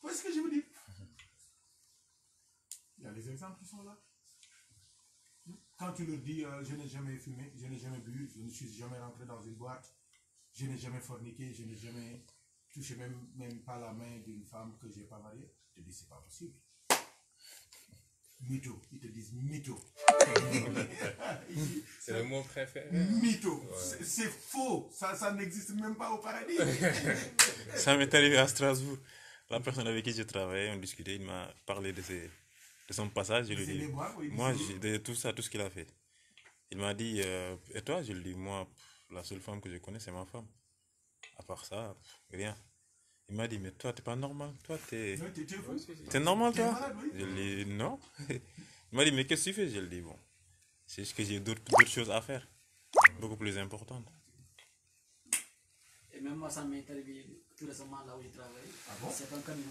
Vous voyez ce que je vous dis? Il y a les exemples qui sont là. Quand tu leur dis euh, je n'ai jamais fumé, je n'ai jamais bu, je ne suis jamais rentré dans une boîte, je n'ai jamais forniqué, je n'ai jamais touché même, même pas la main d'une femme que je n'ai pas mariée, ils te disent c'est pas possible. Mytho, ils te disent mytho. c'est le mot préféré. Mytho, c'est faux, ça, ça n'existe même pas au paradis. ça m'est arrivé à Strasbourg. La personne avec qui je travaillais, on discutait, il m'a parlé de ces... De son passage, je lui dis, moi, de tout ça, tout ce qu'il a fait. Il m'a dit, euh, et toi, je lui dis, moi, la seule femme que je connais, c'est ma femme. À part ça, rien. Il m'a dit, mais toi, t'es pas normal. Toi, t'es. T'es normal, toi Je lui dis, non. il m'a dit, mais qu'est-ce que tu fais Je lui dis, bon. C'est juste que j'ai d'autres choses à faire, beaucoup plus importantes. Et même moi, ça m'est arrivé tout récemment là où je travaillé. Ah bon C'est un camion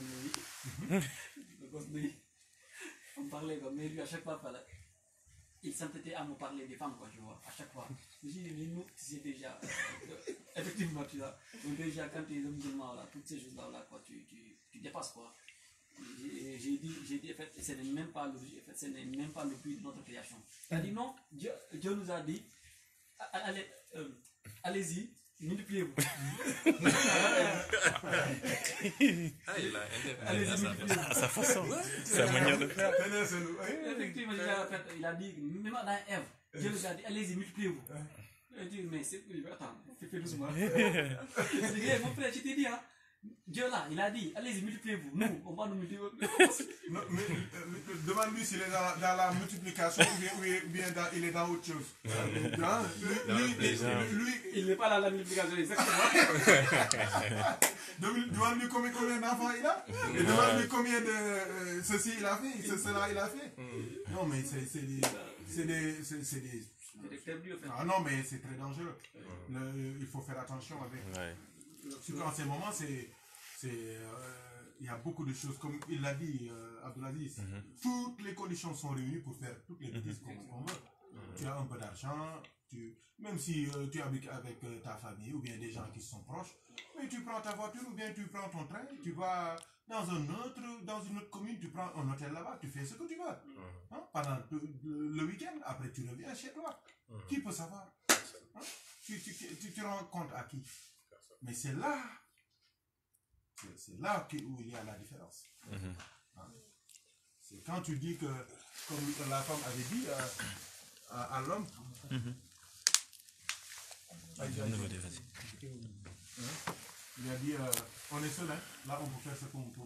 de nuit. on parlait comme, mais lui à chaque fois, il s'entêtait à nous parler des femmes, quoi, tu vois, à chaque fois. J'ai les nous déjà, euh, effectivement, tu vois. Donc déjà, quand tu es musulman, là, toutes ces choses-là, quoi, tu, tu, tu dépasses, quoi. J'ai dit, j'ai dit, en fait, ce n'est même pas le, en fait, ce n'est même pas le but de notre création. tu dit non, Dieu, Dieu nous a dit, allez, euh, allez-y, Nilipiemu. ah, il a Allez, à sa façon, sa manière de faire. Effectivement, il a dit, même dans Ève, Dieu nous a dit, allez-y, multipliez-vous. Il a dit, mais c'est, attends, fais plus doucement. Il a dit, mon frère, je t'ai dit, hein. Dieu là, il a dit, allez-y, multipliez-vous. Nous, on va nous multiplier. Euh, demande-lui s'il est dans, la multiplication ou bien, bien il est dans autre chose. Hein? Lui, lui, il n'est pas dans la multiplication, exactement. demande-lui combien, combien d'enfants il a. Et demande-lui combien de euh, ceci il a fait, ce, cela il a fait. Mm. Non, mais c'est des. C'est des. C'est des. Ah non, mais c'est très dangereux. il faut faire attention avec en ce moment, euh, il y a beaucoup de choses comme il l'a dit euh, mhm. toutes les conditions sont réunies pour faire toutes les bêtises mhm. qu'on veut mhm. tu as un peu d'argent même si euh, tu habites avec euh, ta famille ou bien des gens qui sont proches mais tu prends ta voiture ou bien tu prends ton train tu vas dans un autre dans une autre commune tu prends un hôtel là-bas tu fais ce que tu veux hein, pendant le, week-end après tu reviens chez toi qui peut savoir hein? tu, tu, rends compte à qui mais c'est là, c'est là où il y a la différence. Mhm. Ah. C'est quand tu dis que, comme la femme avait dit à, l'homme, mhm. ah, hein? il, a dit, euh, on est seul, hein? là on peut faire ce qu'on peut.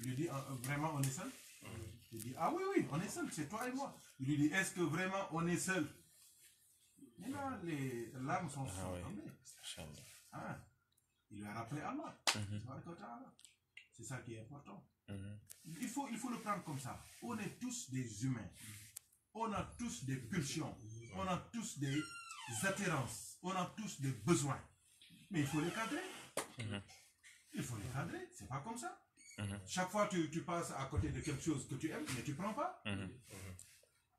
Il lui dit euh, vraiment on est seul mhm. Il dit ah oui, oui, on est seul, c'est toi et moi. Il lui dit est-ce que vraiment on est seul Mais là, les larmes sont, ah, oui. Ah, il lui a rappelé Allah. Mhm. C'est ça qui est important. Mhm. il, faut, il faut le prendre comme ça. On est tous des humains. On a tous des pulsions. On a tous des attirances. On a tous des besoins. Mais il faut les cadrer. Mhm. Il faut les cadrer. C'est pas comme ça. Chaque fois tu, tu passes à côté de quelque chose que tu aimes, mais tu prends pas.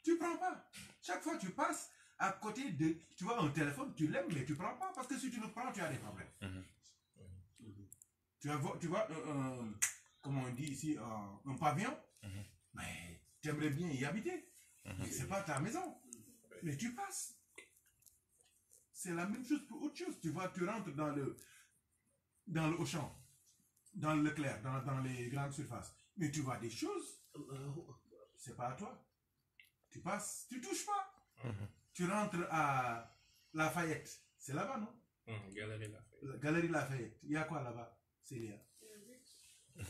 Tu prends pas. Chaque fois tu passes à côté de, tu vois, un téléphone, tu l'aimes, mais tu prends pas parce que si tu le prends, tu as des problèmes. Tu vois, comment on dit ici, un, pavillon, mhm. mais tu aimerais bien y habiter. Mhm. ce n'est pas ta maison. Mais tu passes. C'est la même chose pour autre chose. Tu vois, tu rentres dans le, dans le champ, dans le clair dans, les grandes surfaces. Mais tu vois des choses, c'est pas à toi. Tu passes, tu touches pas. Mhm. Tu rentres à Lafayette, c'est là-bas, non Galerie Lafayette. La galerie Lafayette, il y a quoi là-bas euh,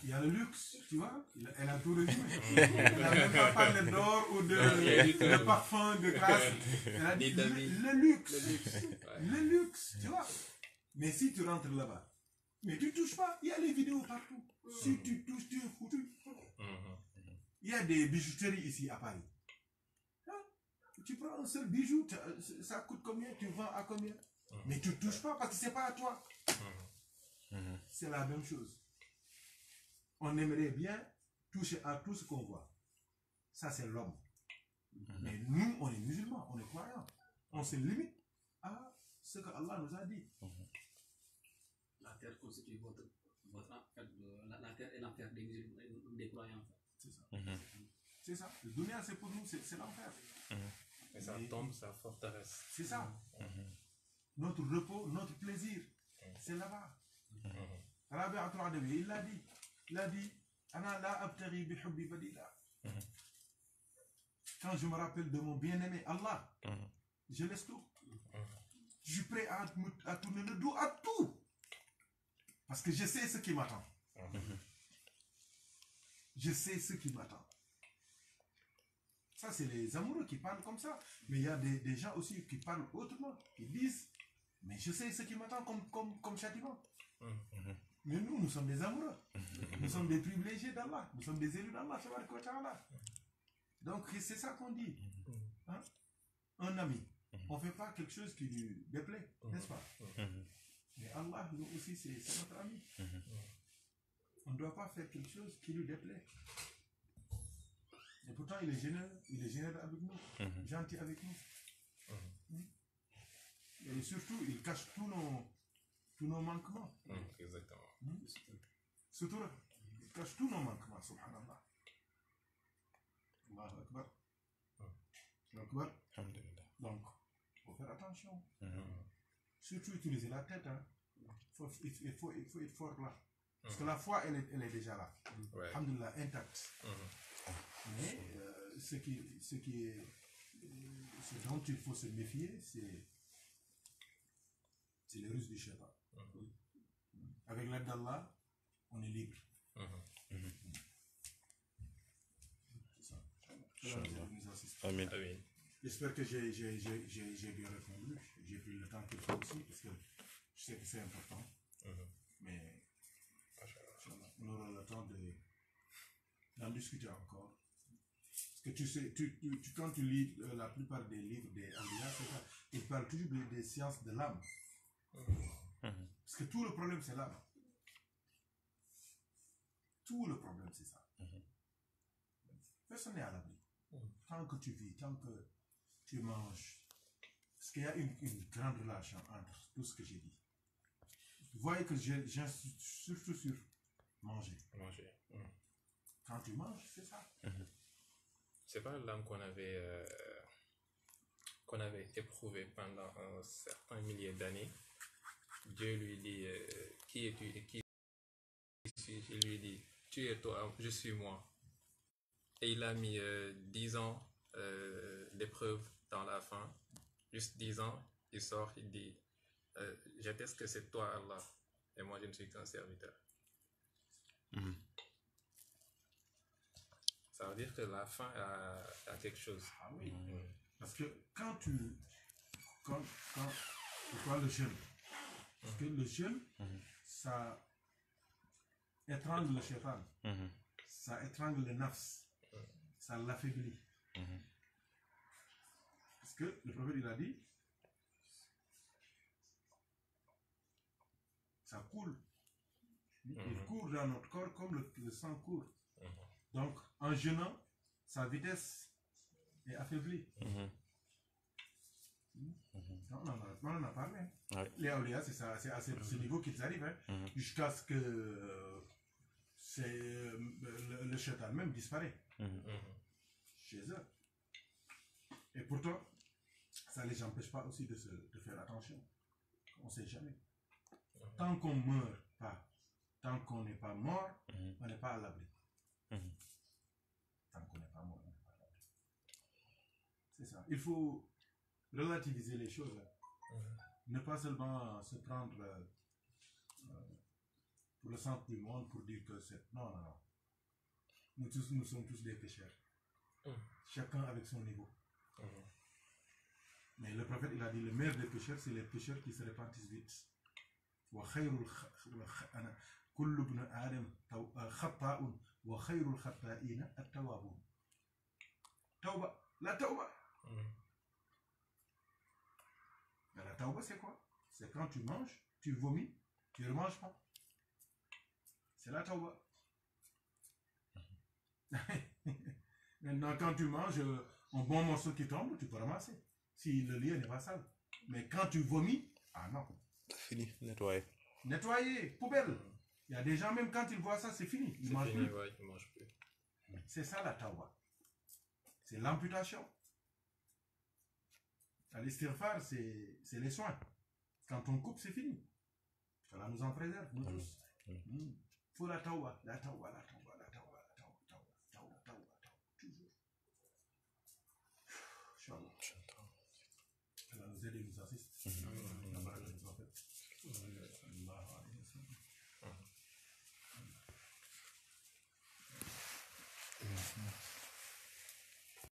il y a le luxe, tu vois. Elle a tout reçu. Elle n'a même pas parlé d'or ou de le parfum de grâce. Elle a dit le, luxe. Le luxe, tu vois. Mais si tu rentres là-bas, mais tu ne touches pas. Il y a les vidéos partout. Si tu touches, tu es foutu. Mm-hmm. Il y a des bijouteries ici à Paris. Hein? Tu prends un seul bijou, ça coûte combien Tu vends à combien mm-hmm. Mais tu touches pas parce que ce n'est pas à toi. Mhm. C'est la même chose. On aimerait bien toucher à tout ce qu'on voit. Ça, c'est l'homme. Mhm. Mais nous, on est musulmans, on est croyants. On se limite à ce que Allah nous a dit. Mhm. La terre constitue votre, votre euh, la, la, terre est l'enfer des musulmans, des croyants. C'est ça. C'est ça. Le dunya, c'est pour nous, c'est l'enfer. Et ça tombe, ça forteresse. C'est ça. Notre repos, notre plaisir, c'est là-bas. Mm-hmm. il a dit il dit la mm-hmm. quand je me rappelle de mon bien-aimé Allah mm-hmm. je laisse tout je suis prêt à, tourner le dos à tout parce que je sais ce qui m'attend je sais ce qui m'attend ça, c'est les amoureux qui parlent comme ça. Mais il y a des, gens aussi qui parlent autrement, qui disent, mais je sais ce qui m'attend comme, comme, comme châtiment. Mais nous, nous sommes des amoureux. Nous sommes des privilégiés d'Allah. Nous sommes des élus d'Allah. Donc, c'est ça qu'on dit. Hein? Un ami, on ne fait pas quelque chose qui lui déplaît, n'est-ce pas Mais Allah, nous aussi, c'est notre ami. On ne doit pas faire quelque chose qui lui déplaît. Et pourtant, il est généreux, il est généreux avec nous, gentil avec nous. Et surtout, il cache tous nos, tous nos manquements. Mm, exactement. Mm. Sutura. Il cache tous nos manquements, subhanallah. Allahu Akbar. Mm. Allahu Akbar. Donc, il faut faire attention. Mm-hmm. Surtout utiliser la tête. Hein. Faut, il, faut, il faut être fort là. Parce que la foi, elle est, elle est déjà là. Ouais. Alhamdulillah, intacte. Mm-hmm. Mais euh, ce, qui, ce, qui est, ce dont il faut se méfier, c'est les ruses du shaitan. Mhm. Avec l'aide d'Allah, on est libre. Mhm. Mhm. Amen. J'espère que j'ai bien répondu. J'ai pris le temps qu'il faut aussi, parce que je sais que c'est important. Mais on aura le temps d'en discuter encore. Parce que tu sais, tu, tu, quand tu lis euh, la plupart des livres des Ambias, ils parlent toujours des, sciences de l'âme. Mhm. Parce que tout le problème, c'est là. Tout le problème, c'est ça. Mhm. Personne n'est à l'abri. Mhm. Tant que tu vis, tant que tu manges. Parce qu'il y a une, une, grande relation entre tout ce que j'ai dit. Vous voyez que j'insiste surtout sur manger. Manger. Quand tu manges, c'est ça. C'est pas l'âme qu'on avait, euh, qu'on avait éprouvée pendant un certain millier d'années Dieu lui dit, euh, qui es-tu et qui je Il lui dit, tu es toi, je suis moi. Et il a mis euh, dix 10 ans euh, d'épreuve dans la fin, juste 10 ans, il sort, il dit, j'atteste que c'est toi Allah, et moi je ne suis qu'un serviteur. Mhm. Ça veut dire que la fin a, quelque chose. Ah oui. Parce que quand tu. Quand, quand, tu le chez parce que le jeûne, ça étrangle le cheval, ça étrangle le nafs, ça l'affaiblit. Parce que le prophète, il a dit, ça coule. Il court dans notre corps comme le, le sang court. Mhm. Donc, en jeûnant, sa vitesse est affaiblie. Mhm. Non, on en a, parlé. Les Aoléas, c'est à ce niveau qu'ils arrivent, hein, jusqu'à ce que le, le même disparaît chez eux. Et pourtant, ça ne les empêche pas aussi de, se, de faire attention. On ne sait jamais. Tant qu'on ne meurt pas, tant qu'on n'est pas mort, on n'est pas à l'abri. Tant qu'on n'est pas mort, on n'est pas à l'abri. C'est ça. Il faut relativiser les choses. Ne pas seulement euh, se prendre euh, euh, pour le centre du monde pour dire que c'est. Non, non, non. Nous, tous, nous sommes tous des pécheurs. Mm. Chacun avec son niveau. Mm. Mais le prophète, il a dit le meilleur des pécheurs, c'est les pécheurs qui se répandissent vite. La tauba, mm la tawa c'est quoi C'est quand tu manges, tu vomis, tu ne manges pas. C'est la tawa. Maintenant, quand tu manges euh, un bon morceau qui tombe, tu peux ramasser. Si le lien n'est pas sale. Mais quand tu vomis, ah non. C'est Fini, nettoyer. Nettoyer, poubelle. Il y a des gens, même quand ils voient ça, c'est fini. Ils mangent mangent plus. C'est ça la tawa. C'est l'amputation. L'estirfar, c'est les soins. Quand on coupe, c'est fini. Allah nous en préserve, nous tous. Il hmm. faut la tawa, la tawa, la tawa.